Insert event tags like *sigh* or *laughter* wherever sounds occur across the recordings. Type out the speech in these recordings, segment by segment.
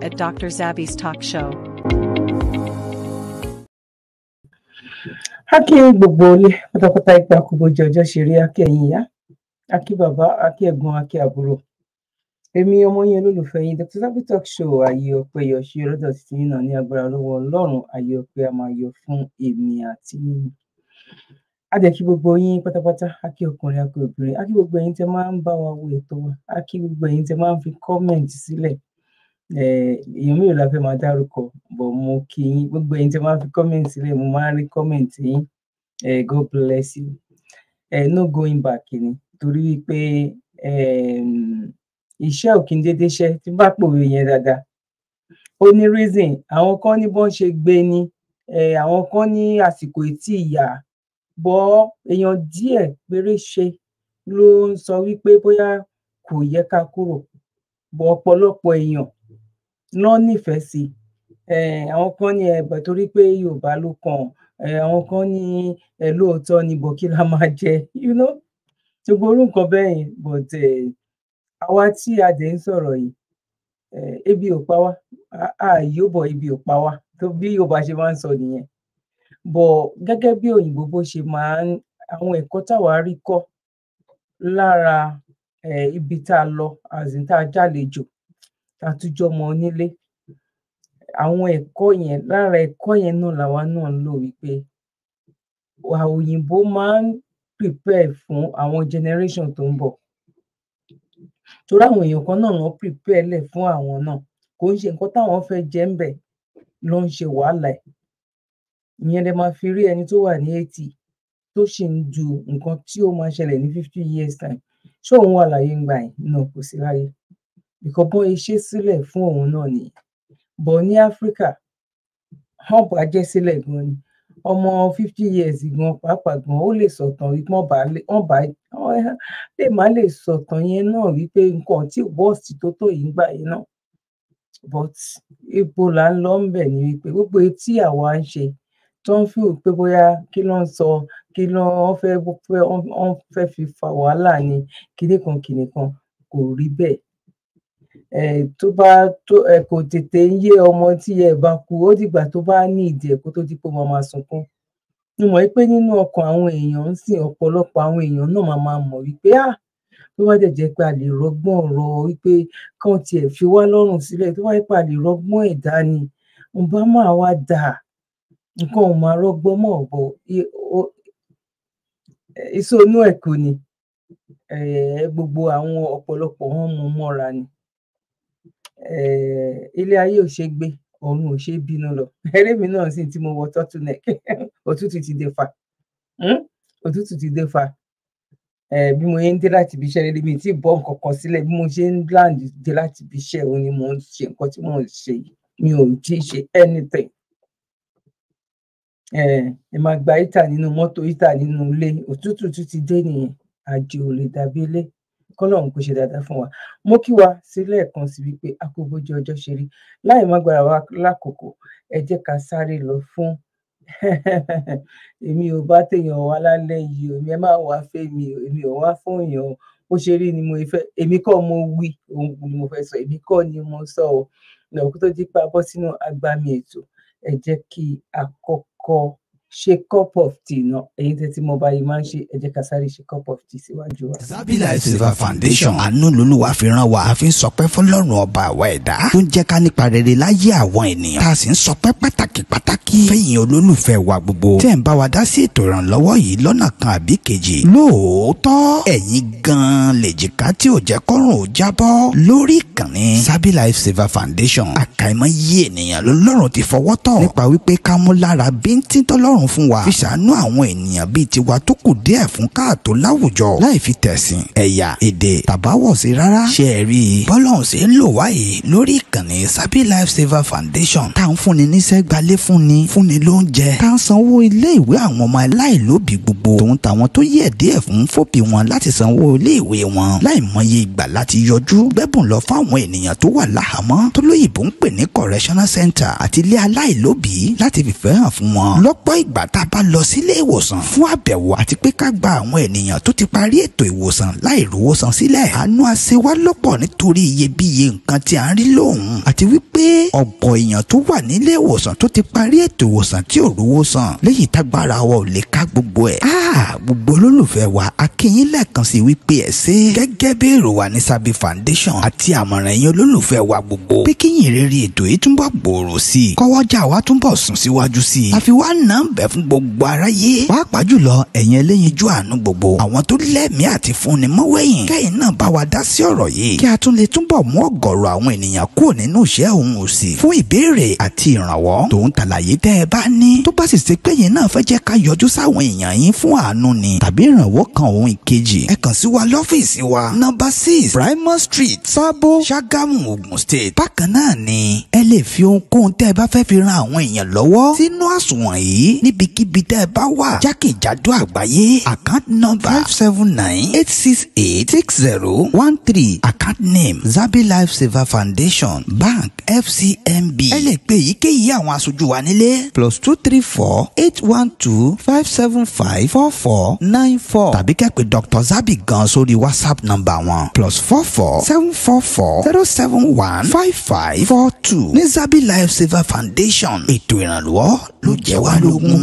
at Dr. Zabby's talk show. Aki kí gbogbo ilé pátápátá ipa kúbojì ọjọ́ ṣe rí a kí ẹ̀yin ìyá a kí bàbá a kí ẹ̀gbọ́n a àbúrò èmi ọmọ yẹn olólùfẹ́ yín Dr. Zabby talk show ayé ọpẹ́ yọ ṣe lọ́dọ̀ títí náà ní agbára lọ́wọ́ Ọlọ́run ayé ọpẹ́ a máa yọ fún èmi àti yín a dẹ̀ kí gbogbo yín pátápátá a kí ọkùnrin a kí obìnrin a kí gbogbo yín tẹ máa ń bá wa wo ètò wa a gbogbo yín tẹ máa ń fi kọ́mẹ̀ntì sílẹ̀ èèyàn mélòó la fẹ́ máa dárúkọ bọ̀ mo kí yín gbogbo ẹ̀yin tí wọ́n fi comment sílẹ̀ mo máa rí comment yín God bless you no going back ni torí wípé iṣẹ́ ò kí n déédéé ṣẹ́ tí bá pòwe yẹn dáadáa ó ní reason àwọn kan ní bọ́n ṣe gbé ni àwọn kan ní àsìkò ètí ìyà bọ́ èèyàn díẹ̀ péré ṣe ló ń sọ wípé bóyá kò yẹ ká kúrò bọ́ ọ̀pọ̀lọpọ̀ èèyàn lọ nífẹ̀ẹ́ sí àwọn kan ní ẹ̀bẹ̀ torí pé yorùbá ló kàn àwọn kan ní lóòótọ́ ni bòkílà máa jẹ you know gbogbo orú nǹkan bẹ́ẹ̀ yẹn but àwa tí a dẹ̀ ń sọ̀rọ̀ yìí ebi ò pa wá ààyè ò bọ̀ ebi ò pa wá tó bí yorùbá ṣe máa ń sọ nìyẹn bọ̀ gẹ́gẹ́ bí òyìnbó bó ṣe máa ń àwọn ẹ̀kọ́ táwa rí kọ́ lára ibi tá a lọ àzìn tá àtújọmọ onílé àwọn ẹ̀kọ́ yẹn lára ẹ̀kọ́ yẹn náà làwa náà ń lò wípé òyìnbó máa ń prepare fún àwọn generation tó ń bọ̀ torí àwọn èèyàn kan náà wọ́n prepare lẹ̀ fún àwọn náà kò ń ṣe nǹkan táwọn fẹ́ jẹ ń bẹ̀ ló ń ṣe wàhálà ẹ̀ ìyẹn lè máa fi rí ẹni tó wà ní eighty tó sì ń ju nǹkan tí ó máa ṣẹlẹ̀ ní fifty years time ṣé òun wà láyé ńgbà yẹn náà kò sí láyé ìkọ́kọ́ iṣẹ́ sílẹ̀ fún òun náà nìyẹn bọ̀ ní áfíríkà hub ajẹ́ sílẹ̀ gan ni ọmọ fifty years gan pàápàá gan ó lè sọ̀tàn wípé wọ́n bá lè má lè sọ̀tàn yẹn náà wípé nǹkan tí worst tó tó yìí ń gbà yẹn náà but ipò là ń lọ ńbẹ̀ ni wípé gbogbo etí àwa ń ṣe tó ń fi pé bóyá kí ló ń sọ kí ló ń fẹ́ fẹ́ fi fa wàhálà ni kinní kan kinní kan kò rí bẹ́ẹ̀ tó bá kò tètè ń yé ọmọ tí ẹ bá kú ó dìgbà tó bá ní ìdí ẹ kó tó di pé wọn máa sunkún mo mọ̀ pé nínú ọkàn àwọn èèyàn ń sìn ọ̀pọ̀lọpọ̀ àwọn èèyàn náà máa máa mọ wípé ah tó bá dẹ̀ jẹ́ pé a lè rọgbọ́n ọ̀rọ̀ wípé kàn tiẹ̀ fi wá lọ́rùn sílẹ̀ tó bá yẹ pé a lè rọgbọ́n ẹ̀dá ni n bá máa wá dà nǹkan ò máa rọgbọ́n mọ̀ bọ̀ ìsọnú ẹ̀kọ́ ni gbogbo àwọn ọ̀pọ̀lọpọ̀ wọn mú mọ́ra ni Eh, ilé ayé ò ṣe gbé ọ̀run ò ṣe bínú lọ *laughs* eré mi náà sì tí mo wọ tọ́tù neck *laughs* òtútù ti dé fa hmm? òtútù ti dé fa eh, bí mo ṣe ń dé láti ibi iṣẹ́ rere mi tí bọ́ nǹkan kan sílẹ̀ bí mo ṣe ń land dé láti ibi iṣẹ́ òun ni mo ń ṣe nǹkan tí mo ń ṣe mi ò tí ì ṣe anything eh, ẹ máa gba ìta nínú mọ́tò ìta nínú ilé òtútù tún ti dé nìyẹn àjò ò lè dàbí ilé kọ́lọ́run kó ṣe dáadáa fún wa mo kí wa sílẹ̀ kan sí wípé a kò bójú ọjọ́ ṣe rí láì má gbára wa lákòókò ẹ jẹ́ ká sáré lọ fún *laughs* èmi ò bá téèyàn wá lálẹ́ yìí èmi ẹ máa wá fẹ́mi èmi ò wá fún èèyàn bó ṣe rí ni mo fẹ́ èmi kọ́ mo wí ohun ni mo fẹ́ sọ èmi kọ́ ni mo sọ ọ ìnáwó tó jí pa bọ́ sínú agbami ètò ẹ jẹ́ kí a kọ́kọ́ ṣe cup of tea náà ẹ̀yin tẹ́tí mo bá yìí máa ń ṣe ẹ jẹ́ ṣe cup of tea síwájú wa. Zabbylife Silver Foundation àánú lolúwa fi ràn wá fi ń sọpẹ́ fọlọ́run ọba àwa ẹ̀dá tó ń jẹ́ ká nípa rere láyé àwọn ènìyàn tá a sì ń sọpẹ́ pàtàkì pàtàkì fẹ̀yìn olólùfẹ́ wa gbogbo tẹ́ ń bá wa dá sí ètò ìrànlọ́wọ́ yìí lọ́nà kan àbí kejì lóòótọ́ ẹ̀yin gan-an lèjìká tí ò jẹ́ kọ́rùn ò jábọ́ lórí ìkànnì Zabbylife Silver Foundation àkàìmọ̀ yí ènìyàn lọ́lọ́run ti fọwọ́ tọ̀ nípa wípé ká mú lára bíntín tọ́lọ́run ọlọ́run fún wa fi ṣàánú àwọn ènìyàn bíi tiwa tó kù díẹ̀ fún káàtó láwùjọ láì fi tẹ̀sìn ẹ̀yà èdè tàbáwọ̀ sí rárá ṣe é rí i bọ́lọ́run ṣe ń lò wáyé lórí ìkànnì Sabi Life Saver Foundation tá à ń fúnni níṣẹ́ gbalé fúnni fúnni lóúnjẹ tá à ń sanwó ilé ìwé àwọn ọmọ aláìlóbi gbogbo tòun tàwọn tó yẹ díẹ̀ fún fòpin wọn láti sanwó ilé ìwé wọn láì mọye ìgbà láti yọjú gbẹ́bùn lọ fáwọn ènìyàn tó wà láhàámọ́ tó lóyìnbó ń pè ní correctional center àti ilé aláìlóbi láti fìfẹ́ hàn fún wọn lọ́pọ̀ ìgb àgbà tá a bá lọ sílé ìwòsàn fún àbẹ̀wò àti pé ká gba àwọn ènìyàn tó ti parí ètò ìwòsàn láì rówó san sílẹ̀ àánú àṣewá lọ́pọ̀ nítorí iyebíye nǹkan tí à ń rí lóhùn àti wípé ọ̀pọ̀ èèyàn tó wà nílé ìwòsàn tó ti parí ètò ìwòsàn tí ò rówó san léyìí tágbára wa ò lè ká gbogbo ẹ̀ gbogbo olólùfẹ́ wa a lẹ́ẹ̀kan sí wípé ẹ̀ ṣe gẹ́gẹ́ bí èrò wa ní Sabi Foundation àti àmọ̀ràn yín olólùfẹ́ wa gbogbo pé kíyìn rere ètò yìí túnbọ̀ gbòòrò sí i kọ́wọ́jà wa túnbọ̀ sùn síwájú sí i àfi wá nà bẹ fún gbogbo aráyé. pàápàá jùlọ ẹ̀yin ẹlẹ́yinjú àánú gbogbo àwọn tó lẹ́mìí àti fúnni mọ́wẹ́yìn kẹ́yìn náà bá wa dá sí ọ̀rọ̀ yìí kí a tún lè túbọ̀ mú ọ̀gọ̀rọ̀ àwọn ènìyàn kúrò nínú ìṣẹ́ òun òṣì fún ìbéèrè àti ìrànwọ́ tòun tàlàyé tẹ́ ẹ bá ní tó bá sì ṣe pé yẹn náà fẹ́ jẹ́ ká yọjú sáwọn èèyàn yín fún àánú ni tàbí ìrànwọ́ kan òun ìkejì ẹ kàn sí wa lọ́fíìsì wa nọ́mbà six Primal Street Sabo Ṣàgámù Ògùn State bákan náà ni ẹ lè fi ohunkóhun tẹ́ ẹ bá fẹ́ fi ran àwọn èèyàn lọ́wọ́ sínú àsùnwọ̀n níbikíbi tẹ́ ẹ bá wà jákèjádò àgbáyé account number five seven nine eight six eight six zero one three account name Zabi Life Saver Foundation bank FCMB ẹ lè pe èyíkéyìí àwọn aṣojú wa nílé plus two three four eight one two five seven five four four nine four tàbí kẹ́pẹ́ Dr. Zabi gan sórí WhatsApp number wọn plus four four seven four four zero seven one five five four two ní Zabi Life Saver Foundation ètò ìrànlọ́wọ́ ló jẹ́ wá lógún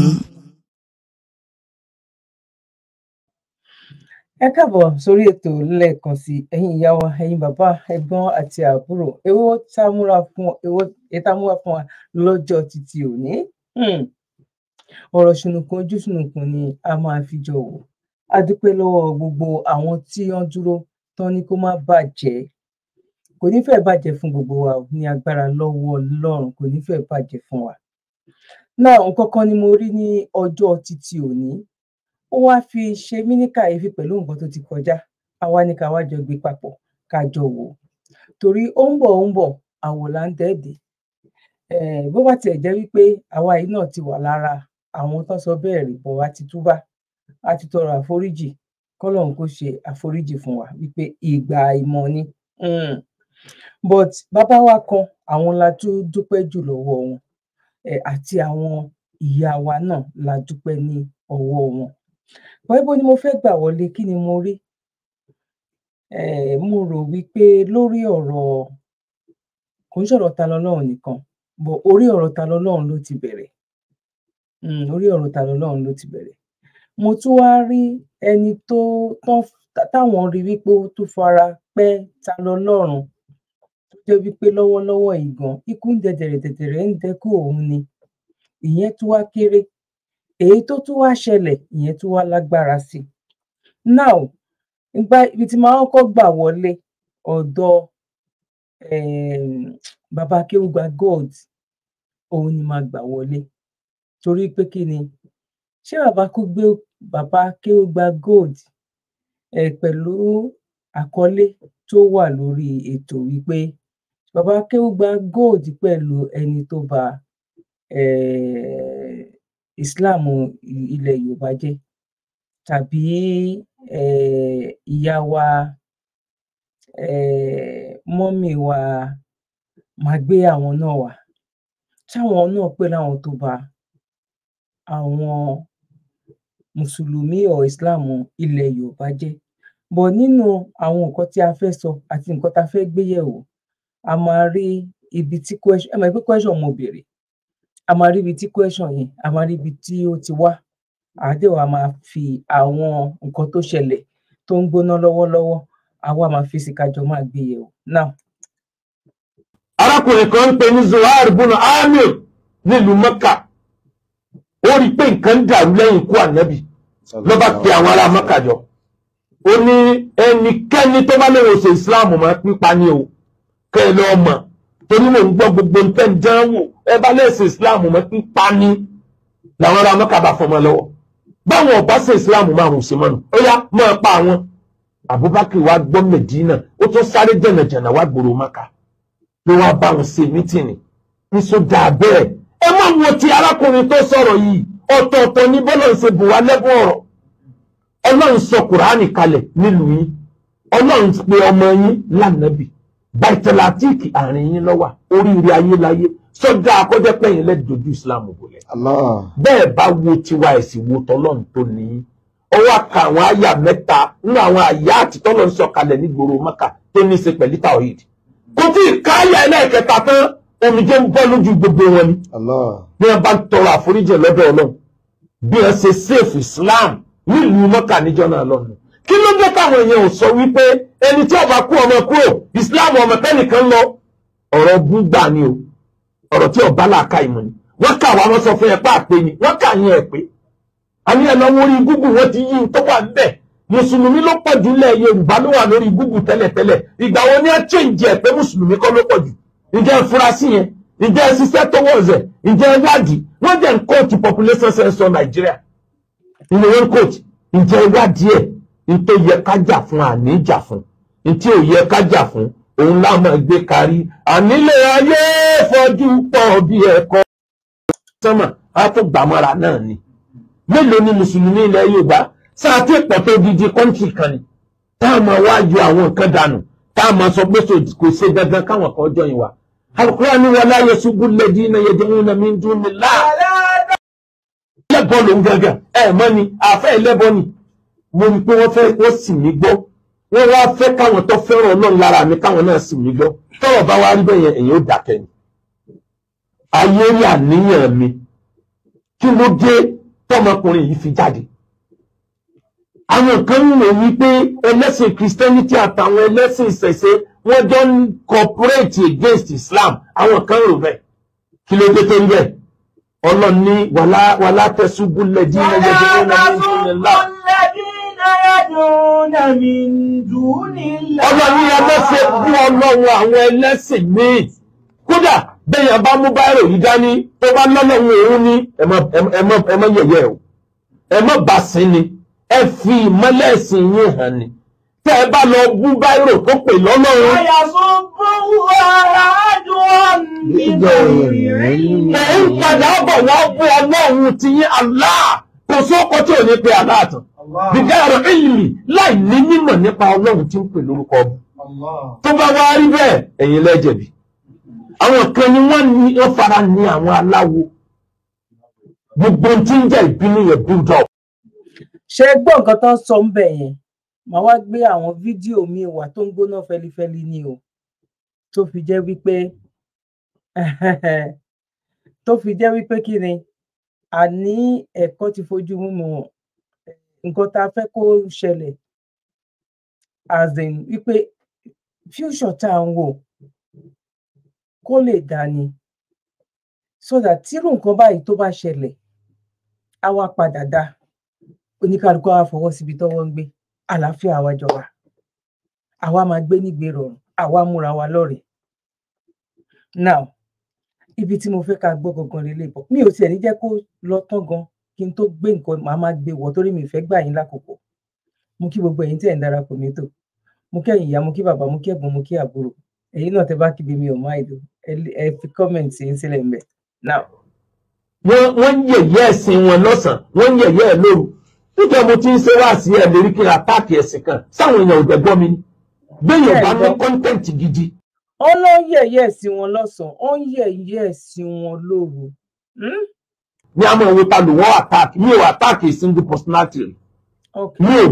ẹ káàbọ̀ sórí ètò lẹ́ẹ̀kan sí ẹ̀yin ìyá wa ẹ̀yin bàbá ẹ̀gbọ́n àti àbúrò èwo tá múra fún èwo tá múra fún wa lọ́jọ́ títí òní hmm. ọ̀rọ̀ ṣùnùkùn ojú ṣùnùkùn ni a máa fi jọ wò a dúpẹ́ lọ́wọ́ gbogbo àwọn tí wọ́n dúró tán ni kó má bàjẹ́ kò ní fẹ́ bàjẹ́ fún gbogbo wa ní agbára lọ́wọ́ Ọlọ́run kò ní fẹ́ bàjẹ́ fún wa náà nǹkan kan ni mo rí ní ọjọ́ títí òní ó wáá fi ṣe mí ní kàyéfì pẹ̀lú nǹkan tó ti kọjá àwa ni ká wá jọ gbé papọ̀ ká jọ wò torí ó ń bọ̀ ó ń bọ̀ àwọ̀ là ń tẹ̀dé bó bá tiẹ̀ jẹ́ wípé àwa yìí náà ti wà lára àwọn tó sọ bẹ́ẹ̀ rí bọ̀ wá ti túbà á ti tọrọ àforíjì kọ́lọ́hún kó ṣe àforíjì fún wa wípé ìgbà ìmọ̀ ni hmm. but bàbá wa kan àwọn la tún dúpẹ́ jù lọ́wọ́ wọn àti àwọn ìyá wa náà la dúpẹ́ ní ọwọ́ wọn. Bọ́íbó ni mo fẹ́ gbà wọlé kí ni mo rí? Mo rò wípé lórí ọ̀rọ̀ kò ń ṣọ̀rọ̀ ta lọ́lọ́run nìkan bọ̀ orí ọ̀rọ̀ ta lọ́lọ́run ló ti bẹ̀rẹ̀ hmm, orí ọ̀rọ̀ ta lọ́lọ́run ló ti bẹ̀rẹ̀. Mo tún wá rí ẹni tó táwọn rí wípé ó tún fara pẹ́ ta lọ́lọ́run jẹ́ wípé lọ́wọ́lọ́wọ́ yìí gan ikú ń dẹ̀dẹ̀rẹ̀ dẹ̀dẹ̀rẹ̀ ń dẹ́kù òun ni ìyẹn tún wá kéré èyí tó tún wá ṣẹlẹ̀ ìyẹn tún wá lágbára sí i now ìgbà ibi tí màá kọ́kọ́ gbà wọlé ọ̀dọ̀ ehm, baba akéwùgbà gold òun ni màá gbà wọlé torí pé kí ni ṣé baba kú gbé baba akéwùgbà gold pẹ̀lú àkọlé tó wà lórí ètò wípé baba akéwù gba gold pẹ̀lú ẹni tó ba um islam ilẹ̀ yorùbá jẹ́ tàbí um ìyá wa um mọ́mì wa máa gbé àwọn náà wá táwọn náà pè láwọn tó ba àwọn mùsùlùmí or islam ilẹ̀ yorùbá jẹ́ bọ̀ nínú àwọn nǹkan tí a fẹ́ sọ àti nǹkan tá a fẹ́ gbé yẹ̀wò a máa rí ibi tí question ẹ mọ̀ pé question mo béèrè a máa rí ibi tí question yẹn a máa rí ibi tí ó ti wá àádẹ́wà máa fi àwọn nǹkan tó ṣẹlẹ̀ tó ń gbóná lọ́wọ́lọ́wọ́ àwa máa fi síkàjọ máa gbé yẹ̀wò now. arákùnrin kan ń pè ní Zuhair bunu Amir nílùú Mẹ́kà ó rí i pé nǹkan dàrú lẹ́yìn ikú ànábì ló pe àwọn ará Mẹ́kà jọ ó ní ẹnikẹ́ni tó bá lè wòsàn Islam máa pípa ní o kẹ́ ẹ lọ mọ̀ torí mò ń gbọ́ gbogbo nǹkan dánwò ẹ bá lẹ́sìn Islam mọ́ ń pa ní làwọn ará mọ́kà bá fọmọ lọ́wọ́ báwọn ọ̀bá sí Islam máa hùn sí mọ́nu ó yá máa pa àwọn Abubakar wa gbọ́ Medina ó tún sáré jẹ̀nàjẹ̀nà wá gbòòrò mọ́kà ló wá bá wọn ṣe mítìnì ní so dáa bẹ́ẹ̀ ẹ má wo ti arákùnrin tó sọ̀rọ̀ yìí ọ̀tọ̀ọ̀tọ̀ ni bọ́lá ń ṣe bù wá lẹ́bùn ọ̀rọ̀ ọlọ́run sọ kùránì kalẹ̀ nílùú yín ọlọ́run pe ọmọ yín lánàbì baitilatiki àárín yín lọ́wà oríire ayélayé sọ́jà akọ́jẹ́ pẹ́yìn lẹ́dọ̀dọ̀ islam bọ̀lẹ̀. bẹ́ẹ̀ bá wo tiwa ẹ̀sìn wo tọ́lọ́run tó ní í ọwọ́ ka àwọn àyà mẹ́ta nínú àwọn àyà àti tọ́lọ́run sọ̀kalẹ̀ nígboro mọ́kà tó ní í ṣe pẹ̀lú tawhid. kò tí ì ká àyà ẹlẹ́ẹ̀kẹta tán omijé ń bọ́ lójú gbogbo wọn ni. bí wọ́n bá ń tọrọ àforíjì lọ́dọ̀ ọlọ́run bí wọ́n ṣe sèfù islam nílùú mọ́kà níjọ́ náà lọ́run kí ló dé táwọn èèyàn ò sọ wípé ẹni tí ọba kú ọmọ kúrò Islam ọmọ tẹnìkan lọ ọ̀rọ̀ búgbà ni o ọ̀rọ̀ tí ọba làákà ìmọ̀ ni wọ́n kà wá wọ́n sọ fún ẹ pé àpè ni wọ́n kà yín ẹ pé àní ẹ̀ lọ́wọ́ orí Google wọ́n ti yí tó wà níbẹ̀ mùsùlùmí ló pọ̀ jù lẹ̀ Yorùbá ló wà lórí Google tẹ́lẹ̀tẹ́lẹ̀ ìgbà wo ni ẹ change ẹ mùsùlùmí kọ́ ló pọ̀ jù ǹjẹ́ ìfurasí yẹn ǹjẹ́ ṣiṣẹ́ tó ọ̀zẹ̀ ǹjẹ́ ìwádìí wọ́n jẹ́ ń kóòtù population census Nàìjíríà ìlú wọn kóòtù ǹjẹ́ ìwádìí ẹ̀ n tó yẹ ká jà fún àní jà fún n tí ò yẹ ká jà fún òun la máa gbé kárí ànílé ayé fọjú pọ̀ bí ẹ̀kọ́ sọmọ á tó gbàmọra náà ni mélòó ni mùsùlùmí ilẹ̀ Yorùbá sáàtì ìpọ̀ tó didi kọ́ńtì kan ni tá a máa wá ju àwọn nǹkan dànù tá a máa sọ pé kò ṣe dandan káwọn kan jọyìn wa alukura ni wàlá yasubu lẹdínà yẹdínwó mi dún mi láà. ẹlẹ́bọ̀ ló ń gángan ẹ̀ mọ́ ni àfẹ́ ẹlẹ́bọ̀ ni mo rí i pé wọ́n fẹ́ wọ́n sì mí gbọ́ wọ́n wá fẹ́ káwọn tó fẹ́ràn ọlọ́run lára mi káwọn náà sì mí gbọ́ tọ́rọ̀ bá wá rí bẹ́ẹ̀ yẹn èyàn ó dákẹ́ ni ayé rí àníyàn mi kí ló dé tọmọkùnrin yìí fi jáde àwọn nǹkan nínú yìí pé ẹlẹ́sìn christianity àtàwọn ẹlẹ́sìn ìṣẹ̀ṣe wọ́n jọ ń cooperate against islam àwọn kan rò bẹ́ẹ̀ kí ló dé tó ń bẹ́ẹ̀ ọlọ́run ní wàlá tẹ̀sùbù lẹ́dí ẹ̀yẹ́dẹ́gbẹ̀rún ẹ̀yẹ́dẹ́gbẹ̀rún ẹ̀yẹ́dẹ́gbẹ̀rún Ọlọ́run ni ọmọ ṣe bú ọlọ́run àwọn ẹlẹ́sìn míì. Kódà bẹ́yàn bá mú báírò yìí dání tó bá lọ́lọ́run òun ní ẹ má yẹ̀yẹ́ o. Ẹ má bá sí ni. Ẹ fi ìmọ́lẹ̀ ẹ̀sìn yín hàn ni. Tẹ́ ẹ bá lọ bú báírò tó pè lọ́lọ́run. Àyà fún búwú ara dùn nígbà ń padà bọ̀ wá bú ọlọ́run ti yín Allah. Kò sóko tí ò ní pe Allah bìgáàrọ̀ ìlì láì ní mímọ̀ nípa ọlọ́run tí ń pè lórúkọ tó bá wá rí bẹ́ẹ̀ ẹ̀yin lẹ́jẹ̀bi àwọn kan ni wọ́n ní wọ́n fara ní àwọn aláwo gbogbo tí ń jẹ́ ìbínú yẹn búdọ̀. ṣé gbọ́ nǹkan tó ń sọ ń bẹ̀ yẹn màá wá gbé àwọn fídíò mi wà tó ń gbóná fẹlifẹli ni o tó fi jẹ́ wípé *laughs* tó fi jẹ́ wípé kí ni àní ẹ̀kọ́ ti fojú mú mu wọn nǹkan tá a fẹ́ kó ṣẹlẹ̀ as in wípé future tá à ń wò kó lè dání so that tírú nǹkan báyìí tó bá ṣẹlẹ̀ á wá padà dá oníkálukú á wá fọwọ́ síbi tọ́wọ́ ń gbé àlàáfíà wa jọba àwa máa gbé nígbè rọrùn àwa múra wa lọ́rẹ̀ẹ́ now ibi tí mo fẹ́ ká gbọ́ gangan lélẹ̀ bọ̀ mi ò tiẹ̀ ní jẹ́ kó lọ tán gan kí n tó gbé nǹkan màá máa gbé wọ̀ torí mi fẹ́ gbà yín lákòókò mo kí gbogbo ẹ̀yin tí ẹ̀ ń darapọ̀ mi tò mo kí ẹ̀yin ìyá mo kí bàbá mo kí ẹ̀gbọ́n mo kí àbúrò ẹ̀yin náà tẹ́ bá kíbi mi ò má ìdò ẹ fi kọ́mẹ̀ntì yín sílẹ̀ ń bẹ̀ wọ́n ń yẹ̀yẹ́ ẹ̀sìn wọn lọ́sàn-án wọ́n ń yẹ̀yẹ́ ẹ̀ lóru nígbà mo ti ń ṣe wá sí ẹ̀ lérí kí n ẹ̀sìn kan sáwọn èèyàn ò dẹ̀gbọ́ mi gbẹ̀yìn ọ̀bá ní àmọ́ ìwé ta lò wọ́n attack mi ò attack a single personality rí mi ò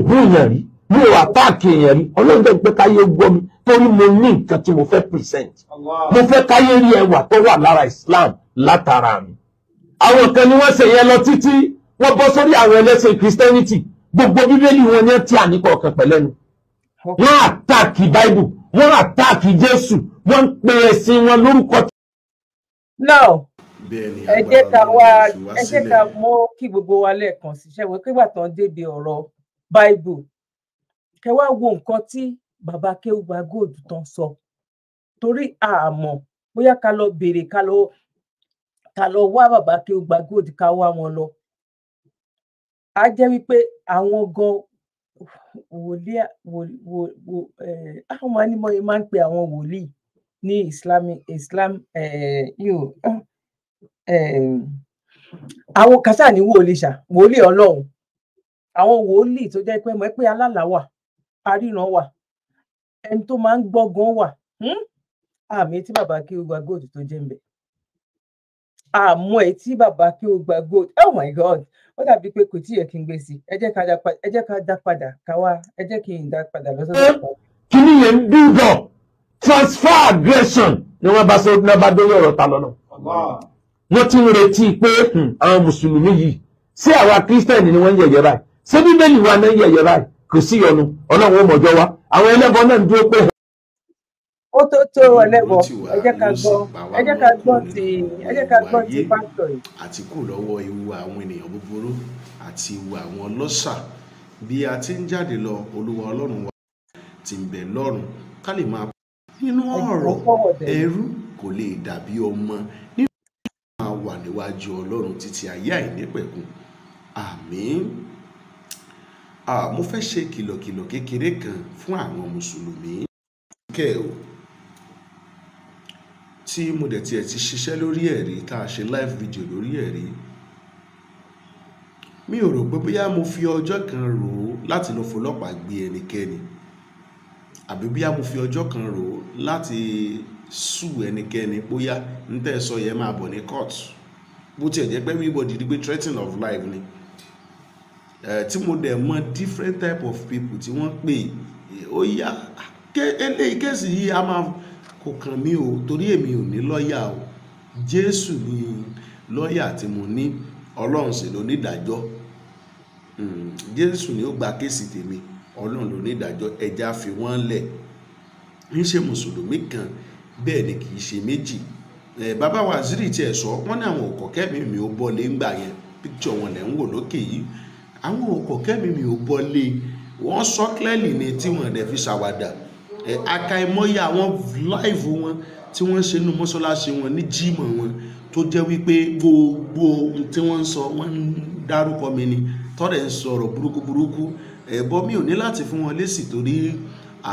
rí mi ò attack èèyàn rí ọlọ́run jẹ́ pé káyé gbọ́ mi torí mo ní nǹkan tí mo fẹ́ present mo fẹ́ káyé rí ẹwà tó wà lára Islam látara mi àwọn kan ni wọ́n ṣe yẹn lọ títí wọ́n bọ́ sórí àwọn ẹlẹ́sìn Christianity gbogbo bíbélì wọn ní tí àníkọ̀ ọ̀kan pẹ̀lẹ́nu wọ́n attack Bible wọ́n attack Jésù wọ́n ń pe ẹ̀sìn wọn lórúkọ. now ẹ jẹ́ ká wá ẹ jẹ́ ká mọ̀ kí gbogbo wa lẹ́ẹ̀kan sí ṣẹ́wọ́n pígbà tán débi ọ̀rọ̀ báíbù kẹ wá wo nǹkan tí bàbá kéwùbá gold tán sọ torí àmọ́ bóyá ká lọ béèrè ká lọ ká lọ wá bàbá kéwùbá gold ká wá wọn lọ á jẹ́ wípé àwọn gan wòlíì àwọn máa ní mọ́ máa ń pe àwọn wòlíì ní Islam Islam yìí o. Ehm, àwọn kásá ní wòlíì ṣá wòlíì ọlọ́run àwọn wòlíì tó jẹ́ pé mọ̀ pé alálà aríran wà ẹni tó máa ń wà hmm? àmì tí bàbá kí o gba gold tó jẹ́ eti baba ki o gba gold oh my god ó dàbí pé kò tí yẹ kí n gbé sí ẹ jẹ́ ká dá padà káwá ẹ jẹ́ kí n dá padà transfer aggression ni wọ́n bá sọ ta lọ́nà. wọ́n ti ń retí pé hmm. àwọn mùsùlùmí yìí ṣé àwa kírísítẹ̀nì ni wọ́n ń yẹ̀yẹ́ báyìí ṣé bíbélì wa náà ń yẹ̀yẹ́ báyìí kò sí ìyọnu ọlọ́run ó mọ̀jọ́ wa àwọn ẹlẹ́bọn náà ń dúró pé. ó tó tó ọlẹ́bọ ẹ jẹ́ ká gbọ́ ẹ jẹ́ ká gbọ́ ti ẹ ká gbọ́ ti pásítọ̀ yìí. àti kù lọ́wọ́ ewu àwọn ènìyàn búburú àti ewu àwọn ọlọ́ṣà bí a ti ń jáde lọ olúwa ọlọ́run wa ti ń bẹ lọ́run níwájú ọlọ́run títí ayé àìnípẹ̀kun àmín mo fẹ́ ṣe kìlọ̀kìlọ̀ kékeré kan fún àwọn mùsùlùmí kẹ́ ò tí mo dẹ̀ tiẹ̀ ti ṣiṣẹ́ lórí ẹ̀rí tá a ṣe live video lórí ẹ̀rí mi ò rò pé bóyá mo fi ọjọ́ kan rò ó láti lọ fọlọ́pàá gbé ẹnikẹ́ni àbí bóyá mo fi ọjọ́ kan rò ó láti sùn ẹnikẹ́ni bóyá ń tẹ́ sọ yẹn máa bọ̀ ní kóòtù bó tiẹ̀ jẹ́ pé everybody rí pé threatening of life ni tí mo dẹ̀ mọ different type of people tí wọ́n pè ó yá eléyìí kéèsì yìí a máa kò kàn mí o torí èmi ò ní lọ́ọ̀yà o Jésù ni lọ́ọ̀yà tí mo ní Ọlọ́run sì ló nídàájọ́ hmm, Jésù ni ó gba kéèsì tèmi Ọlọ́run ló nídàájọ́ ẹja fi wọ́n lẹ̀ ń ṣe mùsùlùmí kan bẹ́ẹ̀ ni kì í ṣe méjì bàbá wa tiẹ̀ sọ wọ́n ní àwọn òkò kẹ́mi mi ò bọ́lé ńgbà yẹn píkítsọ̀ wọn lẹ̀ ń wò lókè yìí àwọn òkò kẹ́mi mi ò bọ́lé wọ́n sọ clearly ni tí wọ́n dẹ̀ fi ṣàwádà akaimọ́yé àwọn láìfù wọn tí wọ́n ṣe nínú mọ́ṣáláṣí wọn ní jíìmọ̀ wọn tó jẹ́ wípé gbogbo ohun tí wọ́n ń sọ wọ́n ń dárúkọ mi ni tọ́rẹ̀ ń sọ̀rọ̀ burúkú burúkú ẹ̀bọ mi ò ní láti fún wọn lésì torí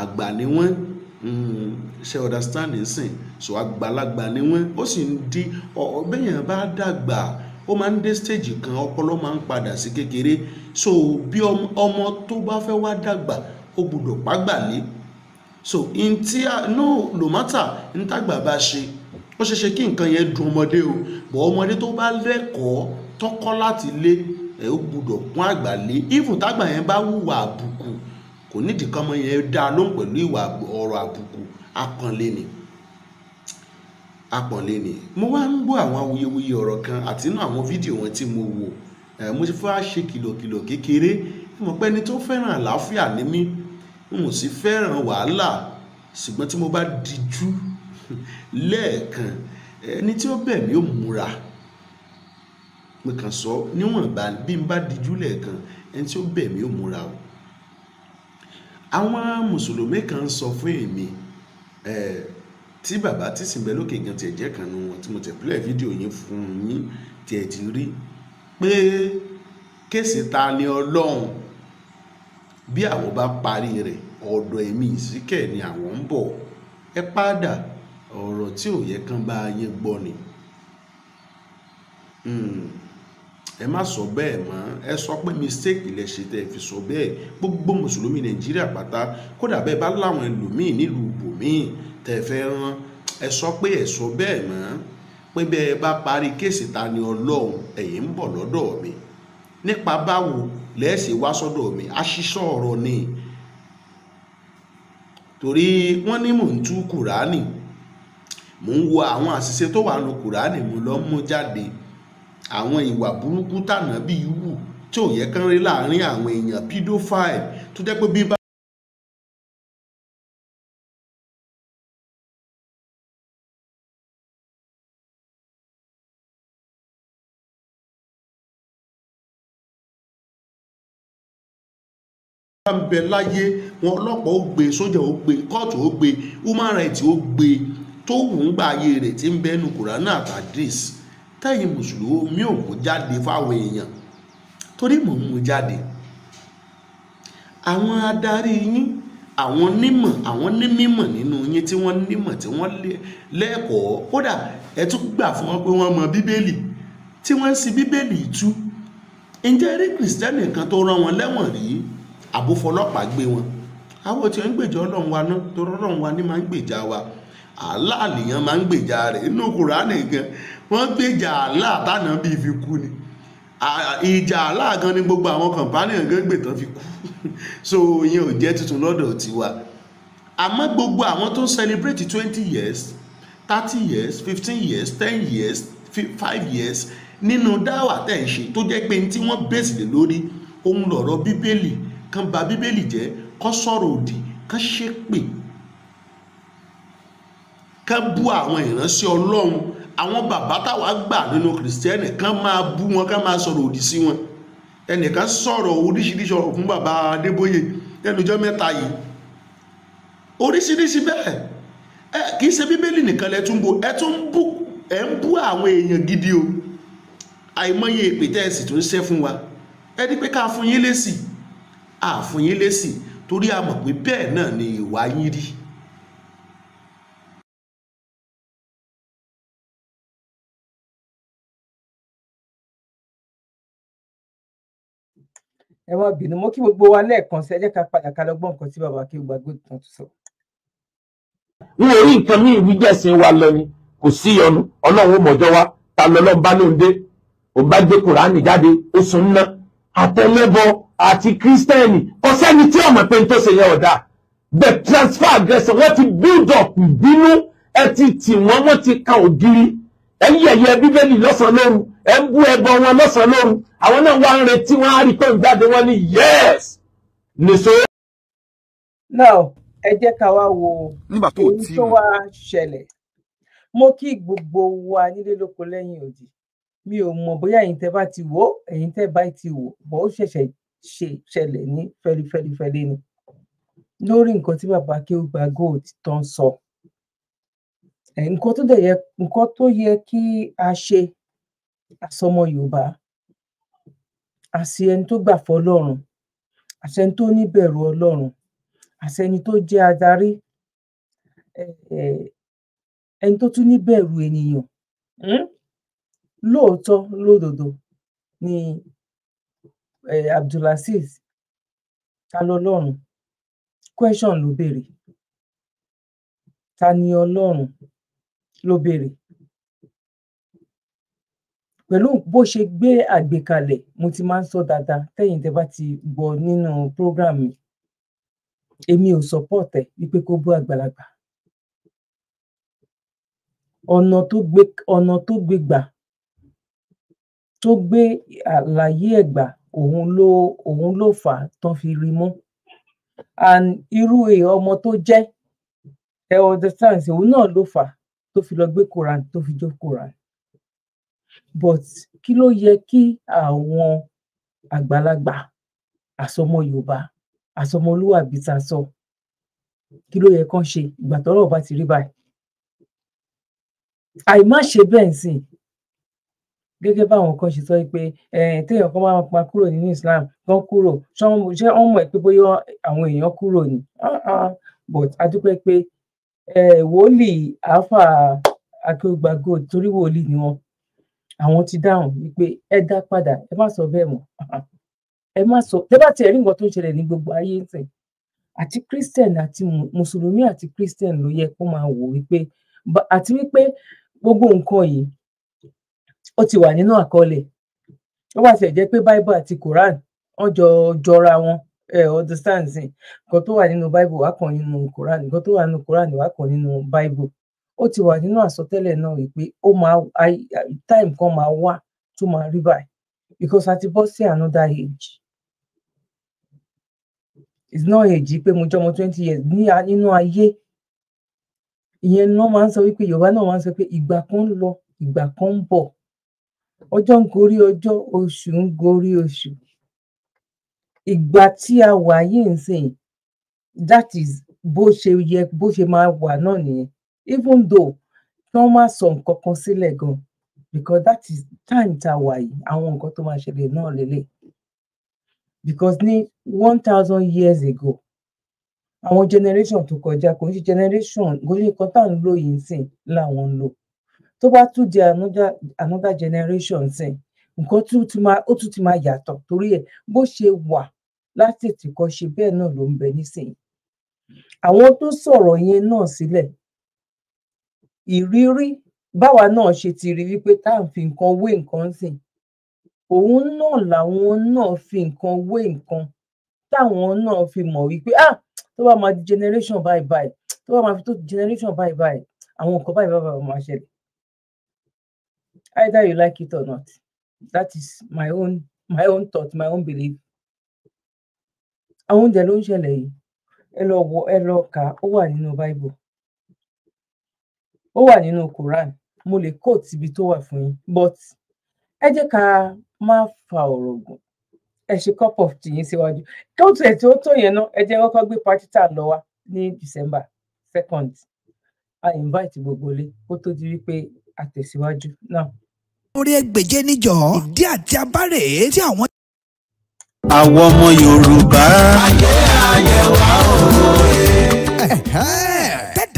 àgbà ni wọ́n Mm, ṣe understand nsìn so Agbalagba ni wọ́n ó sì ń di bẹ́yàn bá dàgbà ó máa ń dé stage kan ọpọlọ máa ń padà sí kékeré so bí ọmọ tó bá fẹ́ wá dàgbà ó gbọ́dọ̀ pàgbà lé so ntí no no matter ntàgbà bá ṣe ó ṣe ṣe kí nǹkan yẹn dùn ọmọdé o bọ̀ ọmọdé tó bá lẹ́kọ̀ọ́ tọ́kọ́ láti lé ó gbọ́dọ̀ kún àgbà lé ìfùntàgbà yẹn bá wùwà àbùkù kò nídìí kọ́mọ yẹn dá a lóhùn pẹ̀lú ìwà ọ̀rọ̀ àbùkù apọ̀nlé ni apọ̀nlé ni mo wá ń gbọ́ àwọn awuyewuye ọ̀rọ̀ kan àti inú àwọn fídíò wọn tí mo wò ẹ̀ mo ti fẹ́ ṣe kìlọ̀kìlọ̀ kékeré mo pẹ́ ni tó fẹ́ràn àlàáfíà ní mí n ò sì fẹ́ràn wàhálà ṣùgbọ́n tí mo bá dijú *laughs* lẹ́ẹ̀kan ẹni tí ó bẹ̀ mí ó múra mo kàn sọ níwọ̀nba bí n bá dijú lẹ́ẹ̀kan ẹni tí ó bẹ̀ mí ó múra o àwọn mùsùlùmí kan sọ fún èmi tí bàbá tí sì ń bẹ lókè gan tiẹ̀ jẹ́ kan nu wọn tí mo tẹ̀ pílẹ̀ fídíò yẹn fún yín tiẹ̀ ti rí pé kéèsì ta ni ọlọ́run bí àwọn bá parí rẹ̀ ọ̀dọ̀ ẹ̀mí ìsíkẹ̀ ni àwọn ń bọ̀ ẹ padà ọ̀rọ̀ tí ò yẹ kán bá yẹ gbọ́ ni. Hmm ẹ má sọ bẹ́ẹ̀ mọ́ ẹ sọ pé mistake lẹ ṣe tẹ́ ẹ fi sọ bẹ́ẹ̀ gbogbo mùsùlùmí nàìjíríà pátá kódà bẹ́ẹ̀ bá láwọn ẹlòmíì nílùú bòmíì tẹ́ ẹ fẹ́ rán ẹ sọ pé ẹ sọ bẹ́ẹ̀ mọ́ pé bẹ́ẹ̀ bá parí kéèsì ta ni ọlọ́run ẹ̀yin ń bọ̀ lọ́dọ̀ mi nípa báwo lẹ́ẹ̀sì wá sọ́dọ̀ mi aṣíṣọ́ ọ̀rọ̀ ni torí wọ́n ní mò ń tú kùránì mò ń wo àwọn àṣìṣe tó wà nù kùránì mò lọ́ mú jáde àwọn ìwà burúkú tànà bíi wù tí ò yẹ kán rí láàrin àwọn èèyàn pedophile tó jẹ́ pé bí bá. ń bẹ láyé wọn ọlọ́pàá ó gbé sójà ó gbé kóòtù ó gbé human rights ó gbé tó wù ú gbà ayé rẹ̀ tí ń bẹ́nu kùránà àtàdís tẹ́yìn mùsùlùmí ò mú jáde fáwọn èèyàn torí mò ń mú jáde àwọn adarí yín àwọn onímọ̀ àwọn onímọ̀ nínú yín tí wọ́n nímọ̀ tí wọ́n lẹ́kọ̀ọ́ kódà ẹ tún gbà fún wọn pé wọ́n mọ bíbélì tí wọ́n ń sin bíbélì tú ǹjẹ́ rí kìrìsìtẹ́nì kan tó rán wọn lẹ́wọ̀n rí àbúfọlọ́pàá gbé wọn àwọn tí wọ́n ń gbèjà ọlọ́run wa náà tó rọ́rùn wa ní máa ń gbèjà wa àlàlìyàn máa ń gbèjà rẹ̀ inú kùránì gan-an wọ́n gbèjà àlá tánà bíi fi kú ni ìjà àlá gan ni gbogbo àwọn kọ̀ǹpánì gan gbè tán fi kú so ìyẹn ò jẹ́ tuntun lọ́dọ̀ tiwa àmọ́ gbogbo àwọn tó ń celebrate twenty years thirty years fifteen years ten years five years nínú dáwà tẹ̀ ń ṣe tó jẹ́ pé tí wọ́n bèsì lé lórí ohun lọ̀rọ̀ bíbélì kan bà bíbélì jẹ́ kó sọ̀rọ̀ òdì kan ṣépè kan bú àwọn ìránṣẹ́ ọlọ́run àwọn bàbá táwa gbà nínú kìrìsìtẹ́nì kan máa bú wọn kan máa sọ̀rọ̀ òdì sí wọn ẹnìkan sọ̀rọ̀ oríṣiríṣi ọ̀rọ̀ fún bàbá adébóyè lẹ́nu ọjọ́ mẹ́ta yìí oríṣiríṣi bẹ́ẹ̀ ẹ kì í ṣe bíbélì nìkan lẹ tún bo ẹ tún bú ẹ ń bú àwọn èèyàn gidi o àìmọye èpè tẹ́ ẹ sì ṣẹ́ fún wa ẹ ní pé ká fún yín lésì àfún yín lésì torí a pé bẹ́ẹ̀ náà ni ìwà yín rí ẹ má bínú mo kí gbogbo wa lẹ́ẹ̀kan sí ẹ jẹ́ ká padà ká lọ gbọ́ nǹkan tí bàbá akéwì gbàgbé kan tó sọ. n ò rí nǹkan ní ìwí jẹ̀sìn wa lọ ni kò sí ìyọnu ọlọ́run ó mọ̀jọ́ wa ta lọ́lọ́run bá lóun dé òun bá gbé kùránì jáde ó sùn ná àtẹlẹ́bọ àti kírísítẹ́nì kò sẹ́ni tí ọmọ pé n tó ṣe yẹ ọ̀dà the transfer aggression wọ́n ti build up bínú ẹ ti tì wọ́n wọ́n ti kan ògiri ẹ yẹ̀yẹ́ bíbélì lọ́sàn-án lóru ẹ ń bú ẹbọ wọn lọ́sàn-án lóru àwọn náà wá ń retí wọn á rí tó ń jáde wọn ní yes nìṣó. now ẹ jẹ́ ká wá wo èyí tó wá ṣẹlẹ̀ mo kí gbogbo wa nílé lóko lẹ́yìn òdì mi ò mọ̀ bóyá ẹ̀yin tẹ́ bá ti wò ó ẹ̀yin tẹ́ bá ti wò ó ṣẹ̀ṣẹ̀ ṣe ṣẹlẹ̀ ní fẹ́lifẹ́lifẹ́lẹ́ ni lórí nǹkan tí bàbá Akéwùgbà Gold tó ń sọ nǹkan tó yẹ kí a ṣe àsọmọ Yorùbá àṣẹ ẹni tó gbà fọlọ́run àṣẹ ẹni tó níbẹ̀rù ọlọ́run àṣẹ ẹni tó jẹ́ adarí ẹni tó tún níbẹ̀rù ènìyàn hmm? lóòótọ́ lódodo ni Abdulazeez ta lọ́lọ́run question ló béèrè ta ni ọlọ́run ló béèrè pẹ̀lú bó ṣe gbé àgbékalẹ̀ mo ti máa ń sọ dáadáa tẹ́yìn tẹ́ bá ti gbọ́ nínú program mi èmi ò support ẹ̀ wípé kó bú àgbàlagbà ọ̀nà tó gbé ọ̀nà tó gbé gbà tó gbé àlàyé ẹ̀gbà òun ló òun ló fà á tán fi rí mọ́ and irú ọmọ tó jẹ́ ẹ understand òun náà ló fà á tó fi lọ gbé koran tó fi jó koran but kí ló yẹ kí àwọn àgbàlagbà àsọmọ yorùbá àsọmọ olúwàbí ta sọ kí ló yẹ kán ṣe ìgbà tọ́rọ̀ bá ti rí báyìí àìmáṣe bẹ́ẹ̀ sìn gẹ́gẹ́ báwọn kan ṣe sọ pé téèyàn kan máa pa kúrò nínú Islam kan kúrò ṣé wọ́n mọ̀ pé bóyá àwọn èèyàn kúrò ni but adúpẹ́ pé wòlíì àáfà akéwàgbà gold torí wòlíì ni wọ́n àwọn ti dáhùn wípé ẹ dá padà ẹ má sọ bẹ́ẹ̀ mọ́ *laughs* ẹ má sọ lẹ́bàá tí ẹ rí nǹkan tó ń ṣẹlẹ̀ ní gbogbo ayé ń àti christian àti mùsùlùmí àti christian ló yẹ kó máa wò wípé àti wípé gbogbo nǹkan yìí ó ti wà nínú àkọọ́lẹ̀ ó wà tiẹ̀ jẹ́ pé bible àti quran wọ́n jọ jọra wọn ẹ understand nǹkan tó wà nínú bible wà kàn nínú quran nǹkan tó wà nínú quran wà kàn nínú bible ó ti wà nínú àsọtẹ́lẹ̀ náà wípé ó máa time kan máa wá tó máa rí báyìí because a ti bọ́ sí another age it's not age pé mo jọmọ twenty years ní nínú ayé ìyẹn náà máa ń sọ wípé yorùbá náà máa ń sọ pé ìgbà kan ń lọ ìgbà kan ń bọ̀ ọjọ́ ń gorí ọjọ́ oṣù ń gorí oṣù ìgbà tí a wà yìí ń sìn that is bó ṣe yẹ bó ṣe máa wà náà nìyẹn even though kí wọ́n má sọ nǹkan kan sílẹ̀ gan because that is time tá a wà yìí àwọn nǹkan tó máa ṣẹlẹ̀ náà lélẹ̀ because ní one thousand years ago àwọn generation tó kọjá kò ń generation gbólé kan tá à ń lò yìí ń sìn láwọn ń lò tó bá tún di another another generation sìn nǹkan tún ti máa ó tún ti máa yàtọ̀ torí ẹ̀ bó ṣe wà láti tìkọ́ ṣe bẹ́ẹ̀ náà ló ń bẹ nísìnyí àwọn tó sọ̀rọ̀ yẹn náà sílẹ̀ ìrírí báwa náà ṣe ti rí wípé tá à ń fi nǹkan wé nǹkan sìn òun náà làwọn náà fi nǹkan wé nǹkan táwọn náà fi mọ̀ wípé ah tó bá máa di generation báyìí báyìí tó bá máa fi tó generation báyìí báyìí àwọn nǹkan báyìí báyìí máa ṣẹlẹ̀ either you like it or not that is my own my own thought my own belief àwọn oúnjẹ ló ń ṣẹlẹ̀ yìí ẹ lọ wò ẹ lọ kà ó wà nínú bible ó wà nínú quran mo lè kóòtù ibi tó wà fún yín but ẹ jẹ́ ká má fa ọ̀rọ̀ gùn ẹ ṣe cup of tea yín síwájú tóòtù ẹ̀ tí ó tó yẹn náà ẹ jẹ́ kọ́kọ́ gbé pátítà lọ wá ní december second I invite gbogbo ilé kó tó di wípé a tẹ̀síwájú náà. orí ẹgbẹ̀je níjọ́ ìdí àti abáre tí àwọn. àwọn ọmọ yorùbá ayé ayé wa ò wọlé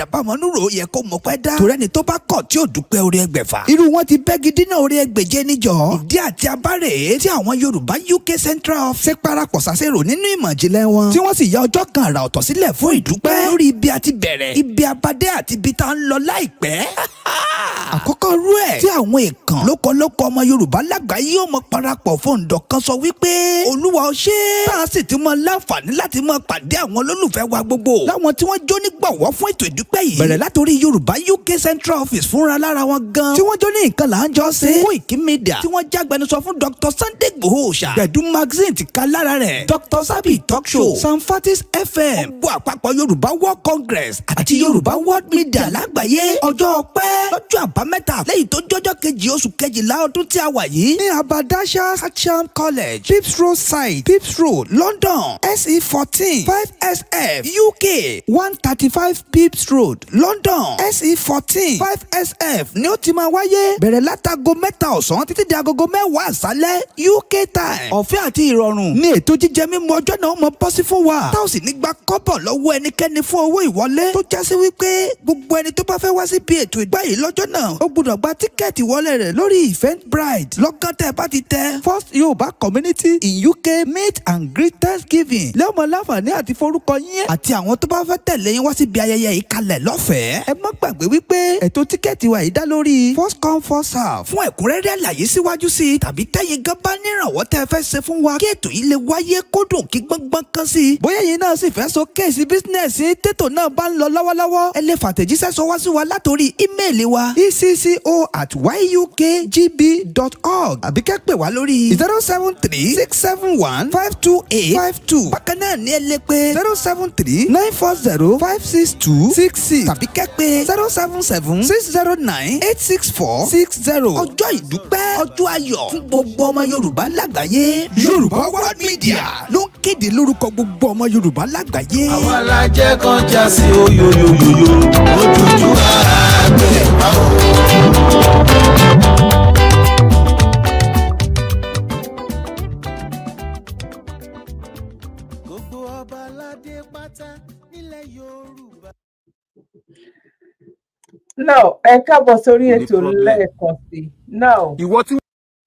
àdàbàmọ́núrò yẹ kó mọ̀ pẹ́ dá torí tó bá kọ̀ tí ò dúpẹ́ orí ẹgbẹ̀fà irú wọn ti bẹ́gi dínà orí ẹgbẹ̀je níjọ ìdí àti abárè tí àwọn Yorùbá UK Central Office parapọ̀ sàṣẹ̀rò nínú ìmọ̀ ìjìnlẹ̀ wọn tí wọ́n sì ya ọjọ́ kan àrà ọ̀tọ̀ sílẹ̀ fún ìdúpẹ́ lórí ibi àti bẹ̀rẹ̀ ibi abadé àti ibi tá ń lọ láìpẹ́ *laughs* àkọ́kọ́ rú ẹ̀ tí àwọn èèkàn lókọlókọ ọmọ Yorùbá lágbàáyé yóò parapọ̀ fún ǹdọ̀ kan sọ wípé Olúwa ó ṣe a sì ti mọ láǹfààní láti mọ pàdé àwọn olólùfẹ́ wa gbogbo láwọn tí wọ́n jó nígbàwọ́ fún ètò ìdúpẹ́ pẹ́ yìí bẹ̀rẹ̀ látòrí yorùbá uk central office fúnra lára wọn gan tí wọ́n jọ ní nǹkan là ń jọ ṣe Koiki Media tí wọ́n jágbẹnusọ fún dr sunday gbòho ṣá gbẹ̀dú magazine ti ka lára rẹ̀ dr sabi talk show sanfatis fm gbọ́ àpapọ̀ yorùbá world congress àti yorùbá world media lágbàáyé ọjọ́ pẹ́ lọ́jọ́ àbámẹ́ta lẹ́yìn tó jọjọ́ kejì oṣù kejìlá ọdún tí a wà yìí ní abadasha hacham college pips road side pips road london se fourteen five sf uk one thirty five pips road road london se fourteen five sf ni ó ti máa wáyé bẹ̀rẹ̀ látago mẹ́ta ọ̀sán títí di agogo mẹ́wàá àṣálẹ́ uk time ọ̀fẹ́ àti ìrọ̀rùn ni ètò jíjẹ mímu ọjọ́ náà mọ bọ́sí fún wa tá ò sì ní gba kọ́bọ̀ lọ́wọ́ ẹnikẹ́ni fún owó ìwọlé tó já sí wípé gbogbo ẹni tó bá fẹ́ wá síbi ètò ìgbà yìí lọ́jọ́ náà ó gbọ́dọ̀ gba tíkẹ́ẹ̀tì wọlé rẹ̀ lórí eventbrite lọ́gán tẹ́ ẹ bá ti tẹ first yorùbá community in uk meet and greet thanksgiving lẹ́wọ̀n láǹfààní àti forúkọ yín àti àwọn tó bá fẹ́ tẹ̀lé yín wá síbi ayẹyẹ yìí kalẹ̀ kalẹ̀ lọ́fẹ̀ẹ́. ẹ má gbàgbé wípé ètò tíkẹ́ẹ̀tì wa yìí dá lórí first come first serve. fún ẹ̀kúnrẹ́rẹ́ àlàyé síwájú sí i tàbí tẹ́yin gan bá nírànwọ́ tẹ́ ẹ fẹ́ ṣe fún wa kí ètò yìí lè wáyé kó dùn kí gbọ́ngbọ́n kan sí i. bóyá ẹ̀yin náà sì fẹ́ sọ kéèsì bísínẹ́sì tètò náà bá ń lọ lọ́wọ́lọ́wọ́ ẹ lè fàtẹ̀jíṣẹ́ sọ wá sí wa látòrí ímeèlì wa ecco at yukgb dot org àbí kẹ́ pè wá lórí zero seven three six seven one five two eight five two bákan náà ní ẹ lè pè zero seven three nine four zero five six two six six tàbí kẹ́pẹ́ zero seven seven six zero nine eight six four six zero ọjọ́ ìdúpẹ́ ọjọ́ ayọ̀ fún gbogbo ọmọ Yorùbá lágbàáyé Yorùbá World Media ló ń kéde lórúkọ gbogbo ọmọ Yorùbá lágbàáyé. àwọn alájẹ kan já sí oyoyoyoyo ojoojú ara gbé àwọn. now ẹ káàbọ̀ sórí ètò lẹ́ẹ̀kan sí now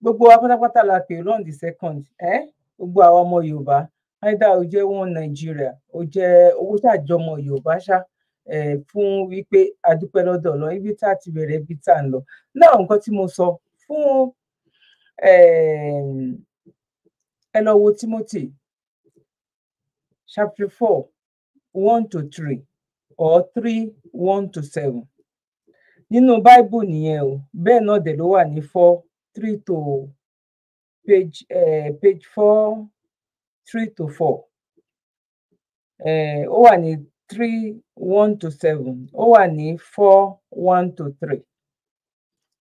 gbogbo wa pátápátá la pè lọ́n the second ẹ gbogbo àwa ọmọ yorùbá aida ó jẹ́ one nàìjíríà ó jẹ́ owó ṣàjọmọ yorùbá ṣá fún wípé adúpẹ́ lọ́dọ̀ lọ ibi tá a ti bẹ̀rẹ̀ ibi tá a ń lọ now nǹkan tí mo sọ fún ẹ lọ wo timothy chapter four one to three or three one to seven nínú Bible nìyẹn o bẹ́ẹ̀ náà dẹ̀ ló wà ní four three to page uh, page four three to four eh, ó wà ní three one to seven ó wà ní four one to three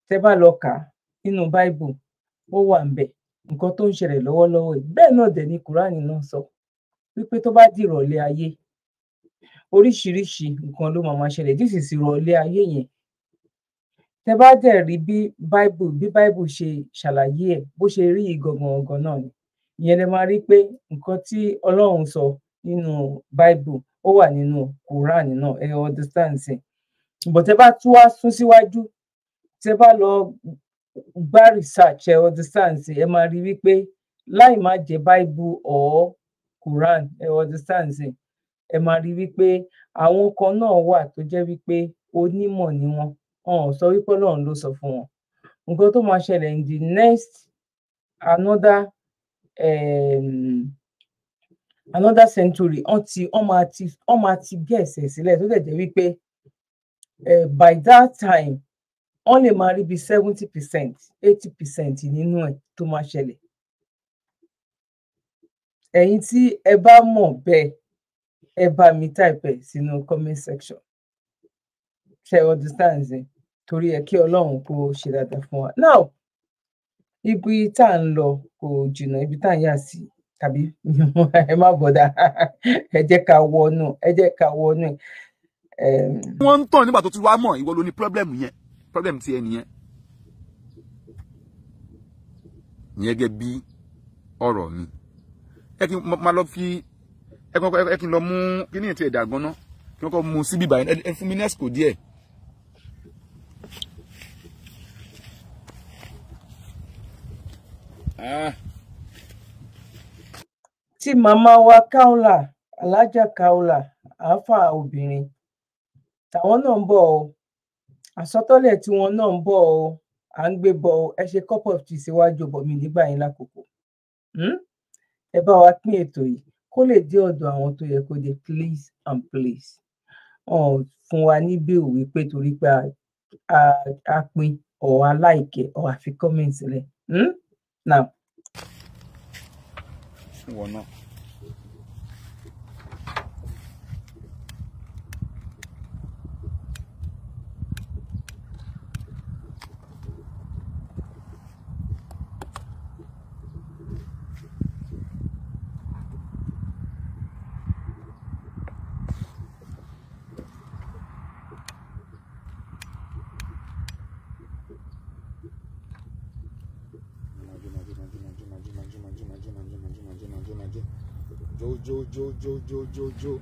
tẹ́ bá lọ kà nínú báíbù ó wà ń bẹ nǹkan tó ń ṣẹlẹ̀ lọ́wọ́lọ́wọ́ yìí náà dẹ̀ ni kúránì náà sọ wípé tó bá di ìrọ̀lẹ́ ayé oríṣiríṣi nǹkan ló máa máa ṣẹlẹ̀ dísìsì ìrọ̀lẹ́ ayé yẹn tẹ bá dẹ̀ rí bí bible bí bible ṣe ṣàlàyé ẹ̀ bó ṣe rí ìgangan ọ̀gàn náà ni ìyẹn lè máa rí pé nǹkan tí ọlọ́run sọ nínú bible ó wà nínú quran náà ẹ understand sẹ but tẹ bá tún wá sún síwájú tẹ bá lọ gba research ẹ understand sẹ ẹ máa rí wípé láì má jẹ bible or quran ẹ understand sẹ ẹ máa rí wípé àwọn kan náà wà tó jẹ́ wípé onímọ̀ ni wọ́n wọn ò sọ wípé Ọlọ́run ló sọ fún wọn nǹkan tó máa ṣẹlẹ̀ in the next another um, another century wọn ti wọn máa ti wọn máa ti gé ẹsẹ̀ sílẹ̀ tó dẹ̀ jẹ́ wípé eh, by that time wọn lè máa rí bí seventy percent eighty percent nínú ẹ̀ tó máa ṣẹlẹ̀ ẹ̀yin tí ẹ bá mọ̀ bẹ́ẹ̀ ẹ bá mi type ẹ̀ sínú comment section ṣe understand ṣe torí ẹ kí Ọlọ́run kó ṣe dáadáa fún wa now ibi tá à ń lọ kò jìnnà ibi tá à ń yà sí tàbí *laughs* ẹ má bọ̀dá ẹ jẹ́ ká wọnú ẹ jẹ́ ká wọnú ẹ. wọ́n ń tàn nígbà tó ti wá mọ̀ ìwọ ló ní pírọ́blẹ́mù yẹn pírọ́blẹ́mù ti ẹni yẹn. ìyẹn gẹ́gẹ́ bí ọ̀rọ̀ mi ẹ kí n máa lọ fi ẹ kí n lọ mú kí ni ètò ẹ̀dà gan kí n kọ́ mu síbí báyìí ẹ fún mi nẹ́sìkò díẹ̀. tí màmá wa Kaola alájà Kaola àáfàá obìnrin tàwọn náà ń bọ̀ o àsọtọ́lẹ̀ tí wọn náà ń bọ̀ o à ń gbé bọ̀ o ẹ ṣe cup of tea síwájú bọ̀ mi nígbà yín lákòókò hmm? ẹ bá wa pín ètò yìí kó lè dé ọ̀dọ̀ àwọn tó yẹ kó dé please and please fún wa ní bíò wípé torí pé a pín ọ̀ aláìkẹ́ ọ̀ àfi comment rẹ̀. Hmm? No. Why not? 就就就就。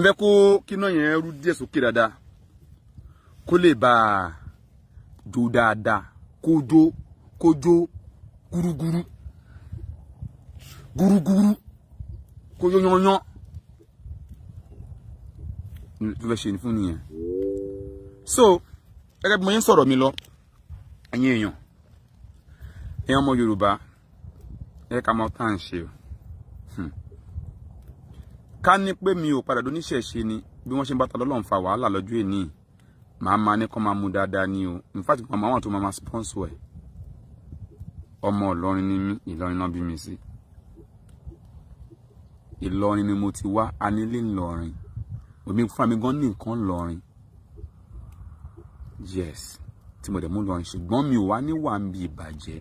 n kó kíná yẹn rú díẹ̀ sókè dáadáa kó lè bá a jó dáadáa kó jó kó jó gúrúgúrú gúrúgúrú kó jó yányán tó fẹ́ ṣe ní fún nìyẹn so gẹ́gẹ́ bí mo yẹn sọ̀rọ̀ mi lọ ẹ̀yin èèyàn ẹ̀yin ọmọ Yorùbá ẹ ká mọ̀ tá à ń ṣe o ká ní pé mi ò padà dóníṣẹ̀ṣe ni bí wọ́n ṣe ń bá ta lọ́lọ́run fa wàhálà lọ́jọ́ èní màá máa ní kán máa mú dáadáa ni o in fact màmá wọn tó máa máa sponsor ẹ̀ ọmọ Ìlọrin ni mí Ìlọrin náà bí mi sí Ìlọrin ni mo ti wá anílé ńlọrin omi fún mi gan ní nǹkan ńlọrin yes tí mo dẹ̀ mú lọrin ṣùgbọ́n mi ò wá ní wà ń bi ìbàjẹ́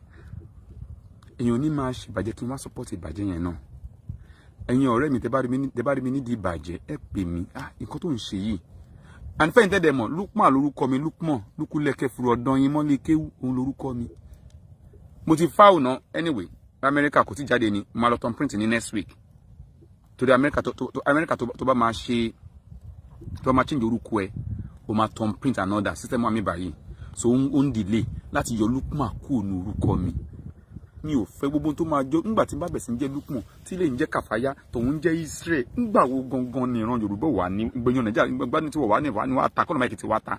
èèyàn ò ní máa ṣèbàjẹ́ kí n wá support ìbàjẹ́ yẹn náà ẹ̀yin ọ̀rẹ́ mi tẹ́ bá rí mi nídìí ìbàjẹ́ ẹ pè mí ah, nǹkan tó ń ṣe yìí ànífẹ̀yìn tẹ́dẹ̀ mọ̀ lukman lorúkọ mi lukman lukulẹ̀kẹ́ furu ọ̀dán yín mọ́lẹ̀ kéwú òun lorúkọ mi mo ti fáwọn náà anyway amẹ́ríkà kò ti jáde ni mo máa lọ tán print ní next week torí amẹ́ríkà tó bá máa ṣe tó bá máa change orúkọ ẹ o máa tán print another system wa mi báyìí so ó ń delay láti yọ lukman kúrò ní orúkọ mi mi ò fẹ́ gbogbo tó máa jó ńgbà tí bá bẹ̀ sí ń jẹ́ lukman tí lè ń jẹ́ kàfáyá tòun jẹ́ israel ńgbà wo gangan ni ìran yorùbá wà ní gbẹ̀yàn nàìjíríà gbádùn tí wọ́n wà ní wà ní wà ta kọ́nà máìkì tí wà ta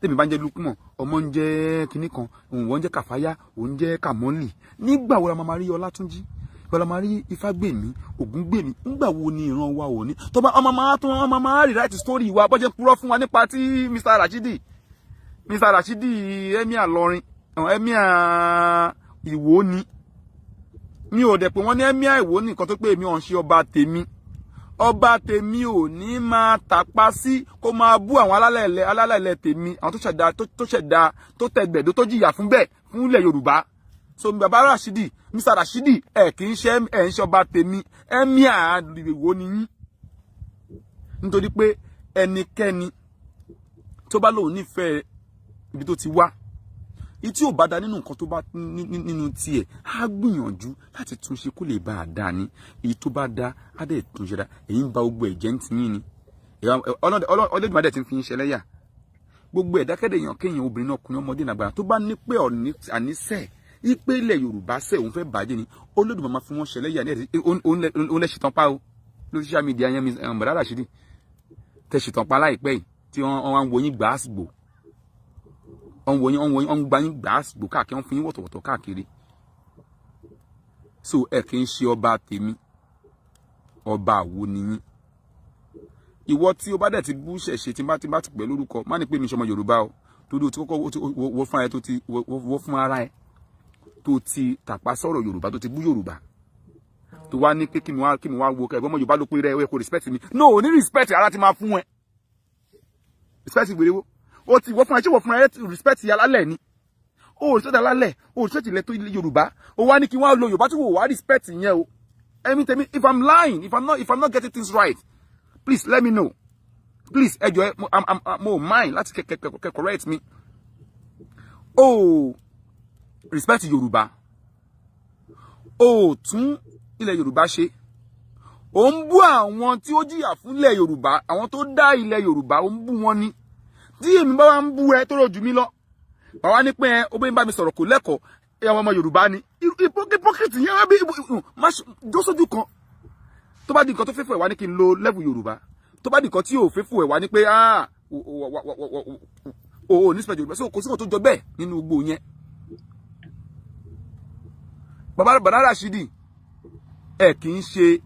tèmi bá ń jẹ́ lukman ọmọ ń jẹ́ kinní kan òun wọ́n ń jẹ́ kàfáyá òun jẹ́ kàmọ́lì nígbà wo la máa rí ọlátúnjí gbọ́dọ̀ la máa rí ifágbèmí ògúngbèmí ńgbà wo ni ìran wa ò ní tó bá ọmọ máa tún ọmọ máa rí láti sítórì wa bọ́jẹ́ purọ́ fún wa nípa tí mr rashidi mr rashidi emir lọrin emir ìwò ni mi ò dẹ̀ pé wọ́n ní ẹ́míà ìwò ní nǹkan tó pé èmi ò ń ṣe ọba tèmi ọba tèmi ò ní máa tàpá sí kó máa bú àwọn alálẹ̀lẹ̀ alálẹ̀lẹ̀ tèmi àwọn tó ṣẹ̀dá tó ṣẹ̀dá tó tẹ̀gbẹ̀dó tó jìyà fún bẹ́ẹ̀ fún ilẹ̀ yorùbá so baba rashidi mr rashidi ẹ kì í ṣe ẹ ń ṣe ọba tèmi ẹ́míà ìwò ni yín nítorí pé ẹnikẹ́ni tó bá lòun nífẹ̀ẹ́ ibi tó ti wá etí ò bá da nínú nǹkan tó bá nínú tiẹ̀ á gbìyànjú láti túnṣe kó lè bá a dá ni èyí tó bá da á dẹ̀ túnṣe dá èyí ń ba gbogbo ẹ̀jẹ̀ ń tiyín ni ọlọ́dún adẹ̀ ti fi ń ṣẹlẹ́yà gbogbo ẹ̀dákẹ́dẹ̀ èèyàn kéèyàn obìnrin náà kùnrin ọmọdé nàgbàrà tó bá ní pé àníṣe ipe ilẹ̀ Yorùbá sẹ̀ òun fẹ́ bàjẹ́ ni Olódùmarè máa fi wọ́n ṣẹlẹ́yà ní ẹ̀ òun lẹ́ ṣetán pa o lórí social media yẹn mi bàdàdà ṣídì tẹ̀ ṣetán pa láìpẹ́ yìí ọ̀n wọ̀nyí ọ̀n wọ̀nyí ọ̀n gba yín gbàásìgbò káàkiri ọ̀n fún yín wọ̀tọ̀wọ̀tọ̀ káàkiri so ẹ kì í ṣe ọba tèmi ọba àwo nìyí ìwọ tí o bá dẹ̀ ti bú ṣẹ̀ṣẹ̀ tí bá ti bá ti pẹ̀ lórúkọ má ní pé mi ṣọmọ Yorùbá o torí o ti kọ́kọ́ wo fún ara ẹ tó ti wo fún ara ẹ tó ti tàpá sọ̀rọ̀ Yorùbá tó ti bú Yorùbá tó wá ní pé kí mi wá kí mi wá wo kẹ́gbọ́n mọ́ Yorùbá ló pé rẹ ẹ kò respect mi no ní respect ara ti máa fún ẹ respect ìgbèrèwò o ti wọ́ fúnra ṣé wọ́ fúnra rẹ respect alálẹ̀ ni o respect alálẹ̀ o respect ilẹ̀ tó ilẹ̀ yorùbá o wá ní kí wọ́n lo yorùbá tí wò wá respect yẹn o ẹ̀mí tẹ̀mí if i'm lying if i'm not if i'm not getting things right please let me know please I'm jọ̀ọ́ mo mind láti kẹkẹ correct me o respect Yoruba. o tún ilẹ̀ Yoruba ṣe ò ń bú àwọn tí ó jìyà fún ilẹ̀ yorùbá àwọn tó dá ilẹ̀ yorùbá ò ń ni tí èmi bá wá ń bú ẹ tó rojú mi lọ bàbá ní pé ẹ obìnrin bá mi sọ̀rọ̀ kò lẹ́kọ̀ọ́ ọmọ yorùbá ni hypocrite yẹn wá bí jó sójú kan tó bá di nǹkan tó fẹ́ fún ẹ̀ wá ní kí n lo level yorùbá tó bá di nǹkan tí ò fẹ́ fún ẹ̀ wá ní pé ah, o ní sọ̀rọ̀ yorùbá kò sí nǹkan tó jọ bẹ́ẹ̀ nínú gbogbo yẹn bàbá bàbá Rashidi ẹ kì í ṣe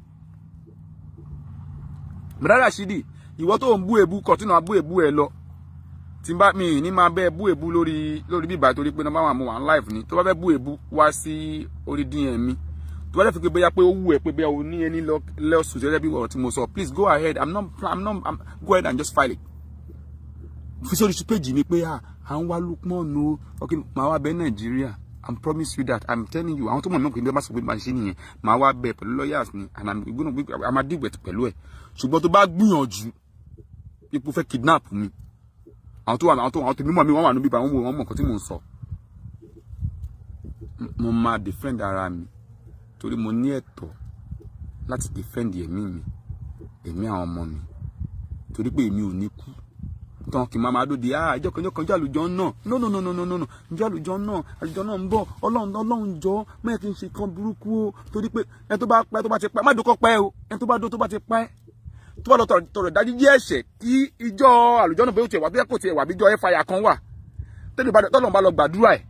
bàbá Rashidi ìwọ tó ń bú èbú kọ̀tínà abú èbú ẹ lọ tí bá mi ní máa bẹ́ẹ̀ bú èbú lórí lórí bíbá torí pé nọ́mbà wà mo wà ń live ni tó bá fẹ́ bú èbú wá sí orí dm mi tó bá dẹ̀ fi pé bóyá pé ó wù ẹ́ pé bóyá o ní ẹni lọ́sùn gẹ́gẹ́ bí ọ̀rọ̀ tí mo sọ please go ahead i'm not i'm not I'm, go ahead and just file it fi sórí péjì mi pé ah, à ń wá Lukman o ok màá wá bẹ nàìjíríà i'm promise you that i'm telling you àwọn tó mọ̀ náà kì í bẹ́ẹ̀ má sọ pé màá ṣe nìyẹn màá wá bẹ pẹ̀lú lawyers ni and i'm a gbọ́dọ̀ àmàdìgbẹ̀ pẹ̀lú ẹ̀ ṣùgbọ́n tó bá gbìyànjú ipò fẹ́ kidnap me àwọn tó wà àwọn tó àwọn tèmi mọ̀ wà níbi ìgbà wọn mọ̀ nǹkan tí mò ń sọ mo máa defend ara mi torí mo ní ẹ̀tọ́ láti defend ẹ̀mí mi ẹ̀mí àwọn ọmọ mi torí pé èmi ò ní kú tán kì í máa máa dòde ah ìjọ kan ìjọ kan ìjọ àlùjọ náà no no no no no no no ìjọ àlùjọ náà àlùjọ náà ń bọ̀ ọlọ́run ọlọ́run jọ mẹ́ẹ̀kì ń ṣe kan burúkú o torí pé ẹni tó bá pẹ́ tó bá ti pẹ́ má dòkọ́ pẹ́ o ẹni tó bá dó tó bá ti pẹ́ tó bá lọ tọrọ ìdájú yí ẹ̀ṣẹ̀ kí ìjọ àlùjọ náà bóyá tiẹ̀ wà bóyá kò tiẹ̀ wà bíjọ ẹ̀fàyà kan wà tọ́lọ̀ bá lọ gbàdúrà ẹ̀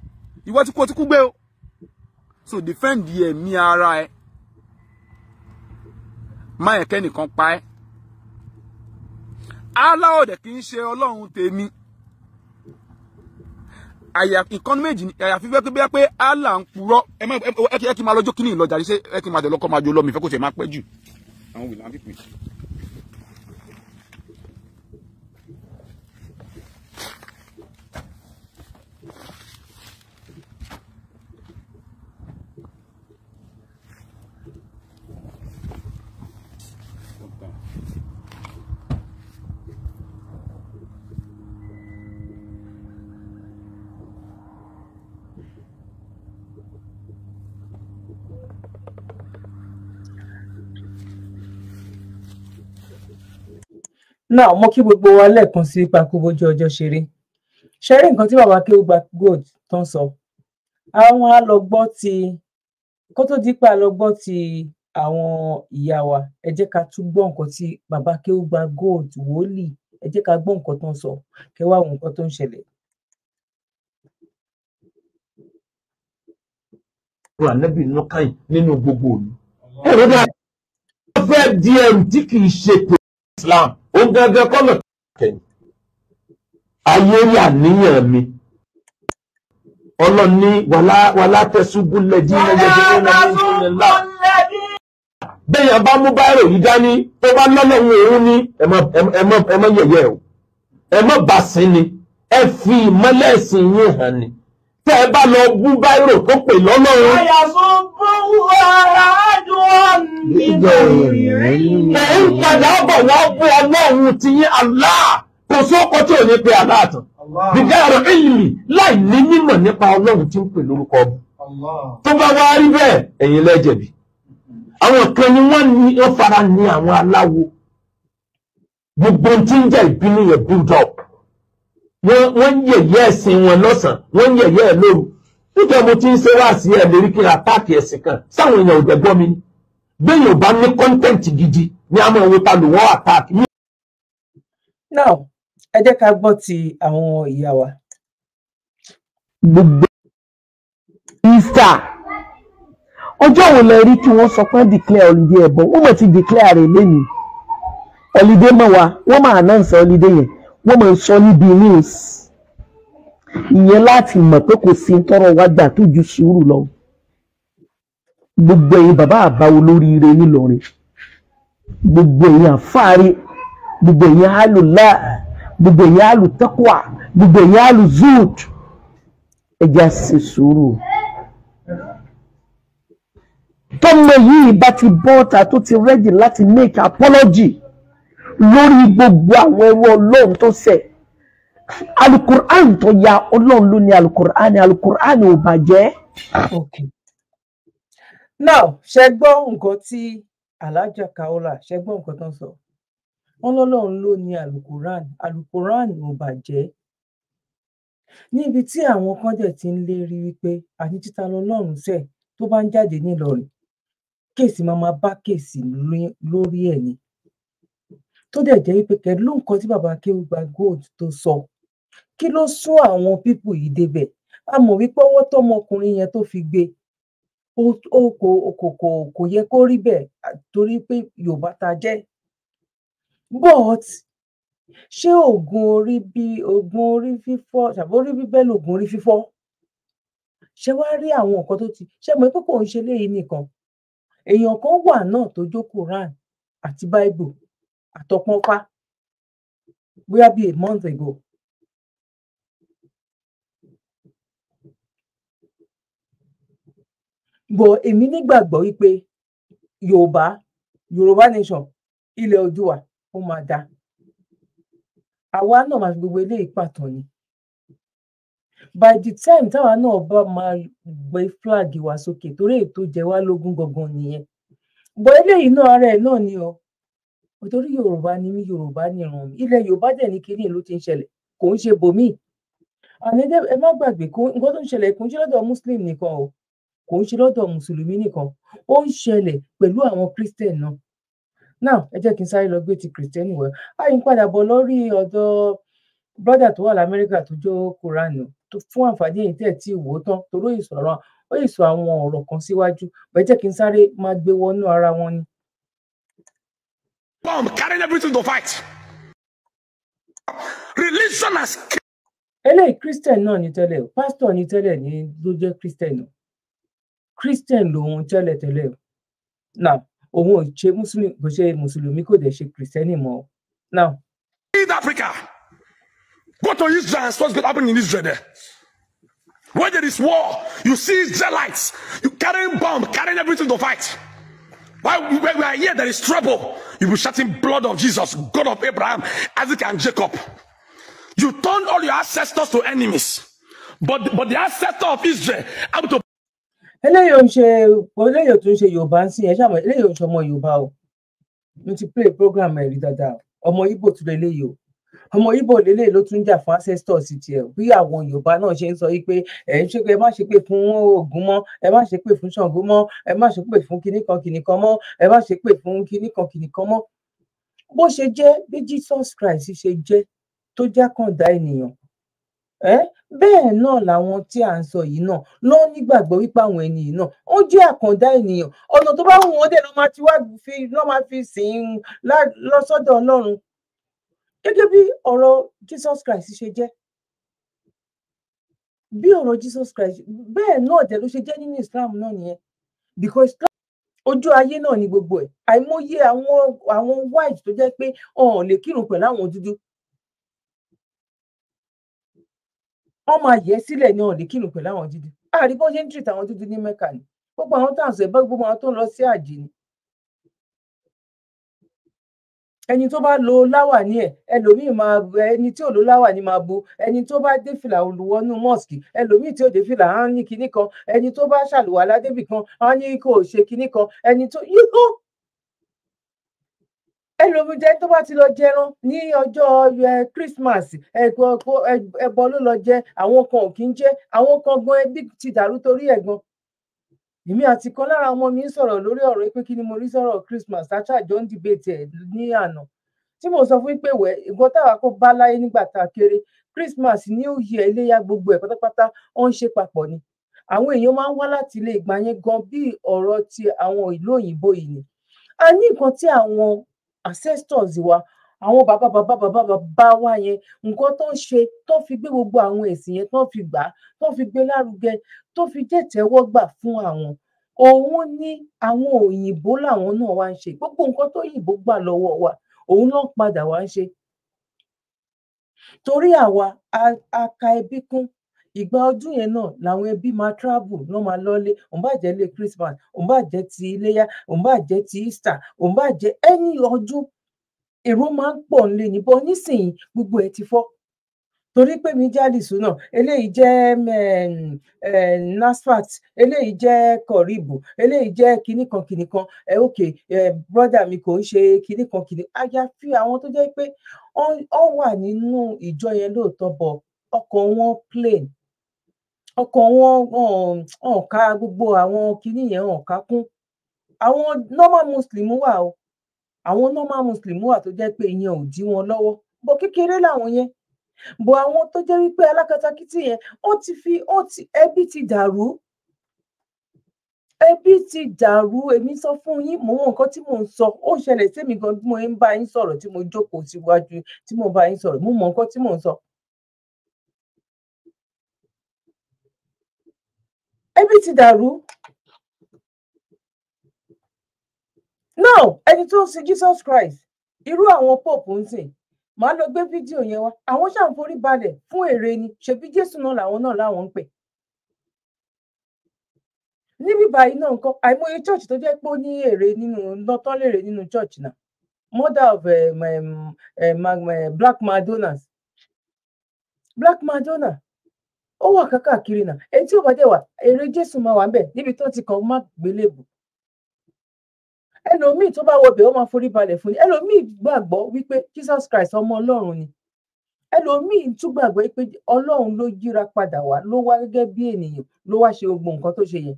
ìwọ tí kò tí kú gbé o so defend ẹ̀mí ara ẹ̀ má yẹn kẹ́nìkan pa ẹ́ aláwọ̀dẹ̀ kì í ṣe ọlọ́run tèmi ìkànnì méjì àyàfi fẹ́ pé bóyá pé allah ń purọ́ ẹ kí máa lọ́jọ́ kí ni ìlọjà ṣe ẹ kí máa dẹ̀ lọ́kọ́ máa jó lọ́mìfẹ́ kò tẹ̀ máa pẹ́ jù àwọn wìlà ń pípín. now mo kí gbogbo wa lẹ́ẹ̀kan sí pakúbójú ọjọ́ ṣeré ṣeré nǹkan tí bàbá Akeugba Gold tó ń sọ àwọn alọgbọ́ ti kó tó di pé alọgbọ́ ti àwọn ìyá wa ẹ jẹ́ ká tún gbọ́ nǹkan tí bàbá Akeugba Gold wòlíì ẹ jẹ́ ká gbọ́ nǹkan tó ń sọ kẹ́ wá àwọn nǹkan tó ń ṣẹlẹ̀. ọ̀rọ̀ ànábì nọ́kàn gbogbo òní. ẹ̀rọ náà wọ́n fẹ́ di ẹrù tí kì í Islam. ó gángan kọ́nà ayé rí àníyàn mi ọlọ́ni wàlá tẹ̀sùgúnlẹ̀ dín ní ẹgbẹ́ tó ń lọ bá mú yìí dání tó bá ní o bá sí ni ẹ fi ìmọ́lẹ̀ yín hàn ni. tẹ́ ẹ bá lọ bú báírò tó pè lọ́lọ́run. àyàfọ́ bówó ara dùn nígbà ìrírí. ẹ̀ ń padà bọ̀ wọ́n bú ọlọ́run ti yín Allah kò sóko tí ò ní pe Allah bìgá ọ̀rọ̀ ìlì láì ní mímọ̀ nípa ọlọ́run tí ń pè lórúkọ ọ̀bù. tó bá wá ni wọ́n fara ní àwọn aláwo. gbogbo ń jẹ́ ìbínú build up. wọ́n ń yẹ̀yẹ́ ẹ̀sìn wọn lọ́sàn wọ́n ń yẹ̀yẹ́ ẹ̀ lóru nígbà mo ti ń ṣe wá sí ẹ̀ lérí kí n àtáàkì ẹ̀sìn kan sáwọn èèyàn ò dẹ̀gbọ́ mi béèyàn bá ní kọ́ńtẹ́ǹtì gidi ní àmọ́ òun ta ló wọ́n now ẹ jẹ́ ká gbọ́ ti àwọn ìyá wa. gbogbo Easter ọjọ́ wo lẹ rí kí wọ́n sọ pé declare holiday ẹ̀bọ̀n wọ́n mọ̀ ti declare rẹ̀ lẹ́yìn holiday mọ́ wa wọ́n máa announce holiday yẹn wọ́n máa ń sọ níbi news ìyẹn láti mọ̀ pé kò sí tọrọ wá gbà tó ju sùúrù lọ gbogbo ẹ̀yin bàbá àbáwo lóríire nílọrin gbogbo ẹ̀yin àfáàrí gbogbo ẹ̀yin àlùlá gbogbo ẹ̀yin àlùtẹ́kùà gbogbo ẹ̀yin àlùzúùd ẹja ṣe sùúrù tọ́mọ yìí bá ti bọ́ta tó ti rẹ́jì láti make apology lórí gbogbo àwọn ẹrú ọlọ́run tó ṣẹ̀ alukur'an tó ya ọlọ́run ló ní alukur'an alukur'an ò bàjẹ́. now ṣe gbọ́ nǹkan tí alájà kaola ṣe gbọ́ nǹkan tó ń sọ wọn lọ́lọ́run ló ní alukur'an alukur'an ò bàjẹ́ níbi tí àwọn kan dẹ̀ ti ń lérí wípé àti títa lọ́lọ́run ṣẹ̀ tó bá ń jáde nílọrin kéèsì máa máa bá kéèsì lórí ẹ̀ ni tó dẹ̀ jẹ́ wípé pẹ̀lú nǹkan tí bàbá Akéwùgbà Gold tó sọ kí ló sún àwọn pípù yìí débẹ̀ a mọ̀ wípé ọwọ́ tọmọkùnrin yẹn tó fi gbé ó kò kò kò kò yẹ kó rí bẹ́ẹ̀ torí pé Yorùbá ta jẹ́ but ṣé oògùn orí bí oògùn orí fífọ́ tàbí orí bíbẹ́ lòògùn orí fífọ́ ṣé wàá rí àwọn nǹkan tó ti ṣe mọ̀ pé kò ń ṣe léyìí nìkan èèyàn kan wà náà tó jó Quran àti Bible àtọpọ́npá bóyá bíi a month ago. bọ̀ èmi nígbàgbọ́ wípé yorùbá yorùbá nation ilẹ̀ Oòduà ó máa dáa àwa náà máa fi gbogbo eléyìí pàtàn ni by the time táwa náà bá máa gbé flag wa sókè torí èyí tó jẹ wá lógún gangan nìyẹn bọ̀ eléyìí náà ara ẹ̀ náà ni o nítorí yorùbá ni mí yorùbá ni ìran mi ilẹ̀ yorùbá dẹ̀ ní kínní ló ti ń ṣẹlẹ̀ kò ń ṣe bòmíì àní ẹ má gbàgbé nǹkan tó ń ṣẹlẹ̀ kò ń ṣe lọ́dọ̀ muslim nìkan o kò ń ṣe lọ́dọ̀ mùsùlùmí nìkan ó ń ṣẹlẹ̀ pẹ̀lú àwọn christian náà now ẹ jẹ́ kí n sáré lọ gbé ti kìrìtẹ́nì wẹ̀ àyè ń padà bọ̀ lórí ọ̀dọ̀ brọ́dà tó wà lamẹ́ríkà tó jó koranu fún àǹfààní èyí tẹ̀ tí wò tán torí ó yìí àwọn ọ̀rọ̀ kan síwájú bẹ́ẹ̀ jẹ́ kí n sáré máa gbé wọnú ara wọn ni bomb carrying everything to fight. Religion has. eléyìí christian No, you tell o Pastor, you tell ní ló jẹ́ christian o christian lòun you tell o Tell òun Now, oh, mùsùlùmí Muslim, go mùsùlùmí kò dẹ̀ ṣe kìrìsìtẹ́nì mọ́ o now. in Africa go to Israel and what's going to happen in Israel there. Where there is war, you see Israelites, you carrying bomb, carrying everything to fight. While we, when we are here, there is trouble. You'll be shouting blood of Jesus, God of Abraham, Isaac, and Jacob. You turned all your ancestors to enemies. But, but the ancestor of Israel, I'm to. eléyìí ò ń ṣe eléyìí ò tún ṣe yorùbá ń sìn ẹ ṣáà mọ eléyìí ò ń ṣe ọmọ yorùbá o mo ti play program ẹ rí dáadáa ọmọ Igbo tún lè léyìí o ọmọ ibo lélẹ ló tún jà fún ancestors tiẹ̀ bí àwọn yorùbá náà ṣe ń sọ wípé ẹ ń ṣépè má ṣépè fún Ògún mọ́ ẹ má ṣépè fún Ṣàngó mọ́ ẹ má ṣépè fún kinní kan kinní kan mọ́ ẹ má ṣépè fún kinní kan kinní kan mọ́ bó ṣe jẹ́ bí Jesus Christ ṣe jẹ́ tó já kàndá ènìyàn bẹ́ẹ̀ náà làwọn tí à ń sọ yìí náà ló nígbàgbọ́ wípé àwọn ènìyàn náà ó jẹ́ àkàndá ènìyàn ọ̀nà tó bá wù wọ́n dẹ̀ lọ́ máa ti wá fi lọ́ máa fi sìn ín lọ́sọ́dọ̀ ọlọ́run gẹ́gẹ́ bí ọ̀rọ̀ Jesus Christ ṣe jẹ́ bí ọ̀rọ̀ Jesus Christ bẹ́ẹ̀ náà tẹ̀ ló ṣe jẹ́ nínú Islam náà nìyẹn because Islam ojú ayé náà ni gbogbo ẹ̀ àìmọye àwọn àwọn white tó jẹ́ pé ọ̀hún lè kírun pẹ̀lú àwọn dúdú wọ́n máa yẹ sílẹ̀ ní ọ̀hún lè kírun pẹ̀lú àwọn dúdú àrí bó ṣe ń treat àwọn dúdú ní Mẹ́kà ni gbogbo àwọn táwọn sọ ẹ̀ bá gbogbo àwọn tó ń lọ sí àjì ẹni tó bá lo láwàní ẹ ẹlòmíì máa ẹni tí ò lo láwàní máa bo ẹni tó bá dé fìlà olùwọnú mosque ẹlòmíì tí ò dé fìlà á ní kinní kan ẹni tó bá ṣàlùwàlá débì kan á ní kò ṣe kinní kan ẹni tó yíkó ẹlòmíì jẹ tó bá ti lọ jẹran ní ọjọ́ Christmas ẹbọ ló lọ jẹ àwọn kan ò kí ń jẹ àwọn kan gan ẹbí ti dàrú torí ẹ̀gbọ́n èmi àti kan lára ọmọ mi ń sọ̀rọ̀ lórí ọ̀rọ̀ pé kí ni mo rí sọ̀rọ̀ Christmas táṣà jọ ń dìbètì ẹ̀ ní àná tí mo sọ fún pé wẹ́ nǹkan táwa kó bá láyé nígbà tá a kéré Christmas New Year iléyà gbogbo ẹ̀ pátápátá ó ń ṣe papọ̀ ni àwọn èèyàn máa ń wá láti ilé ìgbà yẹn gan bí ọ̀rọ̀ ti àwọn ìlú òyìnbó yìí ni a ní nǹkan tí àwọn ancestors wa àwọn bàbá bàbá bàbá bàbá wa yẹn nǹkan tó ń ṣe tó fi gbé gbogbo àwọn ẹ̀sìn yẹn tó fi gbà tó fi gbé lárugẹ tó fi jẹ́ ìtẹ́wọ́gbà fún àwọn òun ní àwọn òyìnbó làwọn náà wá ń ṣe gbogbo nǹkan tó yìnbó gbà lọ́wọ́ wa òun náà padà wá ń ṣe torí àwa a ka ẹbí kún ìgbà ọdún yẹn náà làwọn ẹbí máa travel náà máa lọlé òun bá jẹ́ lé Christmas òun bá jẹ́ ti iléyá òun bá jẹ́ ti Easter òun bá jẹ́ ẹni ọdún èrò máa ń pọ̀ nílé níbọ̀ nísìnyí gbogbo ẹ̀ ti fọ́ torí pé mi jẹ́ àdìsú náà eléyìí jẹ́ nasfat eléyìí jẹ́ kọ̀ríbù eléyìí jẹ́ kinní kan kinní kan ẹ ok brọ́dà mi kò ń ṣe kinní kan kinní àyàfi àwọn tó jẹ́ pé ọ wà nínú ìjọ yẹn lóòótọ́ bọ̀ ọkàn wọn plain ọkàn wọn ọ̀ka gbogbo àwọn kinní yẹn ọ̀ka kún àwọn normal muslim wà o àwọn normal muslim wà tó jẹ́ pé ìyẹn ò dí wọn lọ́wọ́ bọ kékeré làwọn yẹn bọ àwọn tó jẹ́ wípé alákatakítí yẹn ó ti fi ó ti ẹbí ti dàrú ẹbí ti dàrú èmi sọ fún yín mò ń wọn nǹkan tí mò ń sọ ó ṣẹlẹ̀ sẹ́mi gan bí mo ń bá yín sọ̀rọ̀ tí mo jókòó síwájú tí mo bá yín sọ̀rọ̀ mo mọ nǹkan tí mò ń sọ. ẹbí ti dàrú no ẹni tó ń sin Jesus Christ irú àwọn pope ń sìn màá lọ gbé fídíò yẹn wá àwọn ṣàǹforí balẹ̀ fún èrè ni ṣebí Jésù náà làwọn náà làwọn ń pè níbí báyìí náà nǹkan àìmọye church tó jẹ́ pé ní èrè nínú mother of um, um, um, black black madonna ó wà kákàkiri náà tí ó bá wà èrè Jésù máa ń níbi ti má gbélébùú ẹlòmíì tó bá wọbẹ̀ ó máa forí balẹ̀ fún ni ẹlòmíì gbàgbọ́ wípé Jesus Christ ọmọ Ọlọ́run ni ẹlòmíì tún gbàgbọ́ pé Ọlọ́run ló yíra padà wá ló wá gẹ́gẹ́ bí ènìyàn ló wá ṣe gbogbo nǹkan tó ṣe yẹn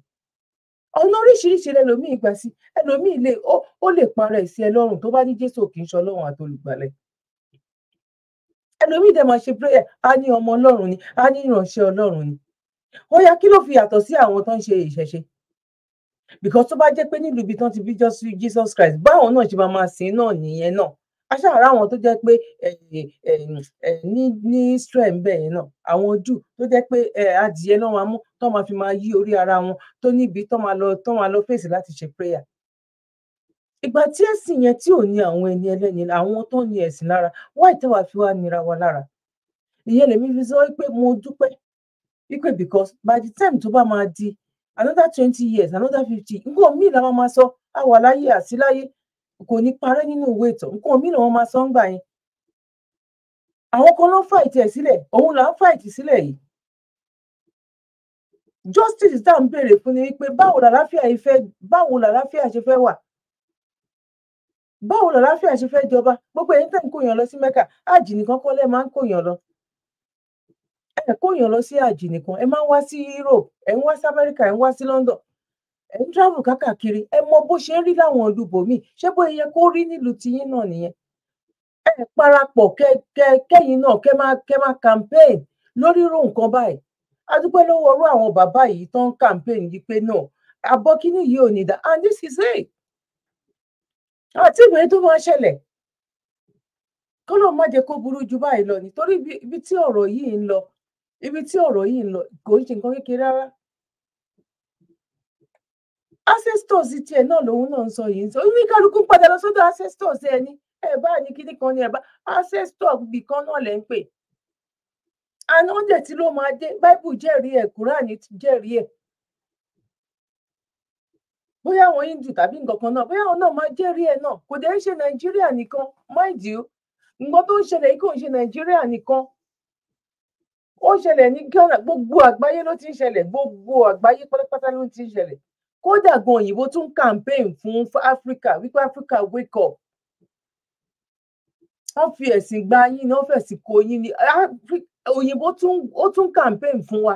ọ̀nà oríṣiríṣi ẹlòmíì gbà sí ẹlòmíì lè ó lè para ẹ̀ sí ẹ lọ́rùn tó bá ní Jésù kì í ṣe Ọlọ́run àtolùgbàlẹ̀ ẹlòmíì dẹ̀ máa ṣe prayer á ní ọmọ Ọlọ́run ni á ní ìránṣẹ́ Ọlọ́run ni ó yá kí ló fi yàtọ̀ sí àwọn tó ń ṣe ìṣẹ̀ṣe because tó bá jẹ́ pé nílùú ibi tán ti bí Jesus Christ báwọn náà ṣe máa máa sìn náà nìyẹn náà aṣáára àwọn tó jẹ́ pé eh, eh, eh, ní ní Israel bẹ́ẹ̀ yẹn náà àwọn Júù tó jẹ́ pé adìyẹ náà máa mú tó máa fi máa yí orí ara wọn tó níbi tó máa lọ tó máa lọ fèsì láti ṣe prayer ìgbà tí ẹ̀sìn yẹn tí ò ní àwọn ẹni ẹlẹ́ni àwọn tó ní ẹ̀sìn lára wá ìtẹwà fi wá nira wa lára ìyẹn lèmi fi sọ pé mo dúpẹ́ wípé because by the time tó bá máa di another twenty years another fifty nǹkan mi làwọn máa sọ a wà láyé àsíláyé kò ní parẹ́ nínú ìwé ìtàn nǹkan míì làwọn máa sọ ń gbà yẹn àwọn kan ló ń fàìtì ẹ̀ sílẹ̀ òun là ń fàìtì sílẹ̀ yìí justice tá à ń béèrè fún ni wípé báwo làlàáfíà yìí fẹ́ báwo làlàáfíà ṣe fẹ́ wà báwo làlàáfíà ṣe fẹ́ jọba gbogbo ẹ̀yin tẹ̀ ń kóyàn lọ sí mẹ́kà áàjì nìkan kọ́ lẹ́ẹ̀ máa ń kóyàn lọ ẹ kóyàn lọ sí àjì nìkan ẹ máa ń wá sí Europe ẹ ń wá sí America ẹ ń wá sí London ẹ ń travel kákàkiri ẹ mọ bó ṣe ń rí láwọn ìlú bòmíì ṣé bó yẹ kó rí nílùú tiyín náà nìyẹn ẹ parapọ̀ kẹ náà kẹ máa kẹ máa campaign lórí irú nǹkan báyìí a dúpẹ́ lọ́wọ́ ọ̀rọ̀ àwọn bàbá yìí tó campaign yìí pé náà abọ́kínì yìí ò ní dá and this is it àti ìwé tó máa ṣẹlẹ̀ kọ́lọ́ má jẹ́ kó burú jù báyìí lọ nítorí ibi tí ọ̀rọ̀ yìí ń lọ ibi tí ọ̀rọ̀ yìí ń lọ kò ń ṣe nǹkan kékeré rárá ancestors tiẹ̀ náà lòun náà ń sọ yìí ń sọ ní kálukú padà lọ sọ́dọ̀ ancestors ẹ ní ẹ bá ní kíní kan ní ẹ bá ancestor bìkan náà lẹ ń pè àná oúnjẹ tí ló máa dé bible jẹ́rìí ẹ̀ kúránì jẹ́rìí ẹ̀ bóyá àwọn hindu tàbí nǹkan kan náà bóyá àwọn náà máa jẹ́rìí ẹ̀ náà kò dé ń ṣe nàìjíríà nìkan mind you nǹkan tó ń ṣẹlẹ̀ yìí kò ń ṣe nàìjíríà nìkan ó ṣẹlẹ̀ ní Ghana gbogbo àgbáyé ló ti ń ṣẹlẹ̀ gbogbo àgbáyé pátápátá ló ti ń ṣẹlẹ̀ kódà gan òyìnbó tún campaign fún Africa wípé Africa wake up wọ́n fi ẹ̀sìn gba yín ni wọ́n fẹ̀sìn kó yín ni òyìnbó tún ó tún campaign fún wa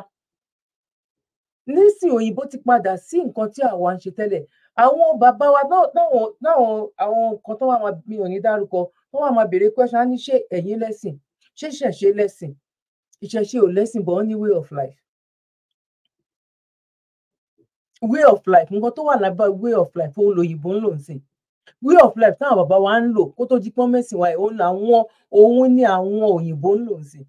nísìn òyìnbó ti padà sí nǹkan tí àwa ń ṣe tẹ́lẹ̀ àwọn bàbá wa náwọn náwọn àwọn nǹkan tó wà máa mi ò ní dárúkọ tó wà máa béèrè question á ní ṣe ẹ̀yin lẹ́sìn ṣé ṣẹ̀ṣe lẹ́sìn ìṣẹ̀ṣe ò lesson, but only way of life way of life nǹkan tó wà lábẹ́ way of life òun lòyìnbó ń lò ń sìn way of life táwọn bàbá wa ń lò kó tó jí pọ́n mẹ́sìn wa òun làwọn òun ni àwọn òyìnbó ń lò ń sìn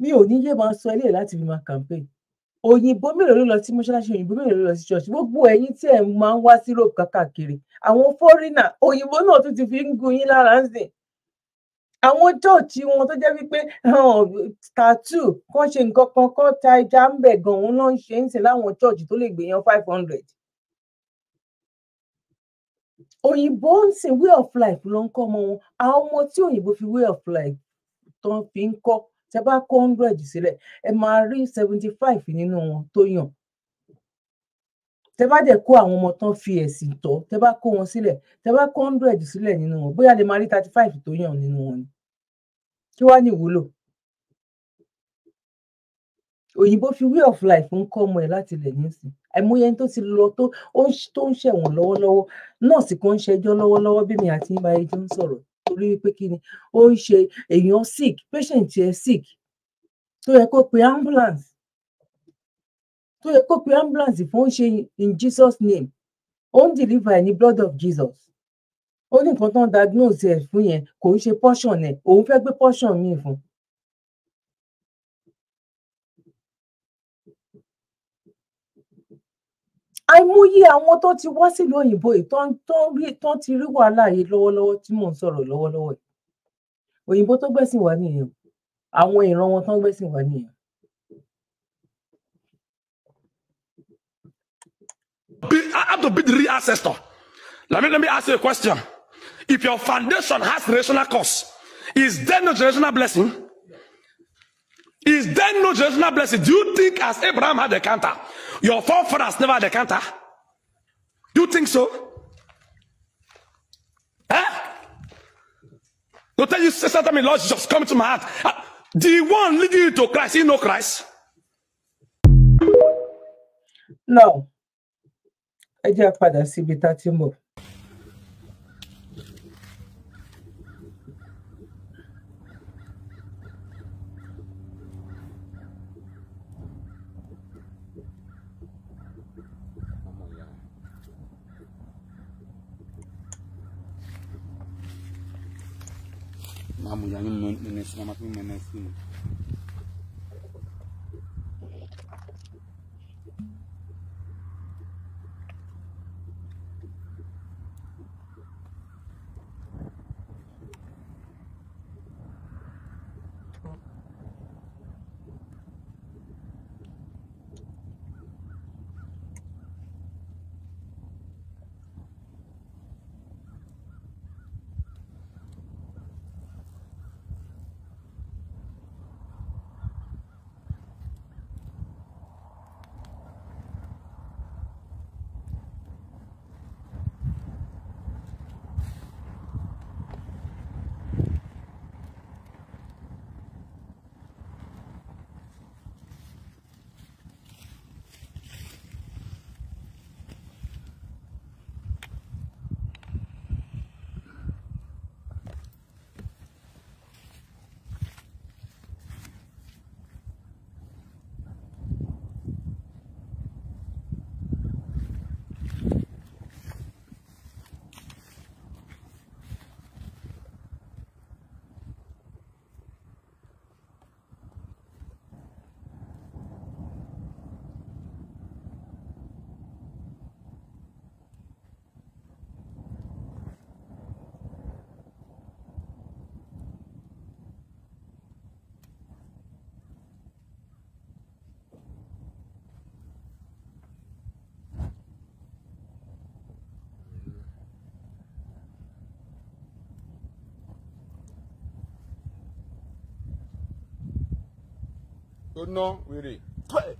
mi ò ní yé máa sọ eléyìí láti fi máa campaign òyìnbó mélòó ló lọ sí mọ́ṣáláṣí òyìnbó mélòó ló lọ sí ṣọ́ọ̀ṣì gbogbo ẹ̀yin tí ẹ̀ máa ń wá sí Europe káàkiri àwọn fọ́rínà òyìnbó náà tún ti fi ń gun yín lára ń sìn àwọn chọọchì wọn tó jẹ wípé tattoo kan ṣe nǹkan kan kan ta ẹja ń bẹ gan òun náà ń ṣe ń sìn láwọn chọọchì tó lè gbèyàn five hundred òyìnbó ń sìn way of life ló ń kọ́ ọmọ wọn àwọn ọmọ tí òyìnbó fi way of life tó ń fi ń kọ́ tẹ bá kó hundred sílẹ̀ ẹ máa rí seventy five nínú wọn tó yàn tẹ bá dẹ̀ kó àwọn ọmọ tán fi ẹ̀sìn tọ́ tẹ bá kó wọn sílẹ̀ tẹ bá kó hundred sílẹ̀ nínú wọn bóyá lè máa rí thirty five tó yàn nínú wọn ni kí wàá ní ìwúlò òyìnbó fi way of life ń kọ́ ọmọ ẹ̀ láti ilẹ̀ nísìn àìmọye ẹni tó ti lọ tó tó ń ṣẹ̀wọ̀n lọ́wọ́lọ́wọ́ nọ́ọ̀sì kan ń ṣẹjọ́ lọ́wọ́lọ́wọ́ bí mi àti yín báyé jọ ń sọ̀rọ̀ torí pé kí ni ó ń ṣe èèyàn sick patient ẹ sick tó yẹ kó pe ambulance tó yẹ kó pe ambulance fún ṣe in Jesus name ó ń deliver ní blood of Jesus ó ní nǹkan tó ń diagnose ẹ̀ fún yẹn kò ń ṣe portion ẹ̀ òun fẹ́ gbé portion míì fún. àìmọye àwọn tó ti wá sílùú òyìnbó yìí tó ń ti rí wàhálà yìí lọ́wọ́lọ́wọ́ tí mò ń sọ̀rọ̀ lọ́wọ́lọ́wọ́ yìí òyìnbó tó gbẹ̀sìn wá nìyẹn àwọn ìran wọn tó gbẹ̀sìn wá nìyẹn be, I have to be the real ancestor. Let me, let me ask you a question. If your foundation has generational cause, is there no generational blessing? Is there no generational blessing? Do you think as Abraham had a canter, your forefathers never had a canter? Do you think so? Huh? Don't tell you, sister, tell me, Lord Jesus, come to my heart. Uh, the one leading you to Christ, he know Christ? No. ẹ jẹ́ a padà síbi tá a ti mọ̀. Mamu yang ini tó ná wèrè tó ẹ̀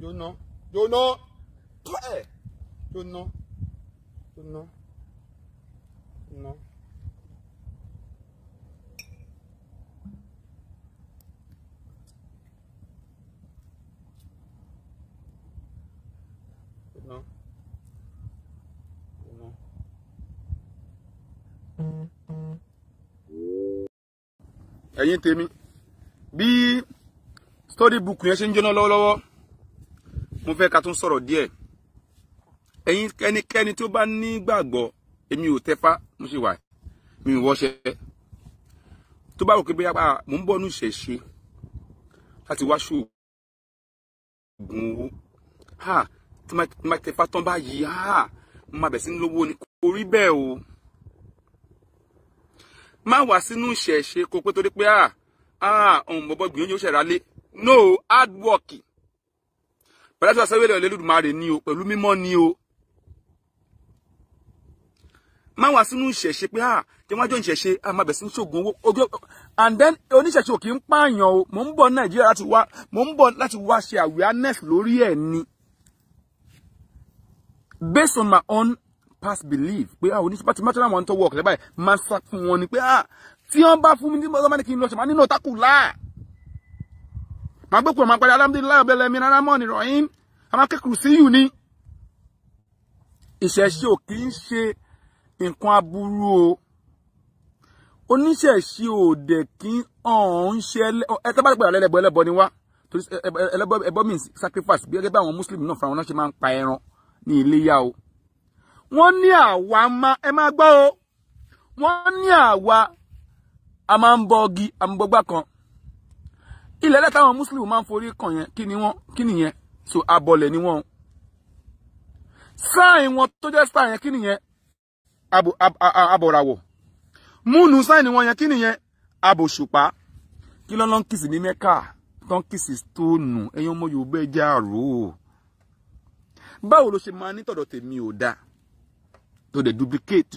yóò ná yóò ná tó ẹ̀ yóò ná yóò ná yóò ná. Mm-hmm. ẹ̀yin tèmi story book yẹn ṣe ń jóná lọ́wọ́lọ́wọ́ mo fẹ́ ká tún sọ̀rọ̀ díẹ̀ ẹ̀yin ẹnikẹ́ni tó bá nígbàgbọ́ èmi ò tẹ́fá mo ṣe wà mi ò wọ́ṣẹ́ tó bá rò pé bóyá ah, mò ń bọ̀ ní ìṣẹ̀ṣe láti wá ṣoògùn owó ha tí má tẹ́fá tán báyìí ha mo máa bẹ̀ sí lówó ni kò rí bẹ́ẹ̀ o má wá sínú ìṣẹ̀ṣe kó pé torí pé ah ah òun bọ̀bọ̀ gbìyànjú ó ṣẹ̀ra lé no hard work pẹ̀lú àti àṣẹwé rẹ̀ lẹ́lùdùmarè ni o pẹ̀lú mímọ́ ni o má wá sínú ìṣẹ̀ṣe pé ah tí wọ́n jọ ìṣẹ̀ṣe ah má bẹ̀ sí ṣògùn owó ojú and then oníṣẹ̀ṣe ò kì í pààyàn o mò ń bọ̀ nàìjíríà láti wá mò ń bọ̀ láti wá ṣe awareness lórí ẹ̀ ni based on my own past belief pé ah oníṣẹ́ bá ti mọ́tò láwọn tó wọ̀ ọ̀kẹ́lẹ́ báyìí máa ń sá fún wọn ni pé ah tí wọ́n bá fún mi ní ọlọ́mọdé kí n lọ ṣe máa nínú ọ̀tákùlá máa gbé kúrò máa padà alhamdulilayi ọbẹ̀ lẹ́mí rárá mọ́ nìrọ̀ yín a máa kékeré sí yù ni. ìṣẹ̀ṣe ò kì í ṣe nǹkan aburú o oníṣẹ̀ṣe ò dẹ̀ kí ọ̀hún ṣe ẹ tẹ́ bá gbàdá lẹ́lẹ́bọ ẹlẹ́bọ ni wá torí ẹlẹ́bọ ẹbọ means sacrifice bí gẹ́gẹ́ bí àwọn muslim náà fúnra wọn ṣe máa ń pa ẹran ní iléyà o wọ́n ní àwa máa ẹ máa gbọ́ o wọ́n ní àwa a máa ń bọ ọgi àmúgbọ́gbà kan ilẹ̀ lẹ́tà àwọn muslim máa ń forí kàn yẹn kí ni wọ́n kí nìyẹn so abọ̀lẹ̀ ni wọ́n sáìn wọn tó jẹ́ sáà yẹn kí nìyẹn abọ̀ràwọ̀ múùnù sáìn wọn yẹn kí nìyẹn abòṣùpá kí lọ́n lọ́n kìsì ní mẹ́kà tán kìsì stóònù ẹ̀yàn ọmọ yorùbá ẹja rò báwo ló ṣe máa ní tọ̀dọ̀ tèmi ò dáa tó dẹ̀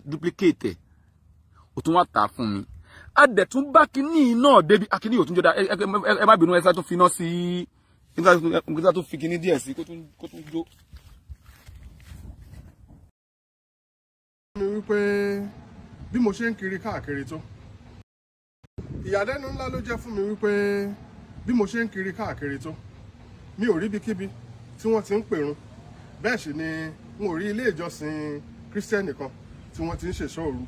duplicate ẹ̀ ó tún wá tà á fún mi adẹ̀tún bá kínní náà débi akínní yóò tún jọdá ẹ má bínú ẹsẹ̀ tó finá sí nígbà tó fi kínní díẹ̀ sí kó tún jó. mi wípé bí mo ṣe ń kiri káàkiri tó ìyàlẹ́nu ńlá ló jẹ́ fún mi wípé bí mo ṣe ń kiri káàkiri tó mi ò ríbikíbi tí wọ́n ti ń pèrun bẹ́ẹ̀ sì ni n ò rí ilé ìjọsìn kírísítẹ́nì kan tí wọ́n ti ń ṣèṣọ́ òru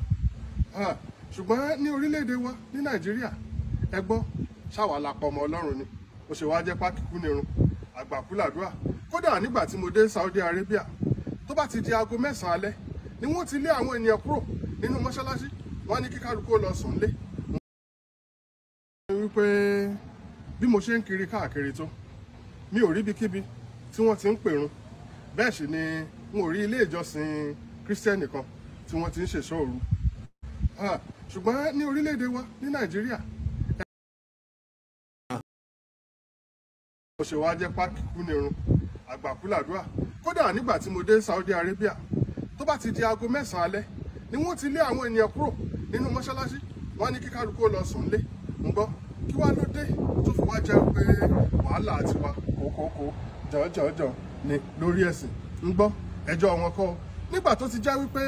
ah, ṣùgbọ́n ní orílẹ̀-èdè wa ní nàìjíríà ẹ gbọ́ ṣáwa la pọ̀ ọmọ ọlọ́run ni mo ṣe wá jẹ́ pákíkú nírun àgbàkú làdúrà kódà nígbà tí mo dé saudi arabia tó bá ti di aago mẹ́sàn-án alẹ́ ni wọ́n ti lé àwọn ènìyàn kúrò nínú mọ́ṣáláṣí wọ́n ní kí kálukú lọ sùn lé. wípé bí mo ṣe ń kiri káàkiri tó mi ò rí ibikíbi tí wọ́n ti ń pèrun bẹ́ẹ̀ sì ni n ò rí ilé ìjọsìn kírísítẹ́nì kan tí wọ́n ti ń ṣèṣọ́ òru ah, ṣùgbọ́n ní orílẹ̀-èdè wa ní nàìjíríà mo ṣe wá jẹ́ pákí kú nírun àgbàkú làdúrà kódà nígbà tí mo dé Saudi Arabia tó bá ti di aago mẹ́sàn-án alẹ́ ni wọ́n ti lé àwọn ènìyàn kúrò nínú mọ́ṣáláṣí wọ́n ní kí kálukú lọ sùn lé ń gbọ́ kí wá ló dé tó fi wá jẹ́ pé wàhálà àti wa kòkòkò jọ̀ọ́jọ̀ọ́jọ̀ ni lórí ẹ̀sìn ń gbọ́ ẹjọ́ wọn kọ́ nígbà tó ti jẹ́ wípé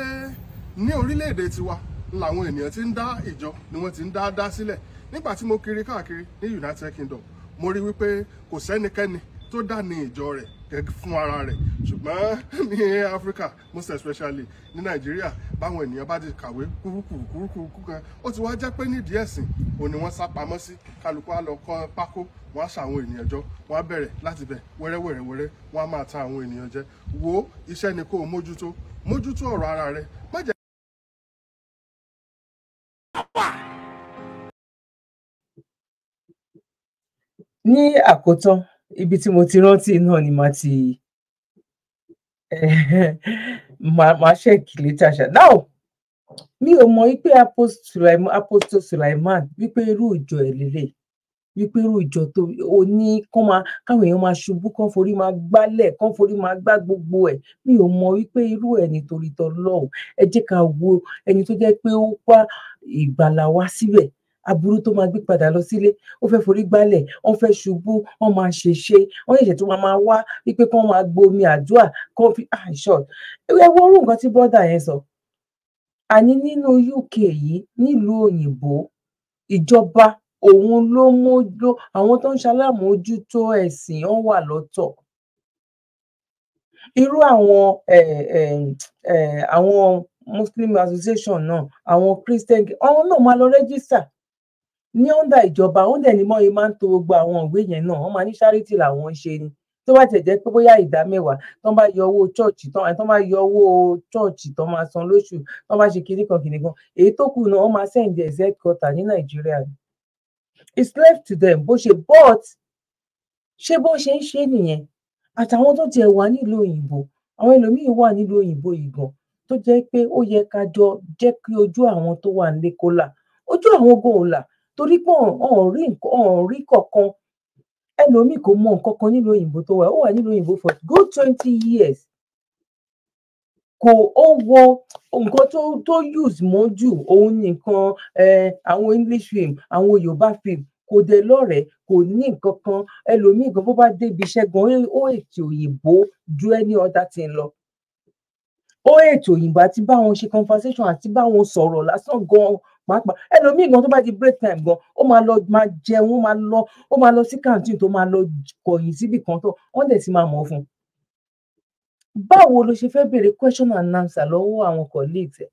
ní orílẹ̀-èdè tiwa làwọn ènìyàn ti ń dá ìjọ ni wọ́n ti ń dá dá sílẹ̀ nígbà tí mo kiri káàkiri ní United Kingdom mo rí wípé kò sẹ́nikẹ́ni tó dá ní ìjọ rẹ̀ gẹ́gẹ́ fún ara rẹ̀ ṣùgbọ́n ní Africa most especially ní Nàìjíríà báwọn ènìyàn bá ti kàwé kúrúkúrúkúrúkú kan ó ti wá jẹ́ pé nídìí ẹ̀sìn òní wọ́n sá pamọ́ sí kálukú á lọ kọ́ pákó wọ́n á ṣàwọn ènìyàn jọ wọ́n á bẹ̀rẹ̀ láti bẹ̀ wẹ́rẹ́wẹ́rẹ́wẹ́rẹ́ wọ́n á máa ta àwọn ènìyàn jẹ wo iṣẹ́ ni kó o mójútó mójútó ọ̀rọ̀ ara rẹ ní àkótán ibi tí mo ti rántí náà ni màá ti *laughs* màá ṣèkì létà now mi ò mọ wípé apostle Sulaiman wípé irú ìjọ ẹ lélẹ̀ wípé irú ìjọ tó o ní kán máa káwọn èèyàn máa ṣubú kán forí máa gbálẹ̀ kán forí máa gbá gbogbo ẹ̀ mi ò mọ wípé irú ẹ̀ nítorí tọlọ́run ẹ jẹ́ ká wo ẹni tó jẹ́ pé ó wá ìgbàlà wá síbẹ̀ aburú tó máa gbé padà lọ sílé ó fẹ́ forí gbálẹ̀ wọ́n fẹ́ ṣubú wọ́n máa ṣe ṣe wọ́n ṣẹ̀ṣẹ̀ tó máa wá wípé kí wọ́n máa gbomi àdúrà kí wọ́n fi ah short ẹ wo orú nǹkan tí bọ́dà yẹn sọ àní nínú UK yìí nílùú òyìnbó ìjọba òun ló mójú àwọn tó ń ṣalámójútó ẹ̀sìn wọn wà lọ́tọ̀ irú àwọn àwọn Muslim Association náà àwọn Christian àwọn náà máa lọ rẹ́gísítà ní ọ̀ndà ìjọba ó dẹ̀ mọ́ ẹ máa ń to gbogbo àwọn ìwé yẹn náà wọ́n máa ní charity làwọn ń ṣe ni tó bá tẹ̀ pé bóyá ìdá mẹ́wàá tán bá yọ owó chọ́ọ̀chì tán tán bá yọ owó chọ́ọ̀chì tán máa san lóṣù tán bá ṣe kinní kan kinní kan èyí tó kù náà wọ́n máa sẹ́ǹdì ẹ̀ zẹ́kọ̀tà ní nàìjíríà ni it's left to them bó ṣe but ṣé bó ṣe ń ṣe nìyẹn àtàwọn tó tiẹ̀ wà nílùú òyìnbó àwọn ẹlòmíín wà nílùú òyìnbó yìí gan tó jẹ́ pé ó yẹ ká jọ jẹ́ kí ojú àwọn tó wà nílé kó là ojú àwọn gan ò là torí pé ọ̀n rí ọ̀n rí kọ̀ọ̀kan ẹlòmíì kò mọ nǹkan kan nílùú òyìnbó tó wà ó wà nílùú òyìnbó for good twenty years kò ó wọ nǹkan tó tó use mọ́jú òun nìkan àwọn English film àwọn Yorùbá film kò dé lọ́rẹ̀ẹ́ kò ní nǹkan kan ẹlòmíì gan bó bá débi iṣẹ́ gan ó ètò òyìnbó ju ẹni ọ̀dà ti ń lọ ó ètò òyìnbó àti báwọn ṣe conversation àti báwọn sọ̀rọ̀ lásán gan pàápàá ẹlòmíì gan tó bá di break time gan ó máa lọ máa jẹun ó máa lọ ó máa lọ sí canteen tó máa lọ kọ̀yìn síbì kan tó wọ́n dẹ̀ ti máa mọ̀ fún un. báwo lo ṣe fẹ́ béèrè question and answer lọ́wọ́ àwọn colleagues ẹ̀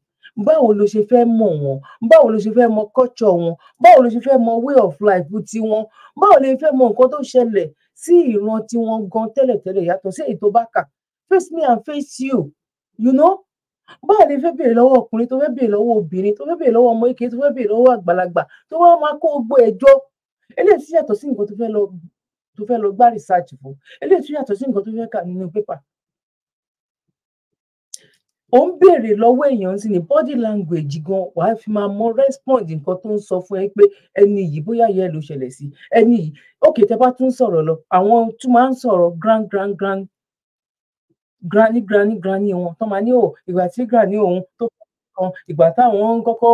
báwo lo ṣe fẹ́ mọ̀ wọ́n báwo lo ṣe fẹ́ mọ̀ culture wọn báwo lo ṣe fẹ́ mọ̀ way of life tiwọn báwo lo ṣe fẹ́ mọ̀ nǹkan tó ṣẹlẹ̀ sí ìran tiwọn gan tẹ́lẹ̀tẹ́lẹ̀ yàtọ̀ sí èyí tó bá kà face me and face you you know báà lè fẹ́ béèrè lọ́wọ́ ọkùnrin tó fẹ́ béèrè lọ́wọ́ obìnrin tó fẹ́ béèrè lọ́wọ́ ọmọ èkéyìí tó fẹ́ béèrè lọ́wọ́ àgbàlagbà tó wá máa kó gbọ́ ẹjọ́ eléyìí sì yàtọ̀ sí nǹkan tó fẹ́ lọ tó fẹ́ lọ gbá research fún eléyìí sì sí nǹkan tó fẹ́ kà nínú pépà ó ń béèrè lọ́wọ́ èèyàn sí ni body language gan wàá fi máa mọ respond nǹkan tó ń sọ fún ẹ pé ẹni yìí bóyá yẹ ló ṣẹlẹ̀ sí ẹni yìí òkè tẹ bá tún sọ̀rọ̀ lọ àwọn tún máa ń sọ̀rọ̀ grand grand grand granny granny granny wọn tó máa ní ò oh, ìgbà tí granny òun tó kan ìgbà táwọn ń kọ́kọ́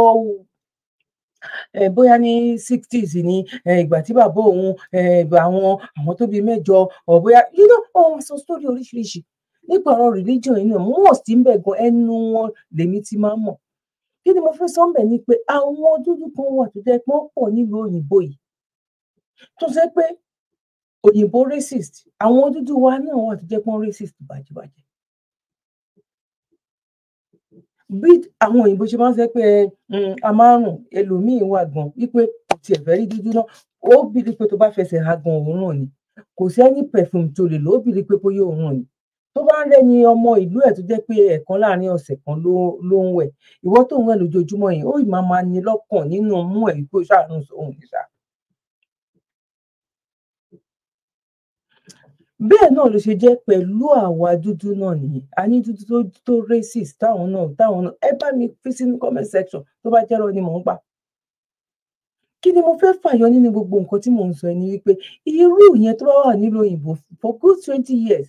ẹ eh, bóyá ní sixties ni eh, ìgbà tí bàbá òun eh, àwọn àwọn tó bí mẹ́jọ ọ bóyá you know ọ oh, wọn sọ story oríṣiríṣi nípa ọ̀rọ̀ religion yìí náà wọn sì ń bẹ gan ẹnu wọn lèmi ti máa mọ̀ kí ni mo fẹ́ sọ ń bẹ ni pé àwọn dúdú kan wà tó jẹ́ pé wọ́n pọ̀ nílùú òyìnbó yìí tó ṣe pé òyìnbó racist àwọn dúdú wa náà wà tó jẹ́ pé wọ́n racist bàjẹ́bàjẹ́ bí àwọn òyìnbó ṣe máa ń sọ pé hmm, amárùn ẹlòmíín wà gan wípé kò tiẹ̀ fẹ́ rí dúdú náà ó bìrì pé tó bá fẹsẹ̀ ha gan òórùn ni kò sí ẹni pẹ̀fùm tó lè lò ó bìrì pé bóyá òórùn ni tó bá ń rẹ́ni ọmọ ìlú ẹ̀ tó jẹ́ pé ẹ̀ẹ̀kan láàrin ọ̀sẹ̀ kan ló ló ń wẹ̀ ìwọ tó ń wẹ̀ lójoojúmọ́ yẹn ó ì máa máa ní lọ́kàn nínú mú ẹ̀ wípé ṣáà ń òun ní ṣáà bẹ́ẹ̀ náà ló ṣe jẹ́ pẹ̀lú àwa dúdú náà nìyẹn a ní dúdú tó tó racist táwọn náà táwọn náà ẹ bá mi fi sínú comment section tó bá jẹ́rọ ni mò ń pa kí ni mo fẹ́ fàyọ nínú gbogbo nǹkan tí mò ń sọ ẹni wípé irú ìyẹn tó bá wà nílùú òyìnbó for good twenty years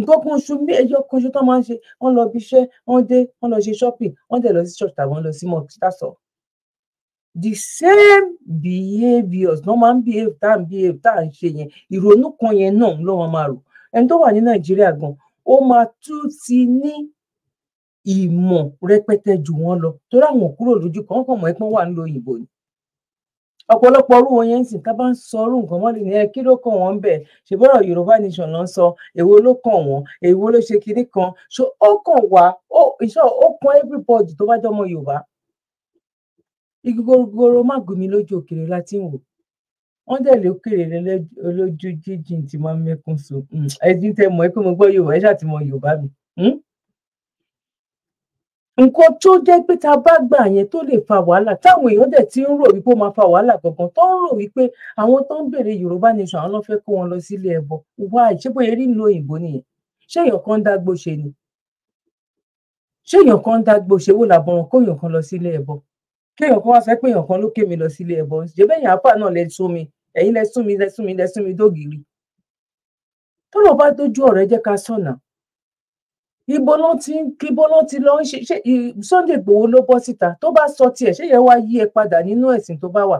nǹkan kan oṣù ẹyọ kan oṣù tó máa ń ṣe wọ́n lọ bí iṣẹ́ wọ́n dé wọ́n lọ ṣe shopping wọ́n dẹ̀ lọ sí church tàbí wọ́n lọ sí mosque that's all the same behaviors, ló máa ń behave tá à ń behave tá à ń ṣe yẹn ìrònú kan yẹn náà ló máa máa rò ẹni tó wà ní nàìjíríà gan ó máa tún ti ní ìmọ̀ rẹpẹtẹ jù wọ́n lọ torí àwọn kúrò lójú kan kàn mọ́ ẹ pé wọ́n wà nílò òyìnbó ni ọ̀pọ̀lọpọ̀ ọrú wọn yẹn ń sìn ká bá ń sọ ọrú nǹkan wọn ní ẹ kí ló kàn wọ́n bẹ̀ ṣèbọ̀rọ̀ yorùbá nation ló ń sọ èwo ló kàn wọ́n èwo ló ṣe kinní kan ṣó ó kàn wá ó ìṣó ó kan everybody tó bá jọmọ yorùbá igi gogoro má gún mi lójú òkèèrè la ti ń wò wọn dẹ lókèrè lójú jíjìn tí máa ń mẹkún sùn hmm. ẹdín tẹ mọ ẹ pé mo gbọ́ yorùbá ẹ ṣàtìmọ yorùbá mi hmm? nǹkan tó jẹ́ pé tá a bá gbà yẹn tó lè fa wàhálà táwọn èèyàn dẹ̀ ti ń rò wípé ó máa fa wàhálà gangan tó ń rò wípé àwọn tó ń béèrè yorùbá nation àwọn ló fẹ́ kó wọn lọ sílé ẹbọ wá ṣé bóyá rí nílò òyìnbó nìyẹn ṣé èèyàn kan ń dágbó ṣe ni ṣé èèyàn kan ń dágbó ṣe wò lábọràn kó èèyàn kan lọ sílé ẹbọ kéèyàn kan wá sọ pé èèyàn kan ló ké mi lọ sílé ẹbọ ṣe bẹyìn apá náà lẹ sún mi ẹ̀yin lẹ sún mi lẹ sún mi lẹ sún mi dógìrì tọ́rọ̀ bá dójú ọ̀rọ̀ ẹ jẹ́ ká sọ̀nà ibo ló ti ń kíbo ló ti lọ ń ṣe ṣe Sunday Igboho ló bọ́ síta tó bá sọ tiẹ̀ ṣé yẹn wá yí ẹ padà nínú ẹ̀sìn tó bá wà.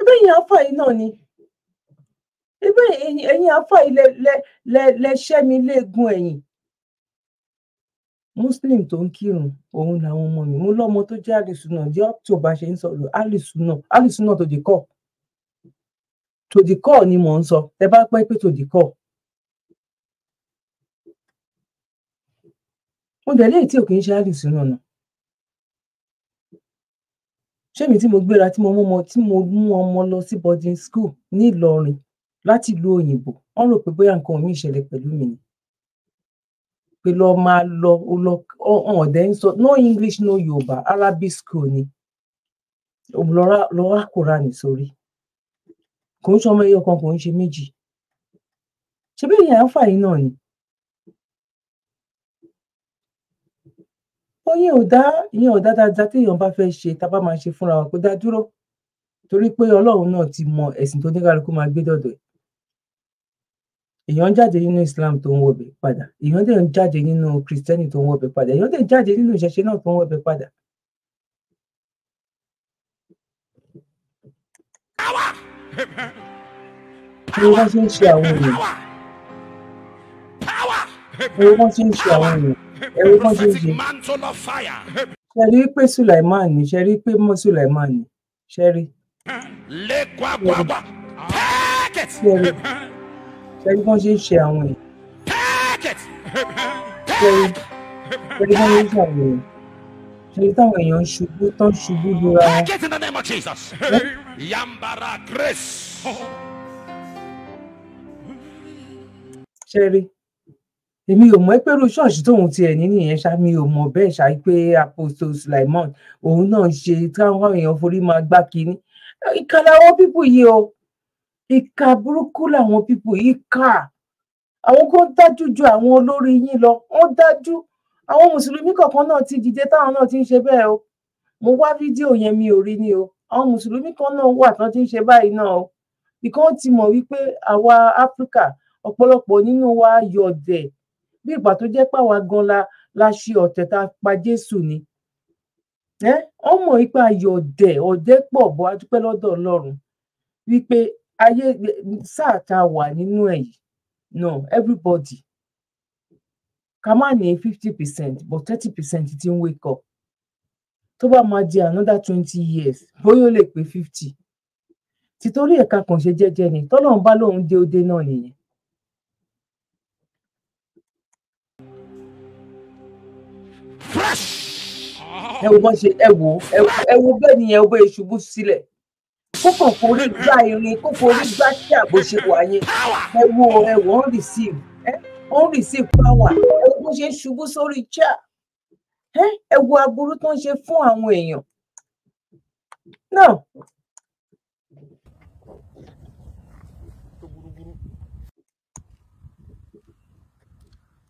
ebe yìí afa yìí náà ni ebe ẹ̀yin afa yìí lẹ lẹ lẹ lẹ ṣẹ́ mi léegun ẹ̀yìn muslim tó ń kírun òun làwọn ọmọ mi mo lọmọ tó jẹ alìsùnà jẹ tí ò bá ṣe ń sọ̀rọ̀ alìsùnà alìsùnà tó di kọ tó di kọ ni mò ń sọ ẹ bá pẹ pé tó di kọ. mo dẹ̀ léyìí tí ò kì í ṣe alìsùnà nà ṣé mi tí mo gbéra tí mo mú ọmọ tí mo mú ọmọ lọ sí boarding school ní Ìlọrin láti ìlú òyìnbó wọ́n rò pé bóyá nǹkan mi ìṣẹ̀lẹ̀ pẹ̀lú mi ni pé lọ máa lọ ó lọ ọ̀hún ọ̀dẹ́ ń sọ no english no yorùbá arabic school ni lọ wá kúránì sórí kò ń ṣọmọ ẹyọ kan kò ń ṣe méjì ṣé bí ìyá ń fà yín náà ni. ó yẹn ò dá ìyẹn ò dá dáadáa téèyàn bá fẹ́ ṣe tá a bá máa ṣe fúnra wa kó dá dúró torí pé ọlọ́run náà ti mọ ẹ̀sìn tó ní kálukú máa gbé dọ̀dọ̀ ẹ̀ èèyàn jáde nínú Islam tó ń wọbẹ̀ padà èèyàn dẹ̀ ń jáde nínú Kristẹni tó ń wọbẹ̀ padà èèyàn dẹ̀ ń jáde nínú ìṣẹ̀ṣe náà tó ń wọbẹ̀ padà. bí wọ́n ṣe ń ṣe àwọn èèyàn bí wọ́n ṣe ń ṣe àwọn èèyàn ẹ̀rọ wọ́n ṣe ń ṣe. ṣe rí pé Sulaiman ni ṣe rí pé mọ́ Sulaiman ni ṣe rí. lẹ́kọ̀ọ́ àgbààgbà tẹ́ẹ̀kẹ̀tì ẹni kan ṣe ń ṣe àwọn èèyàn ẹni kan ṣe ń ṣe àwọn èèyàn ṣe táwọn èèyàn in the name of Jesus. yambara Chris. ṣeré èmi ò mọ̀ pé irú ṣọ́ọ̀ṣì tóun ti ẹ̀ ní nìyẹn ṣá mi ò mọ̀ bẹ́ẹ̀ ṣá pé apostle Sulaiman òun náà ṣe táwọn èèyàn forí máa gbá kínní ìkànnì àwọn pípù yìí o ìka burúkú làwọn pípò yìí kà àwọn kan dájú ju àwọn olórí yín lọ wọ́n dájú àwọn mùsùlùmí kọ̀ọ̀kan náà ti dìde táwọn náà ti ń ṣe bẹ́ẹ̀ o mo wá fídíò yẹn mi ò rí ni o àwọn mùsùlùmí kan náà wà tán ti ń ṣe báyìí náà o nìkan ti mọ̀ wípé àwa áfíríkà ọ̀pọ̀lọpọ̀ nínú wa yọ̀dẹ̀ bí ìgbà tó jẹ́ pàwa gan la la ṣe ọ̀tẹ̀ tá a pa jésù ni ọmọ ipa yọ̀dẹ̀ ọ̀dẹ̀ pọ̀ bọ́ adúpẹ́ lọ́dọ̀ ọlọ́run wípé ayé sáà tá a wà nínú ẹ̀ yìí no everybody ká má ní fifty percent but thirty percent ti ń wake up tó bá máa di another twenty years bóyá ó lè pé fifty tìtorí ẹ̀ka kan ṣe jẹ́jẹ́ ni tọ́lọ́run bá lóun dé ó náà nìyẹn. fresh. ẹ wo bọ́n ṣe ẹ wo ẹ wo bẹ́ẹ̀ ni ẹ wo bẹ́ẹ̀ ṣubú sílẹ̀ kókò forí gbá irin kókò forí gbá sí àbóṣe wáyé ẹ wo ẹ wọ ń receive ẹ ń receive power ẹ wo bó ṣe ń ṣubú sórí chair ẹ ẹ wo aburú tó ń ṣe fún àwọn èèyàn náà.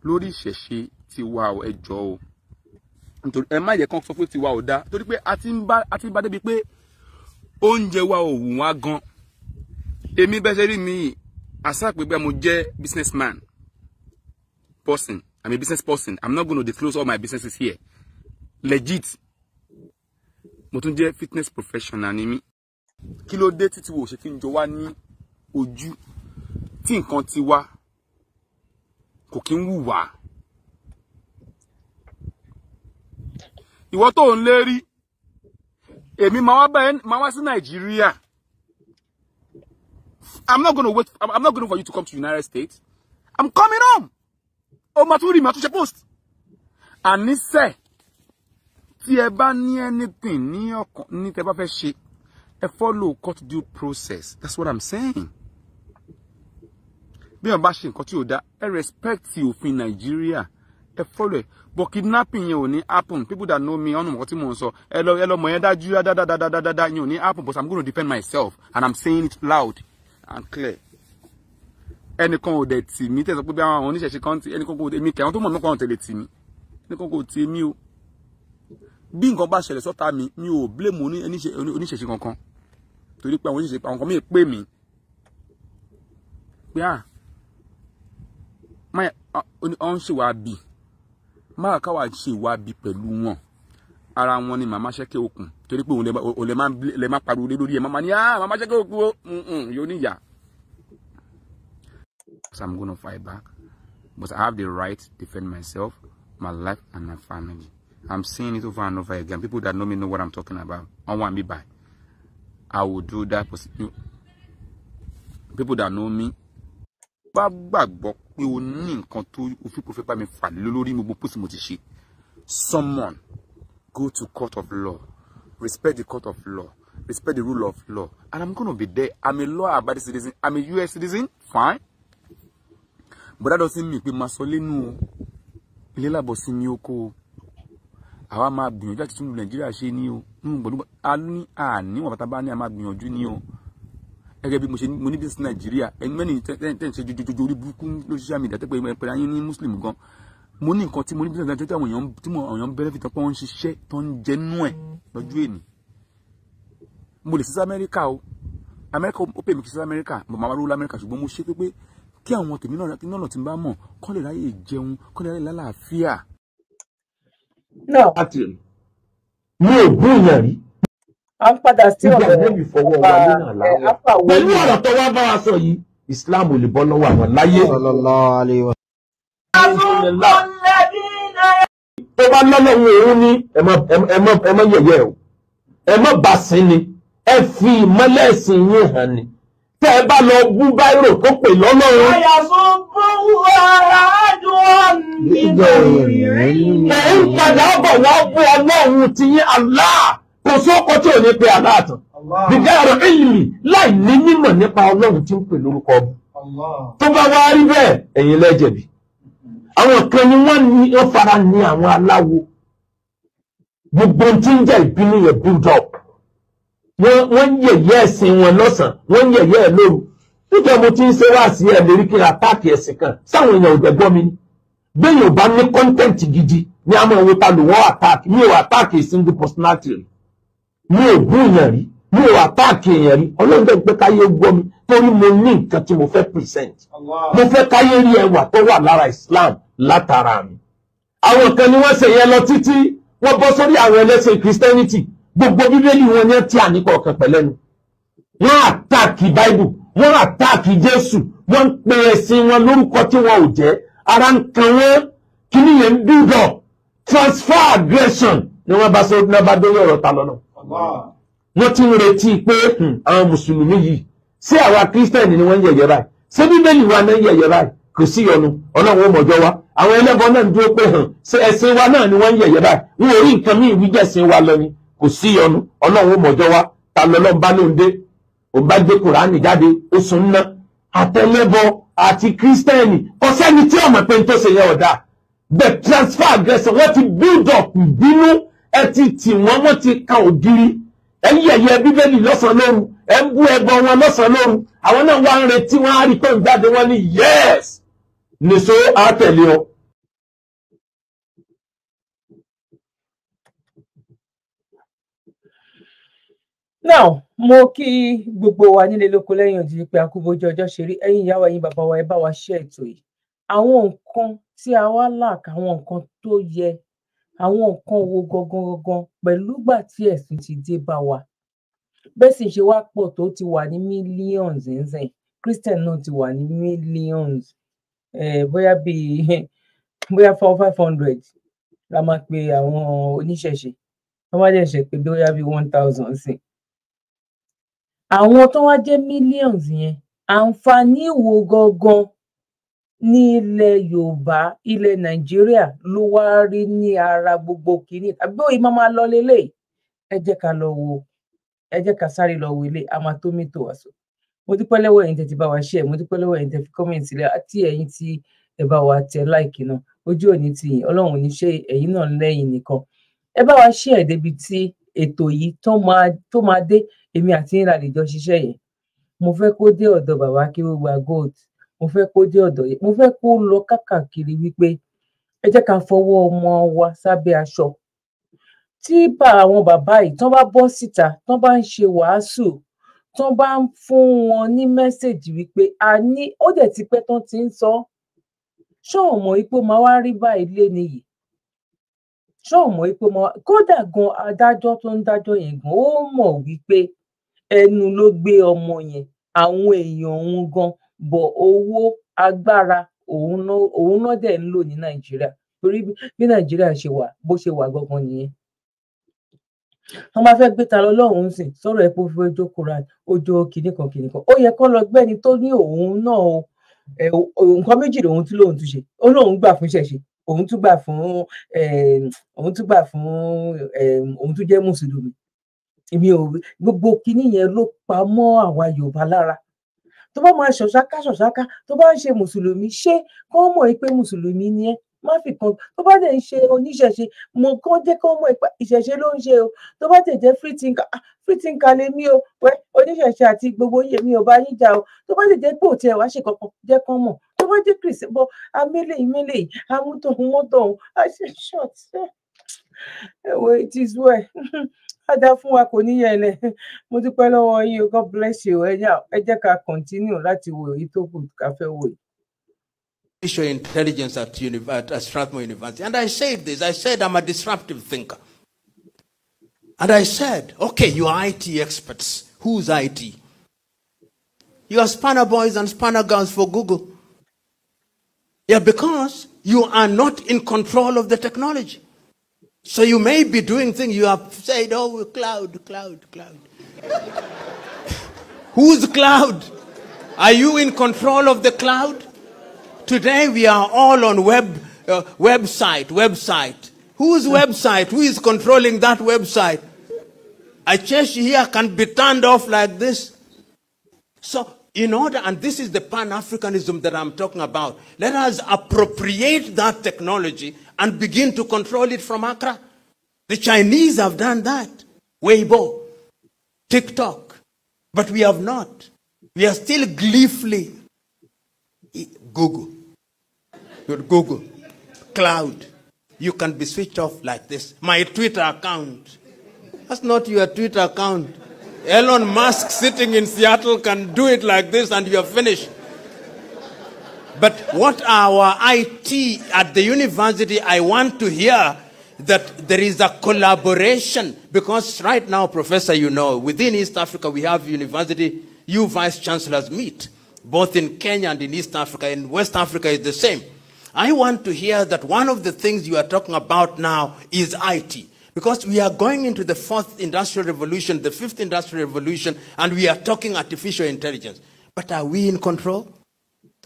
lórí ìṣẹ̀ṣe tiwa ẹjọ́ o nítorí ẹ má yẹ kán sọ pé tiwa ò dáa torí pé a ti ń bá débi pé oúnjẹ wa ò wù wá gan èmi bẹ́ẹ̀ ṣe rí mi àṣàpè bí mo jẹ́ businessman person i'm a business person i'm not gonna disclose all my businesses here legit mo tún jẹ́ fitness professional ni mí kí ló dé títí wo ṣe kí n jọ wá ní ojú tí nǹkan ti wá kò kí ń wù wá ìwọ tó ń lérí èmi máa wá bẹ́ẹ̀ máa wá sí nàìjíríà i'm not gonna wait i'm not gonna for you to come to united states i'm coming home o ma tún rí ma tún ṣe post àníṣe ti ẹ bá ní anything ni ọkàn ni tẹ bá fẹ́ ṣe ẹ follow court due process that's what i'm saying bí wọn bá ṣe nǹkan tí ò dá ẹ respect òfin nàìjíríà ẹ follow ẹ but kidnapping yẹn ò ní happen people that know me ọ̀nà nǹkan tí mò ń sọ ẹ lọ ẹ lọ mọ̀ yẹn dájú ah, dáadáa yẹn ò ní happen but i'm gonna defend myself and i'm saying it loud and clear ẹnìkan ò dẹ̀ tì mí tẹ̀sán pé bí àwọn oníṣẹ̀ṣe kan ti ẹnìkan kò èmi kẹ̀ àwọn tó mọ̀ nípa àwọn tẹ̀lé tì mí ẹnìkan kò tì mí o bí nǹkan bá ṣẹlẹ̀ sọ́ta mi mi ò blame oníṣẹ̀ṣe kankan torí pé àwọn oníṣẹ̀ṣe àwọn kan mìíràn pè mí pé à ah, máa ah, ọ̀n ṣèwà bíi Markawa ṣe ìwà pẹ̀lú wọn ara wọn ni màmá ṣẹ́kẹ́ òkun torí pé òun lè má pariwo lé lórí ẹ̀ màmá ni ah màmá ṣẹ́kẹ́ òkun ó yóò níyà. So I'm gonna fight back but I have the right to defend myself my life and my family I'm saying it over and over again people that know me know what I'm talking about wọ́n wà mí báyìí I will do that for people that know me bá gbàgbọ́ pé o ní nǹkan tó o fi kò bá mi fà lórí gbogbo post mo ti ṣe someone go to court of law respect the court of law respect the rule of law and i'm gonna be there i'm a law abiding citizen i'm a US citizen fine but that doesn't mean pé máa sọ lẹ́nu o ilé làbọ̀ sí ni oko o àwa máa gbìyànjú àti túnú Nàìjíríà ṣe ni o nínú gbọdúgbọ a ní àníwọ̀n bàtà bá ní a máa gbìyànjú ni o gẹ́gẹ́ bí mo ṣe mo ní bí sí nàìjíríà ẹni mẹ́rin tẹ́ǹtẹ́ǹ ṣe jojojo orí burúkú lórí social media tẹ́pẹ́ pẹ̀lú ayé ní muslim gan mo ní nǹkan tí mo ní bí nàìjíríà tí àwọn èèyàn tí àwọn èèyàn benefit pé wọ́n ń ṣiṣẹ́ tó ń jẹ nú ẹ̀ lọ́jọ́ èní mo lè sísá amẹ́ríkà o amẹ́ríkà ó pè mí kí sísá amẹ́ríkà mo máa rówó lamẹ́ríkà ṣùgbọ́n mo ṣe pé pé kí àwọn tèmi náà tí n bá mọ̀ kọ́ lè ráyè jẹun kọ́ lè ráyè lálàáfíà. náà mi ò gbóyàn rí à ń padà sí ọ̀rọ̀ tó wá bá wa sọ yìí Islam ò lè bọ́ lọ́wọ́ àwọn láyé. tó bá lọ́lọ́run òun ní ẹ má yẹ̀yẹ́ o ẹ má bá sí ni ẹ fi ìmọ́lẹ̀ ẹ̀sìn yín hàn ni tẹ́ ẹ bá lọ bú báírò tó pè lọ́lọ́run. àyà ẹ ń padà bọ̀ wá bú ọlọ́run ti yín Allah. kò sí ọkọ tí ò ní pe aláàtọ̀ bìgáàrọ̀ ìlì láì ní mímọ̀ nípa ọlọ́run tí ń pè lórúkọ tó bá wá rí bẹ́ẹ̀ ẹ̀yin lẹ́jẹ̀bi àwọn kan ni wọ́n ní wọ́n fara ní àwọn aláwo gbogbo tí ń jẹ́ ìbínú yẹn build up wọ́n ń yẹ̀yẹ́ ẹ̀sìn wọn lọ́sàn wọ́n ń yẹ̀yẹ́ ẹ̀ lóru nígbà mo ti ń ṣe wá sí gidi ní àmọ́ ìwé ta lò wọ́n ò mi ò bú èèyàn rí mi ò àtáàkì èèyàn rí ọlọ́run dẹ̀ pé káyé gbọ́ mi torí mo ní nǹkan tí mo fẹ́ present mo fẹ́ káyé rí ẹwà tó wà lára Islam látara mi àwọn kan ni wọ́n ṣe yẹn lọ títí wọ́n bọ́ sórí àwọn ẹlẹ́sìn Christianity gbogbo bíbélì wọn ní tí àníkọ̀ ọ̀kan pẹ̀lẹ́nu wọ́n àtáàkì Bible wọ́n àtáàkì Jésù wọ́n ń pe ẹ̀sìn wọn lórúkọ tí wọn ò jẹ́ ara ń wọn kí nìyẹn ń dùn dọ̀ transfer aggression ni wọ́n bá sọ ní wọ́n bá dórí ọ̀rọ̀ ta lọ́nà wọ́n ti ń retí pé àwọn mùsùlùmí yìí ṣé àwa kírísítẹ̀nì ni wọ́n ń yẹ̀yẹ́ báyìí ṣé bíbélì wa náà ń yẹ̀yẹ́ báyìí kò sí ìyọnu ọlọ́run ó mọ̀jọ́ wa àwọn ẹlẹ́bọ náà ń dúró pé hàn ṣé ẹ̀sìn wa náà ni wọ́n ń yẹ̀yẹ́ báyìí wọn ò rí nǹkan míì wíjẹ̀sìn wa lọ ni kò sí ìyọnu ọlọ́run ó mọ̀jọ́ wa ta lọ́lọ́run bá lóun dé ò bá gbé kùránì jáde ó sun ná àtẹlẹ́bọ àti kírísítẹ́nì kò sẹ́ni tí ọmọ pé n tó ṣe yẹ ọ̀dà the transfer aggressor wọ́n ti build up bínú ẹ ti tì wọ́n wọ́n ti ka ògiri ẹ ń yẹ̀yẹ́ bíbélì lọ́sàn-án lóru ẹ ń bú ẹbọ wọn lọ́sàn-án lóru àwọn náà wá ń retí wọn á rí pé ń jáde wọn ní yẹ́s nìṣó á tẹ̀lé ọ. now mo kí gbogbo wa nílé lóko lẹ́yìn òjì pé akúbojú ọjọ́ ṣe rí ẹ̀yin ìyá wa ẹ̀yin bàbá wa ẹ bá wa ṣe ètò yìí àwọn nǹkan tí a wá là káwọn nǹkan tó yẹ àwọn nǹkan wo gangan gangan pẹ̀lú ìgbà tí ẹ̀sùn ti dé bá wa bẹ́ẹ̀ sì ṣe wá pọ̀ tó ti wà ní millions ǹsìn christian náà ti wà ní millions bóyá bíi *laughs* bóyá four five hundred la máa pe àwọn oníṣẹ̀ṣe wọ́n bá dẹ̀ ṣe pé bóyá bíi one thousand sí àwọn tó wá jẹ́ millions yẹn àǹfààní wo gangan ní ilẹ̀ yorùbá ilẹ̀ nàìjíríà ló wá rí ní ara gbogbo kìíní àbí òye máa máa lọ lélẹ̀ ẹ jẹ́ ká lọ wo ẹ jẹ́ ká sáré lọ wo ilé àmà tó mi tó wá sọ mo dúpẹ́ lọ́wọ́ ẹ̀yin tẹ́ bá wa ṣe mo dúpẹ́ lọ́wọ́ ẹ̀yin tẹ́ fi kọ́mẹ̀ntì lẹ àti ẹ̀yin tí ẹ bá wa tẹ láìkì náà ojú òní ti yìn ọlọ́run ò ní ṣe ẹ̀yin náà lẹ́yìn nìkan ẹ bá wa ṣe ẹ̀ débi tí ètò yìí tó máa dé èmi àti yín la lè jọ ṣiṣẹ́ yẹn mo fẹ́ kó dé ọ̀dọ̀ bàbá Akéwùgbà Gold mo fẹ́ kó dé ọ̀dọ̀ yìí mo fẹ́ kó lọ káàkiri wípé ẹ jẹ́ ká fọwọ́ ọmọ wa sábẹ́ aṣọ tí bá àwọn bàbá yìí tán bá bọ́ síta tán bá ń ṣe wàásù tán bá ń fún wọn ní mẹ́sẹ̀gì wípé a ní ó dẹ̀ ti pẹ́ tán ti ń sọ ṣọ́ọ̀ mọ̀ ipò máa wá rí báyìí lé nìyí ṣọ́ọ̀ mọ̀ ipò máa kódà gan adájọ́ tó ń dájọ́ yẹn gan ó mọ̀ wípé ẹnu ló gbé ọmọ yẹn àwọn èèyàn òun gan bọ̀ owó agbára òun náà òun náà dẹ̀ ń lò ní nàìjíríà torí bí nàìjíríà ṣe wà bó ṣe wà gangan nìyẹn wọn bá fẹ́ gbé ta lọ lọ́hùn ún sìn sọ̀rọ̀ ẹ pọfẹ ọjọ́ kura ọjọ́ kìnnìkan kìnnìkan ó yẹ kó lọ gbẹni tó ní òun náà nǹkan méjì lòun tún lòun tún ṣe ó lóun gbà fún ṣẹṣe òun tún gbà fún òun tún gbà fún òun tún jẹ́ mùsùlùmí èmi ò gbogbo kinní ló pa àwa yorùbá lára tó bá máa ṣọ̀ṣáká ṣọ̀ṣáká tó bá ń ṣe mùsùlùmí ṣé kó mọ̀ pé mùsùlùmí ni ẹ́ má fi kan tó bá dẹ̀ ń ṣe oníṣẹ̀ṣe mo kàn jẹ́ kó mọ̀ pé ìṣẹ̀ṣe ló ń ṣe o tó bá tẹ̀ jẹ́ free thinker ah, free thinker lè mí o wẹ́ oníṣẹ̀ṣe àti gbogbo yẹn mi ò bá yín jà o tó bá tẹ̀ jẹ́ pé òtí ẹ̀ wá ṣe kankan jẹ́ kán mọ̀ tó bá jẹ́ kìrìsì bọ́ amílẹ̀ ìmílẹ̀ amútọ̀hún mọ́tọ̀hún àṣẹ ṣọ̀tẹ́ ẹ̀wọ̀ it is well *laughs* dá fún wa kò níyẹlẹ mo dúpẹ́ lọ́wọ́ yín god bless you ẹ jẹ́ ká continue láti wo èyí tó kù ká fẹ́ wò yìí. intelligence at, university at Strathmore University. And I said this I said, I'm a disruptive thinker. And I said, okay, you are IT experts. Who's IT? You are spanner boys and spanner girls for Google. Yeah, because you are not in control of the technology. So you may be doing things you have said, oh, cloud, cloud, cloud. *laughs* Who's cloud? Are you in control of the cloud? Today we are all on web, uh, website, website. Whose website? Who is controlling that website? A church here can be turned off like this. So, in order, and this is the pan Africanism that I'm talking about, let us appropriate that technology and begin to control it from Accra. The Chinese have done that. Weibo, TikTok. But we have not. We are still gleefully Google. Google. Cloud. You can be switched off like this. My Twitter account. That's not your Twitter account. Elon Musk sitting in Seattle can do it like this and you're finished. But what our IT at the university, I want to hear that there is a collaboration because right now, Professor, you know, within East Africa, we have university, you vice chancellors meet, both in Kenya and in East Africa, and West Africa is the same. I want to hear that one of the things you are talking about now is IT. Because we are going into the fourth industrial revolution, the fifth industrial revolution, and we are talking artificial intelligence. But are we in control?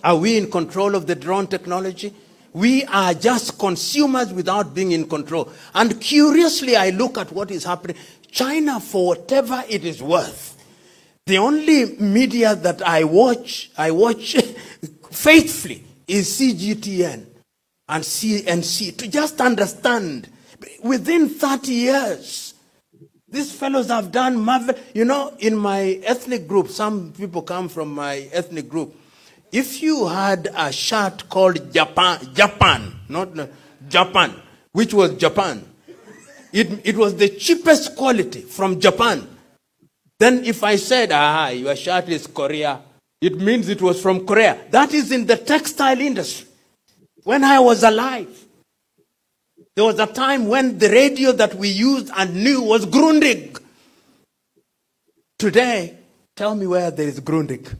Are we in control of the drone technology? We are just consumers without being in control. And curiously, I look at what is happening. China, for whatever it is worth, the only media that I watch, I watch *laughs* faithfully, is CGTN and CNC to just understand within 30 years. These fellows have done marvel. You know, in my ethnic group, some people come from my ethnic group. If you had a shirt called Japan, Japan, not Japan, which was Japan, it, it was the cheapest quality from Japan. Then if I said, ah, your shirt is Korea, it means it was from Korea. That is in the textile industry. When I was alive, there was a time when the radio that we used and knew was Grundig. Today, tell me where there is Grundig.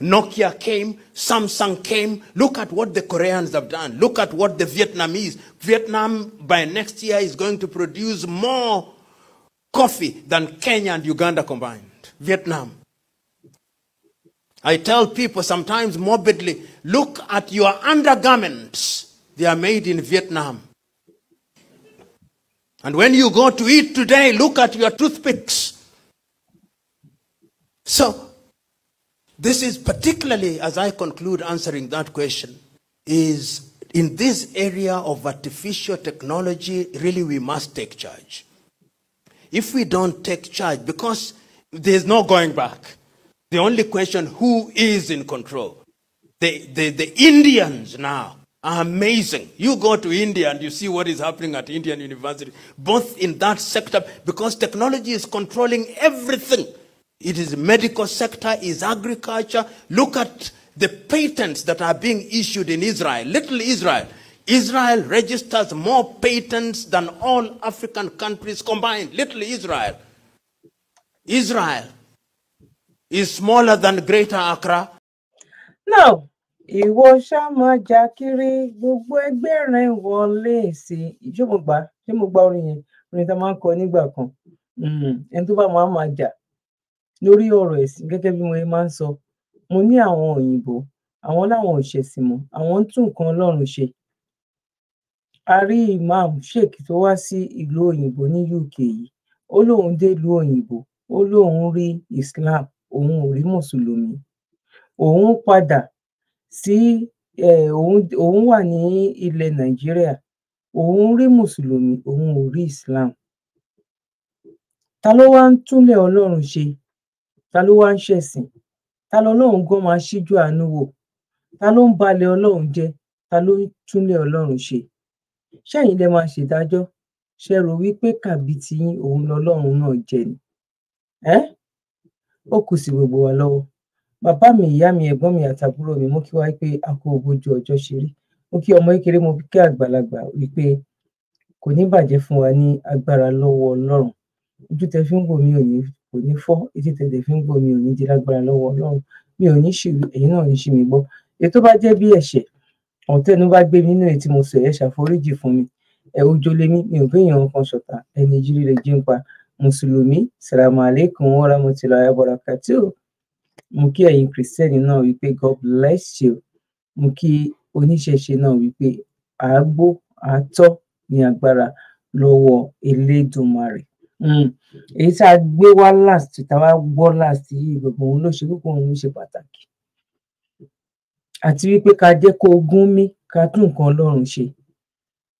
Nokia came, Samsung came. Look at what the Koreans have done. Look at what the Vietnamese. Vietnam by next year is going to produce more coffee than Kenya and Uganda combined. Vietnam. I tell people sometimes morbidly, look at your undergarments. They are made in Vietnam. And when you go to eat today, look at your toothpicks. So this is particularly, as I conclude answering that question, is in this area of artificial technology, really we must take charge. If we don't take charge, because there's no going back, the only question who is in control? The, the, the Indians now are amazing. You go to India and you see what is happening at Indian University, both in that sector, because technology is controlling everything. It is medical sector, is agriculture. Look at the patents that are being issued in Israel, little Israel. Israel registers more patents than all African countries combined, little Israel. Israel is smaller than Greater Accra. No. ìwọ ṣáàmà jákiri gbogbo ẹgbẹrin wọlé sí ṣé mo orin yẹn orin tá a kọ nígbà kan hmm, bá jà lórí ọ̀rọ̀ ẹ̀sìn gẹ́gẹ́ bí wọ́n máa ń sọ mo ní àwọn òyìnbó àwọn làwọn ò ṣẹ̀sìn mọ́ àwọn ń tún nǹkan ọlọ́run ṣe a rí imam sheik tó wá sí ìlú òyìnbó ní uk yìí ó lóun délùú òyìnbó ó lóun rí islam òun ò rí mùsùlùmí òun padà sí òun wà ní ilẹ̀ nàìjíríà òun rí mùsùlùmí òun ò rí islam ta ló wá ń túnlẹ̀ ọlọ́run ṣe ta ló wá ń ṣẹ̀sìn ta lọlọ́run gan máa ṣíjú àánú wò ta ló ń balẹ̀ ọlọ́run jẹ́ ta ló ń túnlẹ̀ ọlọ́run ṣe ṣẹ́yìn lẹ máa ṣèdájọ́ ṣe rò wípé kàbìtì yín òun lọlọ́run náà jẹ ni ó kù sí gbogbo wa lọ́wọ́ bàbá mi ìyá mi ẹ̀gbọ́n mi àtàbúrò mi mo kí wáyé pé a kó bójú ọjọ́ ṣe rí mo kí ọmọ kékeré mo kí àgbàlagbà wípé kò ní bàjẹ́ fún wa ní agbára lọ́wọ́ ọlọ́run ojú tẹ fi ń wò mí ò ní kò ní fọ́ etí tẹ̀dẹ̀ fi ń gbọ́ mi ò ní di lágbára lọ́wọ́ ọlọ́run mi ò ní ṣì ẹ̀yin náà ní ṣì mí gbọ́ èyí tó bá jẹ́ bí ẹ̀ṣẹ̀ ọ̀tẹ́nu bá gbé mi nínú èyí tí mo sọ ẹ̀ ṣàforíjì fún mi ẹ̀ ojo lé mi mi ò bẹ́ èèyàn kan ṣọ̀tá ẹni jí rere jí ń pa mùsùlùmí sàlámù alaykum wa rahmatullahi wa barakatuh mo kí ẹ̀yin kìrìsìtẹ́nì náà wípé god bless you mo kí oníṣẹ̀ṣe náà wípé àágbó àátọ́ ní agbára lọ́wọ́ elédùnmarè Hmm. èyí tá a gbé wá last tá a wá gbọ́ last yìí gbogbo òun ló ṣe kókó òun ló ṣe pàtàkì àti wípé ká jẹ́ kó gún mí ká tún nǹkan ọlọ́run ṣe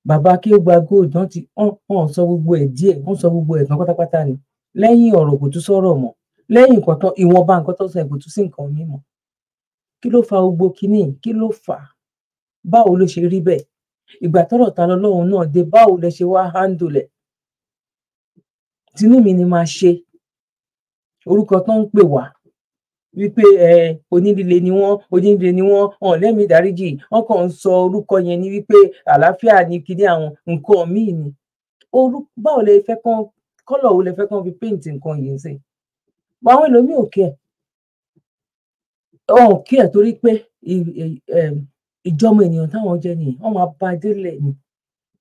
bàbá kí ó gba gold wọ́n ti hàn sọ gbogbo ẹ̀ díẹ̀ wọ́n sọ gbogbo ẹ̀ tán pátápátá ni lẹ́yìn ọ̀rọ̀ kò tún sọ̀rọ̀ mọ́ lẹ́yìn nǹkan tán ìwọ̀nba nǹkan tó sọ ẹ̀ kò tún sí nǹkan mímọ́ kí ló fa gbogbo kínní kí ló fà á báwo ló ṣe rí bẹ́ẹ̀ ìgbà tọ́rọ̀ ta lọ́lọ́run náà dé báwo lẹ ṣe wá handle ẹ̀ tinú mi ni máa ṣe orúkọ tó ń pè wá wípé ẹ onílile ni wọn onílile ni wọn hàn lẹ́mìí ìdáríjì wọn kàn ń sọ orúkọ yẹn ni wípé àlàáfíà ni kíní àwọn nǹkan míì ni orúkọ báwo lè fẹ́ kán kọ́lọ̀ wo lè fẹ́ kán fi paint nǹkan yìí ń sè bọ́ àwọn èlòmíì ò kí ẹ̀ ọ̀ kí ẹ̀ torí pé ìjọmọ ènìyàn táwọn jẹ́ nìyẹn wọ́n máa ba délẹ̀ ni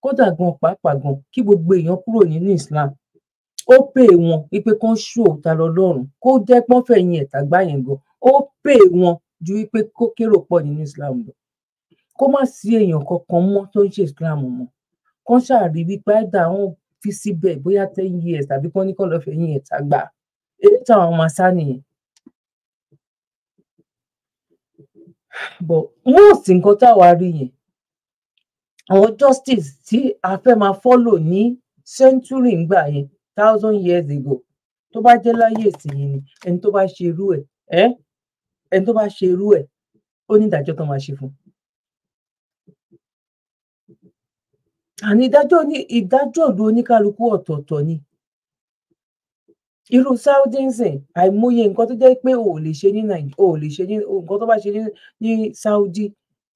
kódà gan pàápàá gan kí gbogbo èèyàn kúrò nínú Islam ó pè wọn wípé kán ṣú òòta lọ́lọ́run kó jẹ́ pọ́n fẹ̀yìn ẹ̀ta gbá yẹn gan ó pè wọn ju wípé kó kérò pọ̀ nínú Islam lọ kó má sí èèyàn kankan mọ́ tó ń ṣe Islam mọ́ kán ṣàrí wípé àìdá wọn fi síbẹ̀ bóyá ten years tàbí kán ní kán lọ́ọ́ fẹ̀yìn ẹ̀ta gbà èyí táwọn máa sá nìyẹn. but nǹkan táwa rí yẹn àwọn justice tí a fẹ́ máa follow ní century ńgbà yẹn thousand years ago tó bá jẹ́ láyé ìsinyìí ni ẹni tó bá ṣe irú ẹ̀ ẹ́ ẹni tó bá ṣe irú ẹ̀ ó ní ìdájọ́ tó máa ṣe fún un. àní ìdájọ́ ní ìdájọ́ ìlú oníkálukú ọ̀tọ̀ọ̀tọ̀ ni irú Saudi nsìn àìmọye nǹkan tó jẹ́ pé o ò lè ṣe ní Nàìjíríà o ò lè ṣe ní nǹkan tó bá ṣe ní Saudi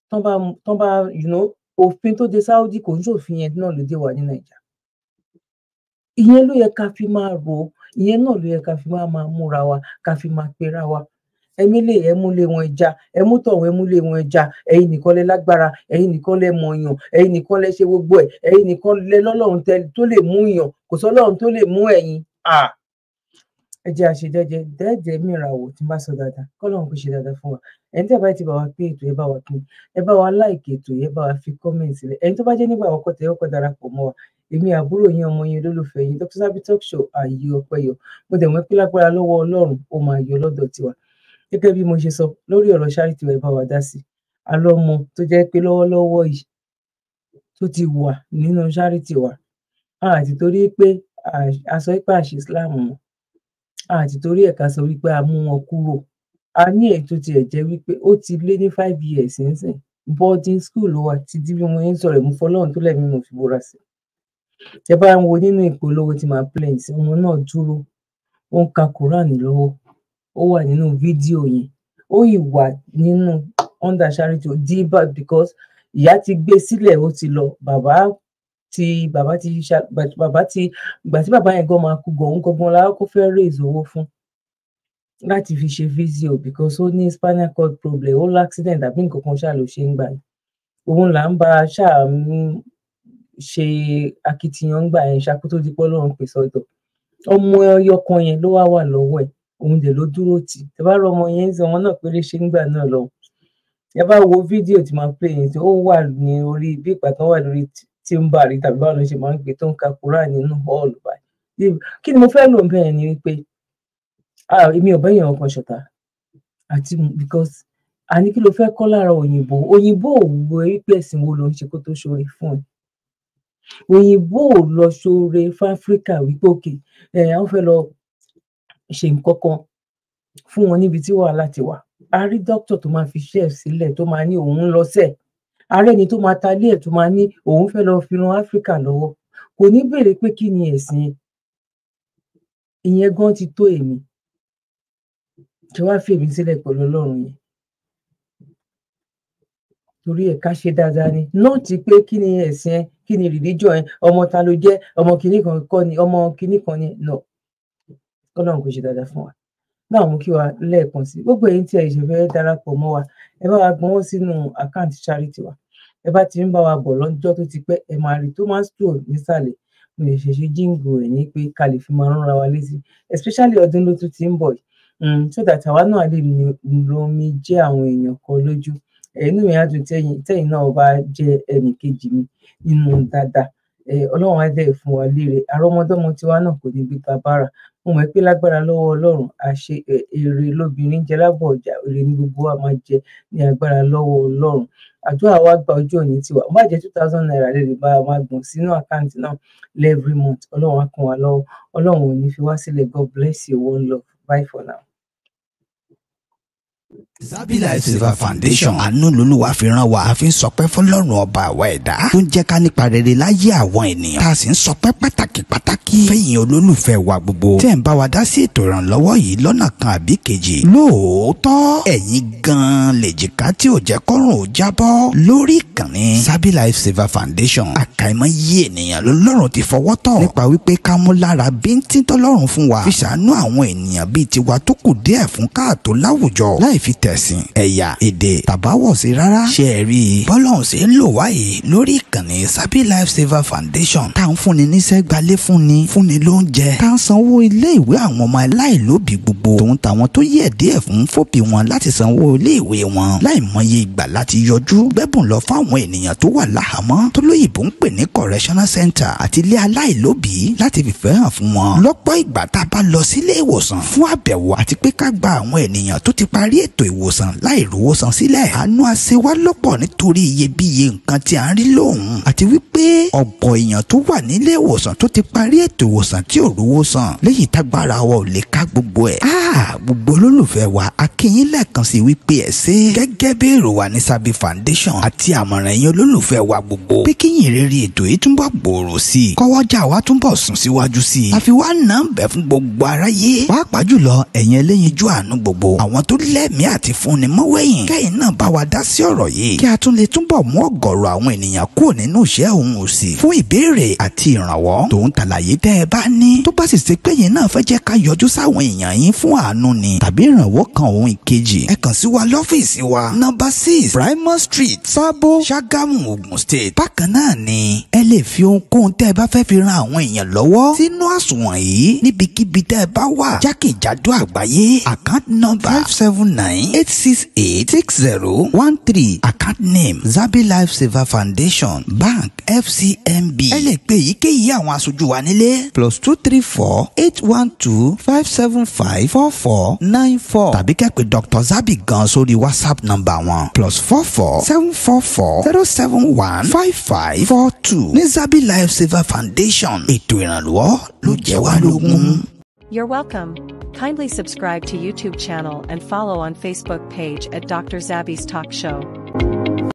tán bá tán bá you know òfin tó de Saudi kò ń ṣòfin yẹn náà ló dé wà ní Nàìjíríà ìyẹn ló yẹ ká fi máa rò ó ìyẹn náà ló yẹ ká fi máa máa múra wa ká fi máa pera wa ẹmí lè ẹmú lé wọn ẹja ẹmú tọ̀hún ẹmú lé wọn ẹja ẹ̀yin nìkan lẹ lágbára ẹ̀yin nìkan lẹ mọ̀yàn ẹ̀yin nìkan lẹ ṣe gbogbo ẹ̀ ẹ̀yin nìkan lẹ lọ́lọ́run tó lè mú yàn kò sọ́lọ́run tó lè mú ẹ̀yin ah ẹ jẹ́ àṣejẹ́jẹ́ dẹ́ẹ̀dẹ́ mìíràn wò tí n bá sọ dáadáa kọ́lọ́run kò ṣe dáadáa fún wa ẹni tí a bá ti bá wa pé ètò ẹ bá wa pín ẹ bá wa láìkè ètò ẹ bá wa fi kọ́mẹ̀ntì sílẹ̀ ẹni tó bá jẹ́ nígbà àkọ́kọ́ tẹ ọkọ̀ darapọ̀ mọ́ wa èmi àbúrò yín ọmọ yín olólùfẹ́ yín Dr. Zabby Talk Show ààyè ọpẹ́ yọ mo dẹ̀ wọ́n pé lágbára lọ́wọ́ Ọlọ́run ó máa yọ lọ́dọ̀ tiwa gẹ́gẹ́ bí mo ṣe sọ lórí ọ̀rọ̀ charity ẹ bá wa dá sí alọ́mọ tó jẹ́ pé lọ́wọ́lọ́wọ́ yìí tó ti wà nínú charity wa àti torí pé a sọ Islam mọ́ àti torí ẹ̀ka sọ wípé a mú wọn kúrò a ní ètò tiẹ̀ jẹ́ wípé ó ti lé ní five years nísìn boarding school ló wà ti di bí mo ń sọ̀rọ̀ mo fọlọ́run tó lẹ́mí mo fi bóra sí tẹ bá ń wo nínú ìpolówó tí màá plẹ̀ sí ọmọ náà dúró ó ń ka Quran lọ́wọ́ ó wà nínú fídíò yẹn ó yìí wà nínú under charity deeper because ìyá ti gbé sílẹ̀ ó ti lọ bàbá tí bàbá ti bàbá ti ìgbà tí bàbá yẹn gan máa kú gan òun gangan la kó fẹ́ raise owó fún láti fi ṣe physio because ó ní spinal cord problem ó l'accident àbí nǹkan kan ṣáà ló ṣe ń gbà yẹn òun là ń bá ṣáà ṣe akitiyan gbà yẹn ṣáà kó tó di pọ́lọ́run pèsè ọ̀dọ̀ ọmọ ẹyọ kan yẹn ló wá wà lọ́wọ́ ẹ̀ òun dẹ̀ ló dúró tì ẹ bá rọ ọmọ yẹn ń sọ ọmọ náà péré ṣe ń gbà náà lọ ẹ bá wo fídíò tí máa play yẹn tí ó wà ní orí bí ìgbà wà lórí tí ń bàrí tàbí báwo ló ṣe máa ń gbé tó ń ka Quran nínú hall báyìí kí ni mo fẹ́ lò bẹ́ẹ̀ ni wípé èmi ò bẹ́yìn ọkàn ṣọ̀tá àti because àní kí ló fẹ́ kọ́ lára òyìnbó òyìnbó ò wo wípé ẹ̀sìn wo ló ń ṣe kó tó ṣoore fún ẹ òyìnbó ò lọ ṣoore fún áfíríkà wípé òkè ẹ àwọn fẹ́ lọ ṣe nǹkan kan fún wọn níbi tí wàhálà ti wà a rí dókítà tó máa fi ṣẹ́ẹ̀ sílẹ̀ tó máa ní òun lọ ààrẹ ni tó máa ta ilé ẹ̀ tó máa ní òun fẹ́ lọ fi ran áfíríkà lọ́wọ́ kò ní béèrè pé kí ni ẹ̀sìn ìyẹn gan ti tó èmi tí wàá fèmí sílẹ̀ pẹ̀lú ọlọ́run yẹn torí ẹ̀ ká ṣe dáadáa ni nọ́ọ̀tì pé kí ni ẹ̀sìn kí ni rìlíjọ́ ẹ ọmọ ta ló jẹ́ ọmọ kìnnìkan kọ́ ni ọmọ kìnnìkan ni nọ ọlọ́run kò ṣe dáadáa fún wa. náà mú kí wa lẹ́ẹ̀kan sí gbogbo èyí tí ẹ ṣe fẹ́ darapọ̀ mọ́ wa ẹ bá wa gbọ́nwó sínú àkáǹtì charity wa ẹ bá ti ń bá wa bọ̀ lọ́jọ́ tó ti pẹ́ ẹ máa rí thomas stroll nísàlẹ̀ mo fi máa wa létí especially ọdún ló tún ti ń bọ̀ hmm, so that àwa náà lè lomi jẹ́ àwọn èèyàn kan lójú mi tẹ́yìn náà bá wa léèrè àrọ́mọdọ́mọ tiwa náà kò ní mo mọ̀ pé lágbára lọ́wọ́ ọlọ́run àṣe èrè lóbìnrin jẹ lábọ̀ ọjà èrè ní gbogbo wa máa jẹ ní agbára lọ́wọ́ ọlọ́run àdúrà wa gba ọjọ́ òní tiwa má jẹ́ two thousand naira lè lè bá a máa gbọ̀n sínú àkáǹtì náà every month ọlọ́run á kàn wá lọ́wọ́ ọlọ́run ò ní fi wá sílẹ̀ god bless you one love bye for now. Zabila Silver Foundation àánú lolúwa fi ràn wá a fi ń sọpẹ́ fọlọ́run ọba àwa ẹ̀dá tó ń jẹ́ ká nípa rere láyé àwọn ènìyàn tá a sì ń sọpẹ́ pàtàkì pàtàkì fẹ̀yìn olólùfẹ́ wa gbogbo tẹ́ ń bá wa dá sí ètò ìrànlọ́wọ́ yìí lọ́nà kan àbí kejì lóòótọ́ ẹ̀yin gan-an lèjìká tí ò jẹ́ kọ́rùn ò jábọ́ lórí ìkànnì Zabila Silver Foundation àkàìmọ́ yí ènìyàn lọ́lọ́run ti fọwọ́ tọ̀ nípa wípé ká mú lára bíntín tọ́lọ́run fún wa fi ṣàánú àwọn ènìyàn bíi tiwa ẹ̀sìn ẹ̀yà èdè tàbáwọ̀ sí rárá ṣe é rí i bọ́lọ́hùn ṣe ń lò wáyé lórí ìkànnì Sabi Lifesaver Foundation tá à ń fúnni níṣẹ́ gbalé fúnni fúnni lóúnjẹ tá à ń sanwó ilé ìwé àwọn ọmọ aláìlóbi gbogbo tòun tàwọn tó yẹ díẹ̀ fún fòbí wọn láti sanwó ilé ìwé wọn láìmọye ìgbà láti yọjú gbẹ́bùn lọ fáwọn ènìyàn tó wà láhàámọ́ tó ń pè ní correctional center àti ilé aláìlóbi láti fìfẹ́ hàn fún wọn lọ́pọ̀ ìgbà tá a bá lọ sílé ìwòsàn fún àbẹ̀wò àti pé ká gba àwọn ènìyàn tó ti parí ètò ìw ìwòsàn láì rówó sílẹ̀ àánú àṣewá lọ́pọ̀ nítorí iyebíye nǹkan tí à ń rí lóhùn àti wípé ọ̀pọ̀ èèyàn tó wà nílé ìwòsàn tó ti parí ètò ìwòsàn tí ò rówó léyìí tágbára wa ò lè ká gbogbo ẹ̀. Ah, gbogbo olólùfẹ́ wa a lẹ́ẹ̀kan sí wípé ẹ̀ ṣe gẹ́gẹ́ bí èrò wa ní Sabi Foundation àti àmọ̀ràn ẹ̀yin olólùfẹ́ wa gbogbo pé kí yín rere ètò yìí túnbọ̀ gbòòrò sí i kọ́wọ́jà wa túnbọ̀ sùn síwájú sí i àfi wá nà ń bẹ̀ fún gbogbo aráyé pàápàá jùlọ ẹ̀yin ẹlẹ́yinjú àánú gbogbo àwọn tó lẹ́mìí àt àti fúnni mọ́wẹ́yìn kẹ́yìn náà bá wa dá sí ọ̀rọ̀ yìí kí a tún lè túbọ̀ mú ọ̀gọ̀rọ̀ àwọn ènìyàn kúrò nínú ìṣẹ́ òun òsì fún ìbéèrè àti ìrànwọ́ tòun tàlàyé tẹ́ ẹ bá ní tó bá sì ṣe péyìn náà fẹ́ jẹ́ ká yọjú sáwọn èèyàn yín fún àánú ni tàbí ìrànwọ́ kan òun ìkejì ẹ kàn sí wa lọ́fíìsì wa nọ́mbà six Primal Street Sabo Ṣàgámù Ògùn State bákan náà ni ẹ lè fi ohunkóhun tẹ́ ẹ bá fẹ́ fi ran àwọn èèyàn lọ́wọ́ sínú àsùnwọ̀n yìí níbikíbi tẹ́ ẹ bá wà jákèjádò àgbáyé account number five seven nine eight six eight six zero one three account name Zabi Life Saver Foundation Bank FCMB ẹ lè pe èyíkéyìí àwọn aṣojú wa nílé plus two three four eight one two five seven five four four nine four tàbí kẹ́pẹ́ Dr. Zabi gan sórí WhatsApp number wọn plus four four seven four four zero seven one five five four two ní Zabi Life Saver Foundation ètò ìrànlọ́wọ́ ló jẹ́ wá lógún. You're welcome. Kindly subscribe to YouTube channel and follow on Facebook page at Dr. Zabby's Talk Show.